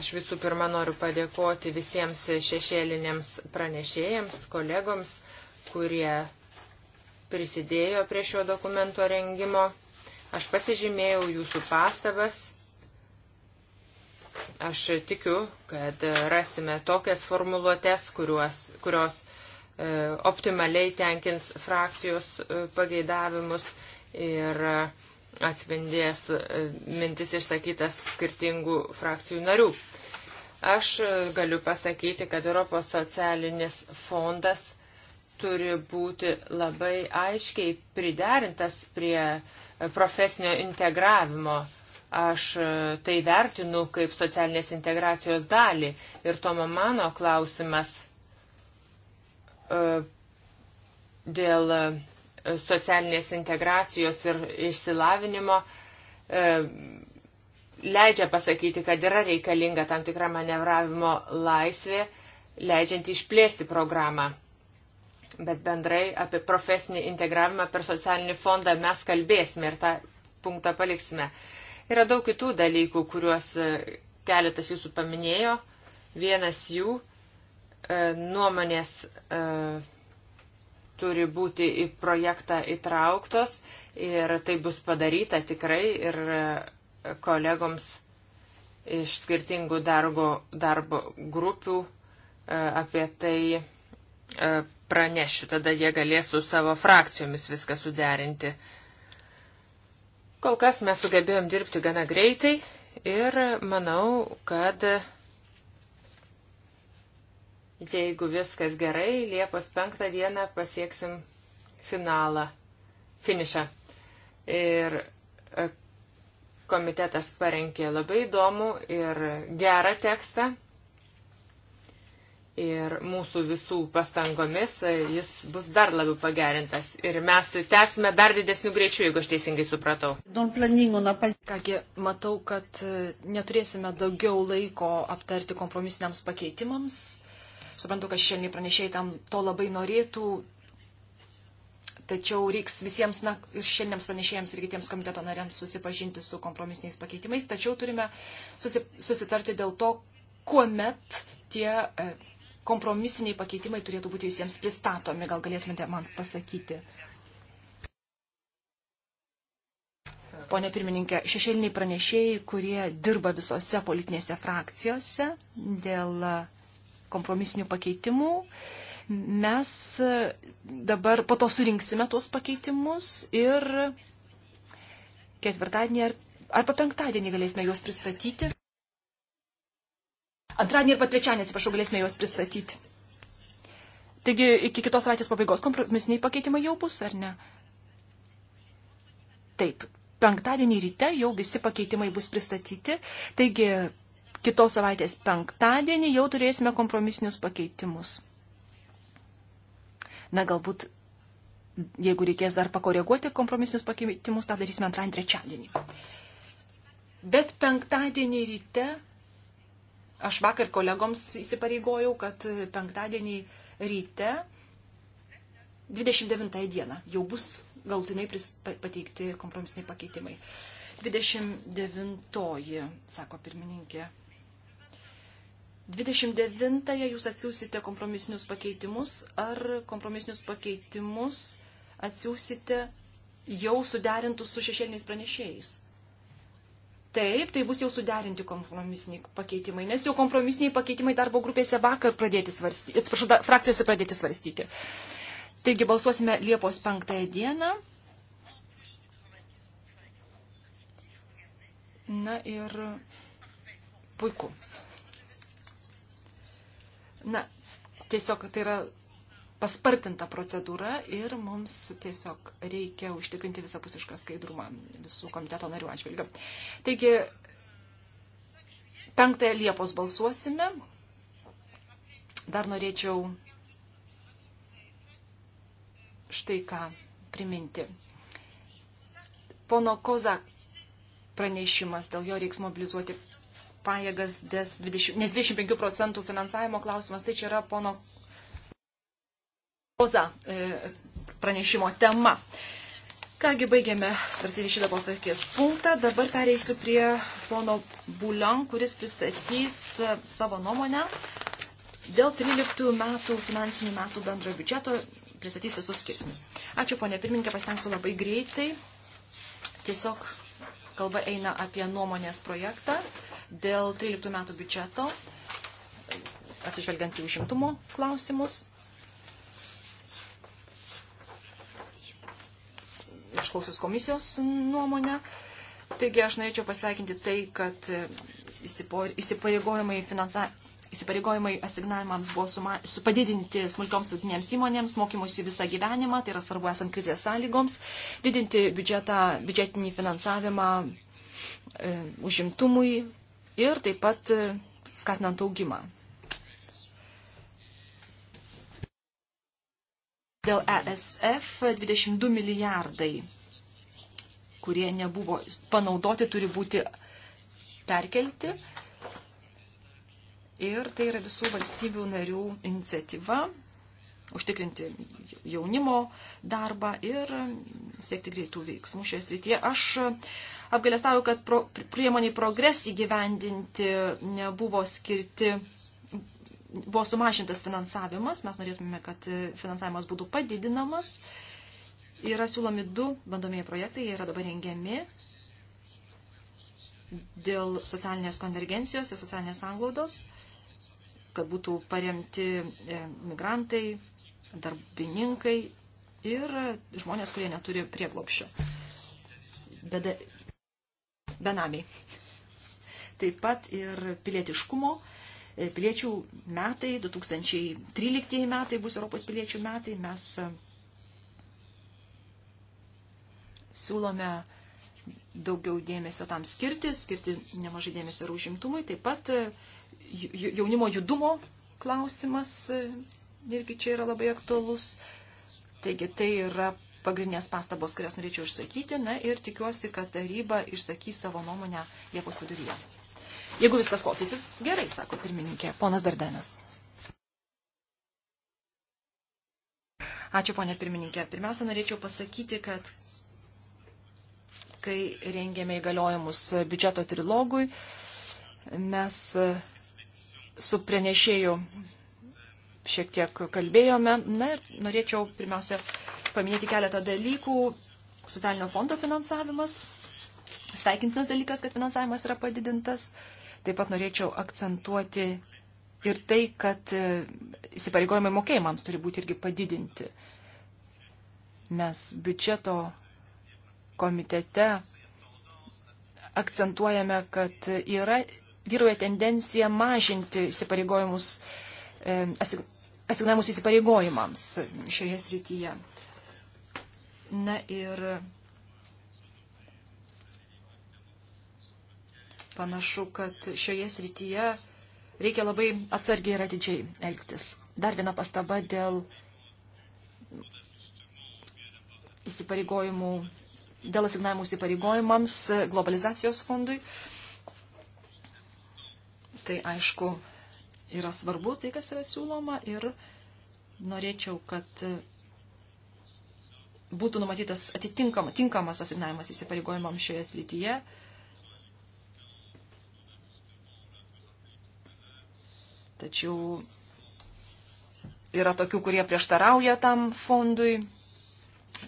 Aš visų pirma noriu padėkoti visiems šešėliniams pranešėjams, kolegoms, kurie prisidėjo prie šio dokumento rengimo. Aš pasižymėjau jūsų pastabas. Aš tikiu, kad rasime tokias formuluotės, kurios, kurios e, optimaliai tenkins frakcijos e, pageidavimus ir atspindės mintis išsakytas skirtingų frakcijų narių. Aš galiu pasakyti, kad Europos socialinis fondas turi būti labai aiškiai priderintas prie profesinio integravimo. Aš tai vertinu kaip socialinės integracijos dalį. Ir Tomo mano klausimas e, dėl socialinės integracijos ir išsilavinimo e, leidžia pasakyti, kad yra reikalinga tam tikra manevravimo laisvė, leidžianti išplėsti programą. Bet bendrai apie profesinį integravimą per socialinį fondą mes kalbėsime ir tą punktą paliksime. Yra daug kitų dalykų, kuriuos e, keletas jūsų paminėjo. Vienas jų e, nuomonės turi būti į projektą įtrauktos ir tai bus padaryta tikrai ir e, kolegoms iš skirtingų darbo, darbo grupių e, apie tai e, pranešiu, tada jie galės su savo frakcijomis viską suderinti. Kol kas mes sugebėjom dirbti gana greitai ir manau, kad Jeigu viskas gerai, Liepos penktą dieną pasieksim finalą, finišą. Ir e, komitetas parengė labai įdomų ir gerą tekstą. Ir mūsų visų pastangomis e, jis bus dar labiau pagerintas. Ir mes tęsime dar didesnių greičių, jeigu aš teisingai supratau. Kągi, matau, kad e, neturėsime daugiau laiko aptarti kompromisiniams pakeitimams. Suprantu, kad šiandien pranešėjai tam to labai norėtų, tačiau reiks visiems na, ir šiandiems pranešėjams ir kitiems komiteto nariams susipažinti su kompromisiniais pakeitimais, tačiau turime susi, susitarti dėl to, kuomet tie e, kompromisiniai pakeitimai turėtų būti visiems pristatomi, gal galėtumėte man pasakyti. Pone pirmininkė, šešėliniai pranešėjai, kurie dirba visose politinėse frakcijose dėl kompromisinių pakeitimų. Mes e, dabar po to surinksime tuos pakeitimus ir ketvirtadienį ar, arba penktadienį galėsime juos pristatyti. Antradienį arba trečiadienį, atsiprašau, galėsime juos pristatyti. Taigi iki kitos savaitės pabaigos kompromisiniai pakeitimai jau bus, ar ne? Taip, penktadienį ryte jau visi pakeitimai bus pristatyti. Taigi kitos savaitės penktadienį jau turėsime kompromisinius pakeitimus. Na, galbūt, jeigu reikės dar pakoreguoti kompromisinius pakeitimus, tą darysime antrąjį trečiadienį. Bet penktadienį ryte, aš vakar kolegoms įsipareigojau, kad penktadienį ryte, 29 dieną, jau bus galutinai pateikti kompromisiniai pakeitimai. 29, sako pirmininkė, 29-ąją jūs atsiūsite kompromisinius pakeitimus ar kompromisinius pakeitimus atsiūsite jau suderintus su šešėliniais pranešėjais. Taip, tai bus jau suderinti kompromisiniai pakeitimai, nes jau kompromisiniai pakeitimai darbo grupėse vakar pradėti svarstyti, atsiprašau, da, frakcijose pradėti svarstyti. Taigi balsuosime Liepos 5 dieną. Na ir puiku. Na, tiesiog tai yra paspartinta procedūra ir mums tiesiog reikia užtikrinti visapusišką skaidrumą visų komiteto narių atžvilgių. Taigi, penktąją Liepos balsuosime. Dar norėčiau štai ką priminti. Pono Koza pranešimas dėl jo reiks mobilizuoti pajėgas, 20, nes 25 procentų finansavimo klausimas, tai čia yra pono Oza e, pranešimo tema. Kągi baigėme svarstyti šitą potarkės punktą, dabar pereisiu prie pono Bulion, kuris pristatys savo nuomonę dėl 13 metų finansinių metų bendrojo biudžeto, pristatys visus skirsnius. Ačiū ponė pirmininkė, pasitengsiu labai greitai. Tiesiog kalba eina apie nuomonės projektą, dėl 13 metų biudžeto, atsižvelgiant į užimtumo klausimus. Išklausius komisijos nuomonę. Taigi aš norėčiau pasveikinti tai, kad įsipareigojimai finansa, įsipareigojimai asignavimams buvo suma, padidinti smulkioms vidutinėms įmonėms, mokymusi visą gyvenimą, tai yra svarbu esant krizės sąlygoms, didinti biudžetą, biudžetinį finansavimą e, užimtumui, ir taip pat e, skatinant augimą. Dėl ESF 22 milijardai, kurie nebuvo panaudoti, turi būti perkelti. Ir tai yra visų valstybių narių iniciatyva užtikrinti jaunimo darbą ir siekti greitų veiksmų šioje srityje. Aš apgalėstauju, kad pro, priemoniai progres įgyvendinti nebuvo skirti, buvo sumažintas finansavimas, mes norėtume, kad finansavimas būtų padidinamas. Yra siūlomi du bandomieji projektai, jie yra dabar rengiami dėl socialinės konvergencijos ir socialinės anglaudos, kad būtų paremti e, migrantai, darbininkai ir žmonės, kurie neturi prieglopščio. Beda, benamiai. Taip pat ir pilietiškumo. E, piliečių metai, 2013 metai bus Europos piliečių metai. Mes e, siūlome daugiau dėmesio tam skirti, skirti nemažai dėmesio ir užimtumui. Taip pat e, jaunimo judumo klausimas irgi čia yra labai aktualus. Taigi tai yra pagrindinės pastabos, kurias norėčiau išsakyti. Na ir tikiuosi, kad taryba išsakys savo nuomonę Liepos viduryje. Jeigu viskas klausysis, gerai, sako pirmininkė, ponas Dardenas. Ačiū, ponė pirmininkė. Pirmiausia, norėčiau pasakyti, kad kai rengėme įgaliojimus biudžeto trilogui, mes su pranešėju šiek tiek kalbėjome. Na ir norėčiau pirmiausia paminėti keletą dalykų. Socialinio fondo finansavimas. Sveikintinas dalykas, kad finansavimas yra padidintas. Taip pat norėčiau akcentuoti ir tai, kad e, įsipareigojimai mokėjimams turi būti irgi padidinti. Mes biudžeto komitete akcentuojame, kad yra vyruoja tendencija mažinti įsipareigojimus, e, asignavimus įsipareigojimams šioje srityje. Na ir panašu, kad šioje srityje reikia labai atsargiai ir atidžiai elgtis. Dar viena pastaba dėl įsipareigojimų, dėl asignavimų įsipareigojimams globalizacijos fondui. Tai aišku, yra svarbu tai, kas yra siūloma ir norėčiau, kad būtų numatytas atitinkamas tinkamas asignavimas įsipareigojimams šioje srityje. Tačiau yra tokių, kurie prieštarauja tam fondui.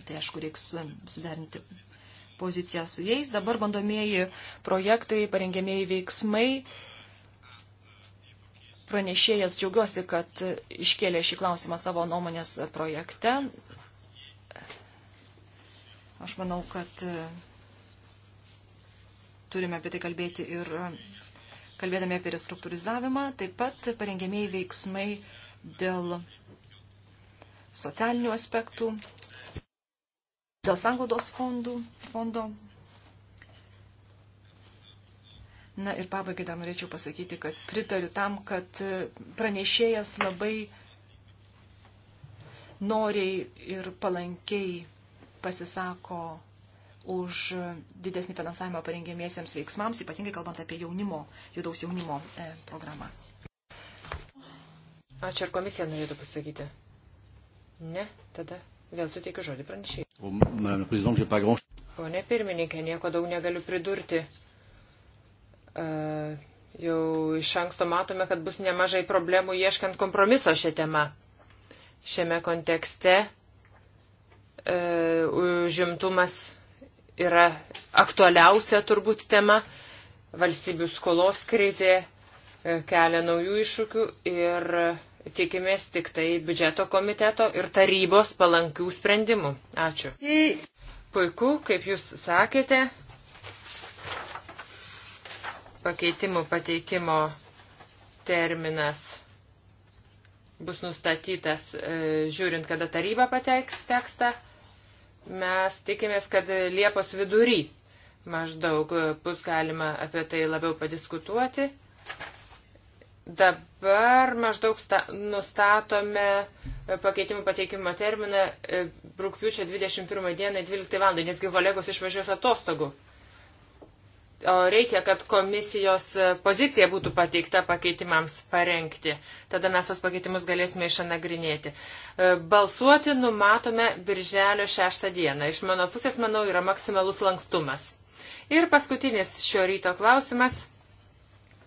Tai aišku, reiks suderinti poziciją su jais. Dabar bandomieji projektai, parengėmieji veiksmai. Pranešėjas džiaugiuosi, kad iškėlė šį klausimą savo nuomonės projekte. Aš manau, kad e, turime apie tai kalbėti ir e, kalbėdami apie restruktūrizavimą, taip pat parengėmiai veiksmai dėl socialinių aspektų, dėl sanglaudos fondų, fondo. Na ir pabaigai dar norėčiau pasakyti, kad pritariu tam, kad e, pranešėjas labai noriai ir palankiai pasisako už didesnį finansavimą parengiamiesiems veiksmams, ypatingai kalbant apie jaunimo, judaus jaunimo e, programą. Ačiū, ar komisija norėtų pasakyti? Ne, tada vėl suteikiu žodį pranešiai. Pone pirmininkė, nieko daug negaliu pridurti. Uh, jau iš anksto matome, kad bus nemažai problemų ieškant kompromiso šią temą. Šiame kontekste E, užimtumas yra aktualiausia turbūt tema. Valstybių skolos krizė e, kelia naujų iššūkių ir tikimės tik tai biudžeto komiteto ir tarybos palankių sprendimų. Ačiū. Puiku, kaip jūs sakėte, pakeitimų pateikimo terminas bus nustatytas, e, žiūrint, kada taryba pateiks tekstą. Mes tikimės, kad Liepos vidury maždaug bus galima apie tai labiau padiskutuoti. Dabar maždaug sta, nustatome pakeitimų pateikimo terminą e, rūpiučio 21 dieną 12 val. nesgi kolegos išvažiuos atostogų. O reikia, kad komisijos pozicija būtų pateikta pakeitimams parengti. Tada mes tos pakeitimus galėsime išanagrinėti. E, balsuoti numatome birželio 6 dieną. Iš mano pusės, manau, yra maksimalus lankstumas. Ir paskutinis šio ryto klausimas.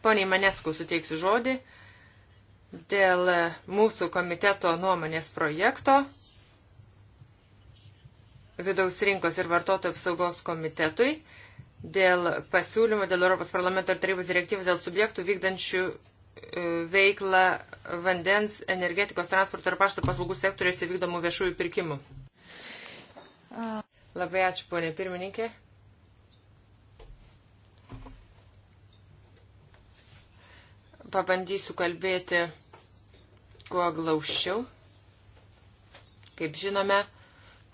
Poniai Manesku suteiksiu žodį dėl mūsų komiteto nuomonės projekto vidaus rinkos ir vartotojų apsaugos komitetui dėl pasiūlymo dėl Europos parlamento ir tarybos direktyvos dėl subjektų vykdančių e, veiklą vandens, energetikos, transporto ir pašto paslaugų sektoriuose vykdomų viešųjų pirkimų. Labai ačiū, ponė pirmininkė. Pabandysiu kalbėti kuo glaušiau. Kaip žinome,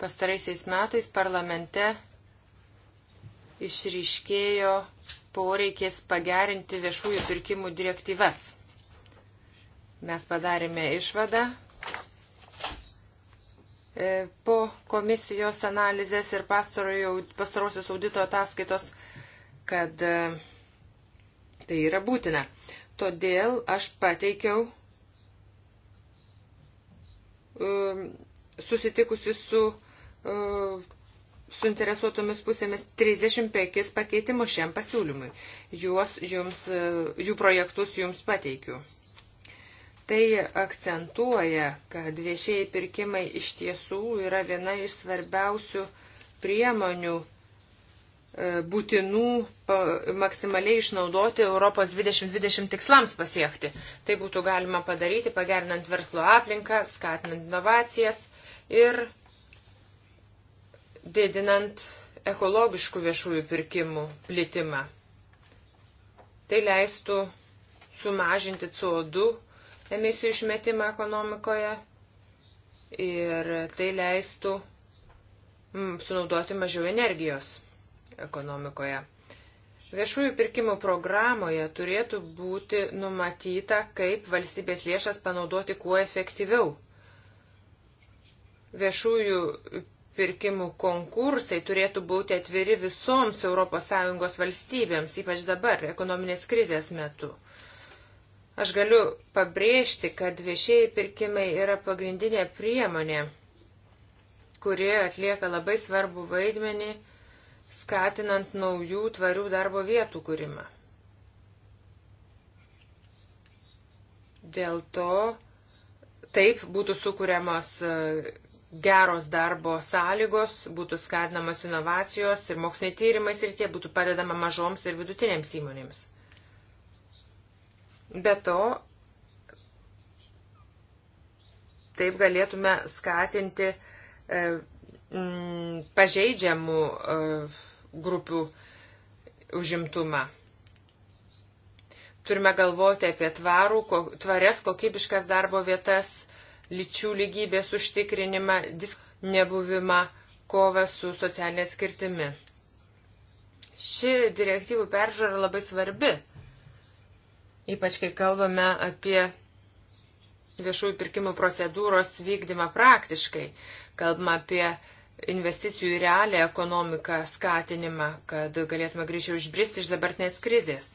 pastaraisiais metais parlamente išryškėjo poreikis pagerinti viešųjų pirkimų direktyvas. Mes padarėme išvadą e, po komisijos analizės ir pastarosios audito ataskaitos, kad e, tai yra būtina. Todėl aš pateikiau e, susitikusi su suinteresuotomis pusėmis 35 pakeitimus šiam pasiūlymui. Juos jums, e, jų projektus jums pateikiu. Tai akcentuoja, kad viešieji pirkimai iš tiesų yra viena iš svarbiausių priemonių e, būtinų pa, maksimaliai išnaudoti Europos 2020 tikslams pasiekti. Tai būtų galima padaryti, pagernant verslo aplinką, skatinant inovacijas ir didinant ekologiškų viešųjų pirkimų plitimą. Tai leistų sumažinti CO2 emisijų išmetimą ekonomikoje ir tai leistų mm, sunaudoti mažiau energijos ekonomikoje. Viešųjų pirkimų programoje turėtų būti numatyta, kaip valstybės lėšas panaudoti kuo efektyviau. Viešųjų pirkimų konkursai turėtų būti atviri visoms ES valstybėms, ypač dabar, ekonominės krizės metu. Aš galiu pabrėžti, kad viešieji pirkimai yra pagrindinė priemonė, kuri atlieka labai svarbu vaidmenį, skatinant naujų tvarių darbo vietų kūrimą. Dėl to taip būtų sukūriamos geros darbo sąlygos, būtų skatinamas inovacijos ir moksliniai tyrimai ir tie būtų padedama mažoms ir vidutinėms įmonėms. Be to, taip galėtume skatinti e, m, pažeidžiamų e, grupių užimtumą. Turime galvoti apie tvarų, ko, tvarias kokybiškas darbo vietas lyčių lygybės užtikrinimą, nebuvimą, kovą su socialinė skirtimi. Ši direktyvų peržiūra labai svarbi, ypač kai kalbame apie viešųjų pirkimų procedūros vykdymą praktiškai, kalbame apie investicijų į realią ekonomiką skatinimą, kad galėtume grįžti užbristi iš dabartinės krizės.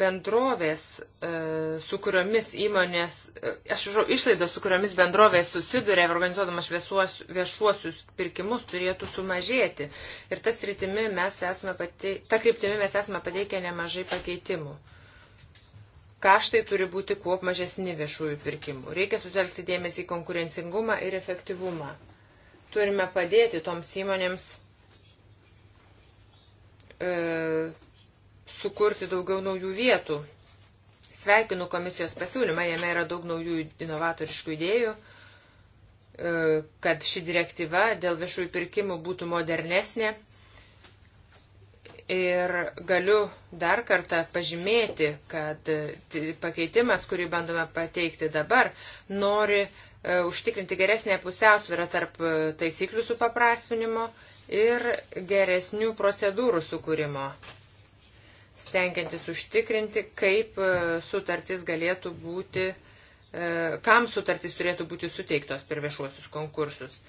bendrovės, e, su kuriomis įmonės, e, aš žinau, išlaidos, su kuriomis bendrovės susiduria, organizuodamas viešuos, viešuosius pirkimus, turėtų sumažėti. Ir tas rytimi mes esame, pati, ta kryptimi mes esame pateikę nemažai pakeitimų. Kaštai turi būti kuo mažesni viešųjų pirkimų. Reikia sutelkti dėmesį į konkurencingumą ir efektyvumą. Turime padėti toms įmonėms. E, sukurti daugiau naujų vietų. Sveikinu komisijos pasiūlymą, jame yra daug naujų inovatoriškų idėjų, e, kad ši direktyva dėl viešųjų pirkimų būtų modernesnė. Ir galiu dar kartą pažymėti, kad e, pakeitimas, kurį bandome pateikti dabar, nori e, užtikrinti geresnę pusiausvyrą tarp taisyklių supaprasvinimo ir geresnių procedūrų sukūrimo stengiantis užtikrinti, kaip e, sutartis galėtų būti, e, kam sutartis turėtų būti suteiktos per viešuosius konkursus.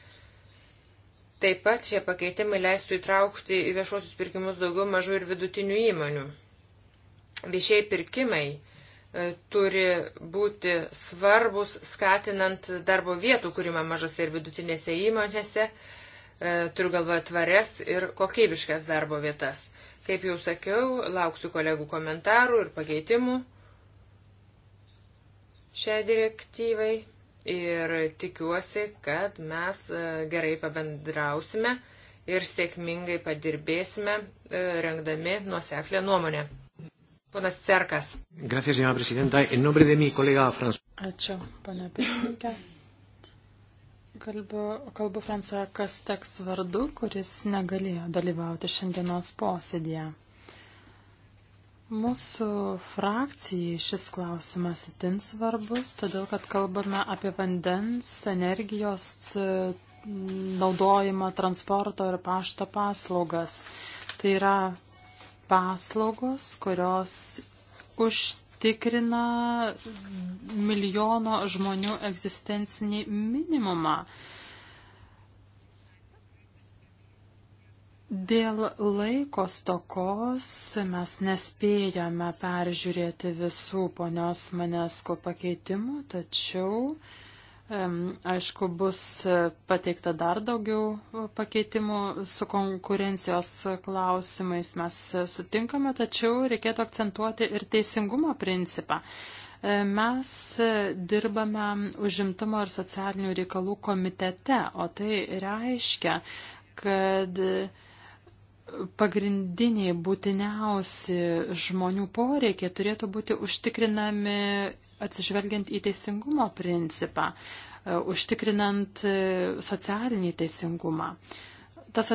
Taip pat šie pakeitimai leistų įtraukti į viešuosius pirkimus daugiau mažų ir vidutinių įmonių. Viešiai pirkimai e, turi būti svarbus skatinant darbo vietų kūrimą mažose ir vidutinėse įmonėse, turiu galvoje tvarias ir kokybiškas darbo vietas. Kaip jau sakiau, lauksiu kolegų komentarų ir pakeitimų šiai direktyvai ir tikiuosi, kad mes e, gerai pabendrausime ir sėkmingai padirbėsime, e, rengdami nuoseklę nuomonę. Ponas Cerkas. Gracias, señora presidenta. En nombre de mi colega François. Ačiū, pana pirmininkė. Kalbu, kalbu Fransuo Kasteks vardu, kuris negalėjo dalyvauti šiandienos posėdėje. Mūsų frakcijai šis klausimas itin svarbus, todėl kad kalbame apie vandens, energijos naudojimą, transporto ir pašto paslaugas. Tai yra paslaugos, kurios už užtikrina milijono žmonių egzistencinį minimumą. Dėl laiko stokos mes nespėjame peržiūrėti visų ponios Manesko pakeitimų, tačiau uh, Aišku, bus e, pateikta dar daugiau e, pakeitimų su konkurencijos klausimais. Mes e, sutinkame, tačiau reikėtų akcentuoti ir teisingumo principą. Mes dirbame užimtumo ir socialinių reikalų komitete, o tai reiškia, kad pagrindiniai būtiniausi žmonių poreikiai turėtų būti užtikrinami atsižvelgiant į teisingumo principą, e, užtikrinant e, socialinį teisingumą. Tas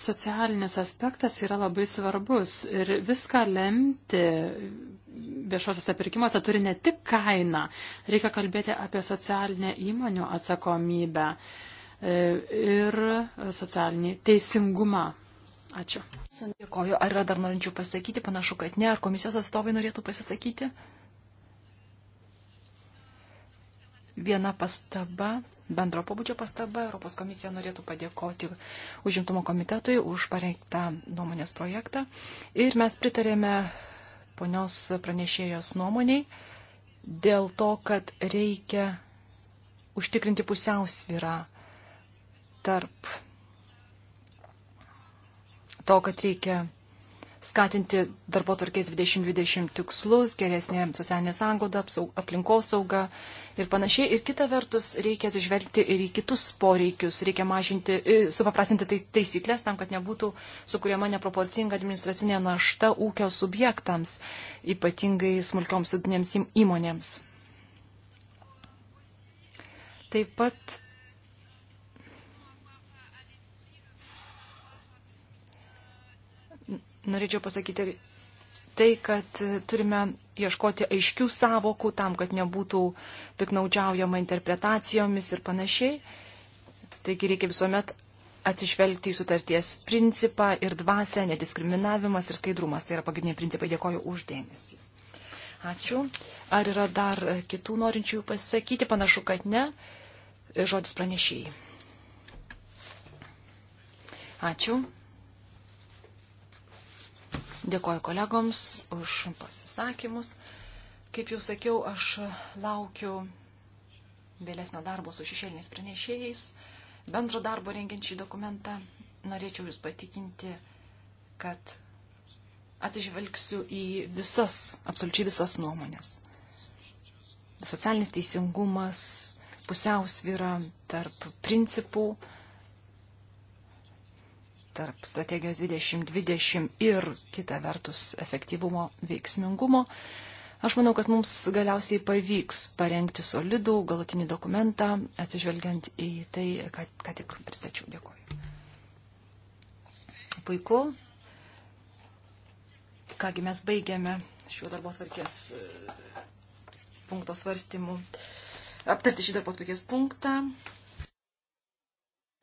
socialinis aspektas yra labai svarbus ir viską lemti viešuosiuose pirkimuose turi ne tik kainą, reikia kalbėti apie socialinę įmonių atsakomybę e, ir socialinį teisingumą. Ačiū. Dėkoju. Ar yra dar norinčių pasakyti? Panašu, kad ne. Ar komisijos atstovai norėtų pasisakyti? viena pastaba, bendro pabudžio pastaba. Europos komisija norėtų padėkoti užimtumo komitetui už parengtą nuomonės projektą. Ir mes pritarėme ponios pranešėjos nuomoniai dėl to, kad reikia užtikrinti pusiausvyrą tarp to, kad reikia skatinti darbo tvarkės 2020 tikslus, geresnė socialinė sangloda, aplinkos sauga ir panašiai. Ir kita vertus, reikia atsižvelgti ir į kitus poreikius, reikia mažinti, supaprastinti tai, taisyklės tam, kad nebūtų sukūriama neproporcinga administracinė našta ūkio subjektams, ypatingai smulkioms sudinėms įmonėms. Taip pat Norėčiau pasakyti tai, kad turime ieškoti aiškių savokų tam, kad nebūtų piknaudžiaujama interpretacijomis ir panašiai. Taigi reikia visuomet atsižvelgti į sutarties principą ir dvasę, nediskriminavimas ir skaidrumas. Tai yra pagrindiniai principai. Dėkoju uždėmesį. Ačiū. Ar yra dar kitų norinčių pasakyti? Panašu, kad ne. Žodis pranešėjai. Ačiū. Dėkoju kolegoms už pasisakymus. Kaip jau sakiau, aš laukiu vėlesnio darbo su šešėliniais pranešėjais, bendro darbo rengiant šį dokumentą. Norėčiau Jūs patikinti, kad atsižvelgsiu į visas, absoliučiai visas nuomonės. Socialinis teisingumas, pusiausvyra tarp principų, tarp strategijos 2020 ir kita vertus efektyvumo veiksmingumo. Aš manau, kad mums galiausiai pavyks parengti solidų galutinį dokumentą, atsižvelgiant į tai, ką, ką tik pristačiau. Dėkuoju. Puiku. Kągi mes baigėme šiuo darbo tvarkės e, punkto svarstymu. Aptarti šį darbo tvarkės punktą.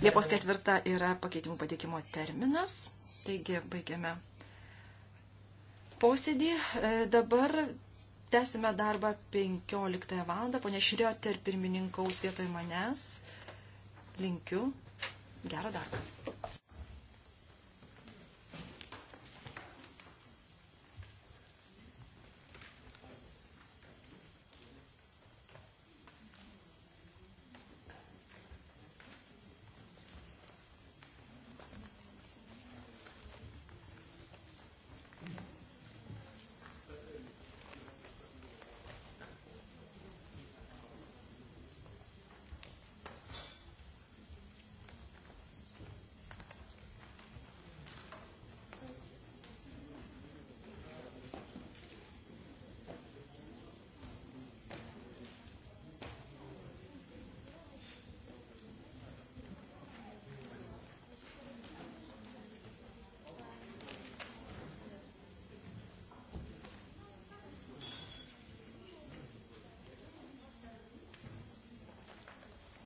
Liepos ketvirta yra pakeitimų pateikimo terminas, taigi baigiame posėdį. E, dabar tęsime darbą 15 val. Pone Šrioter pirmininkaus vietoj manęs. Linkiu gero darbo.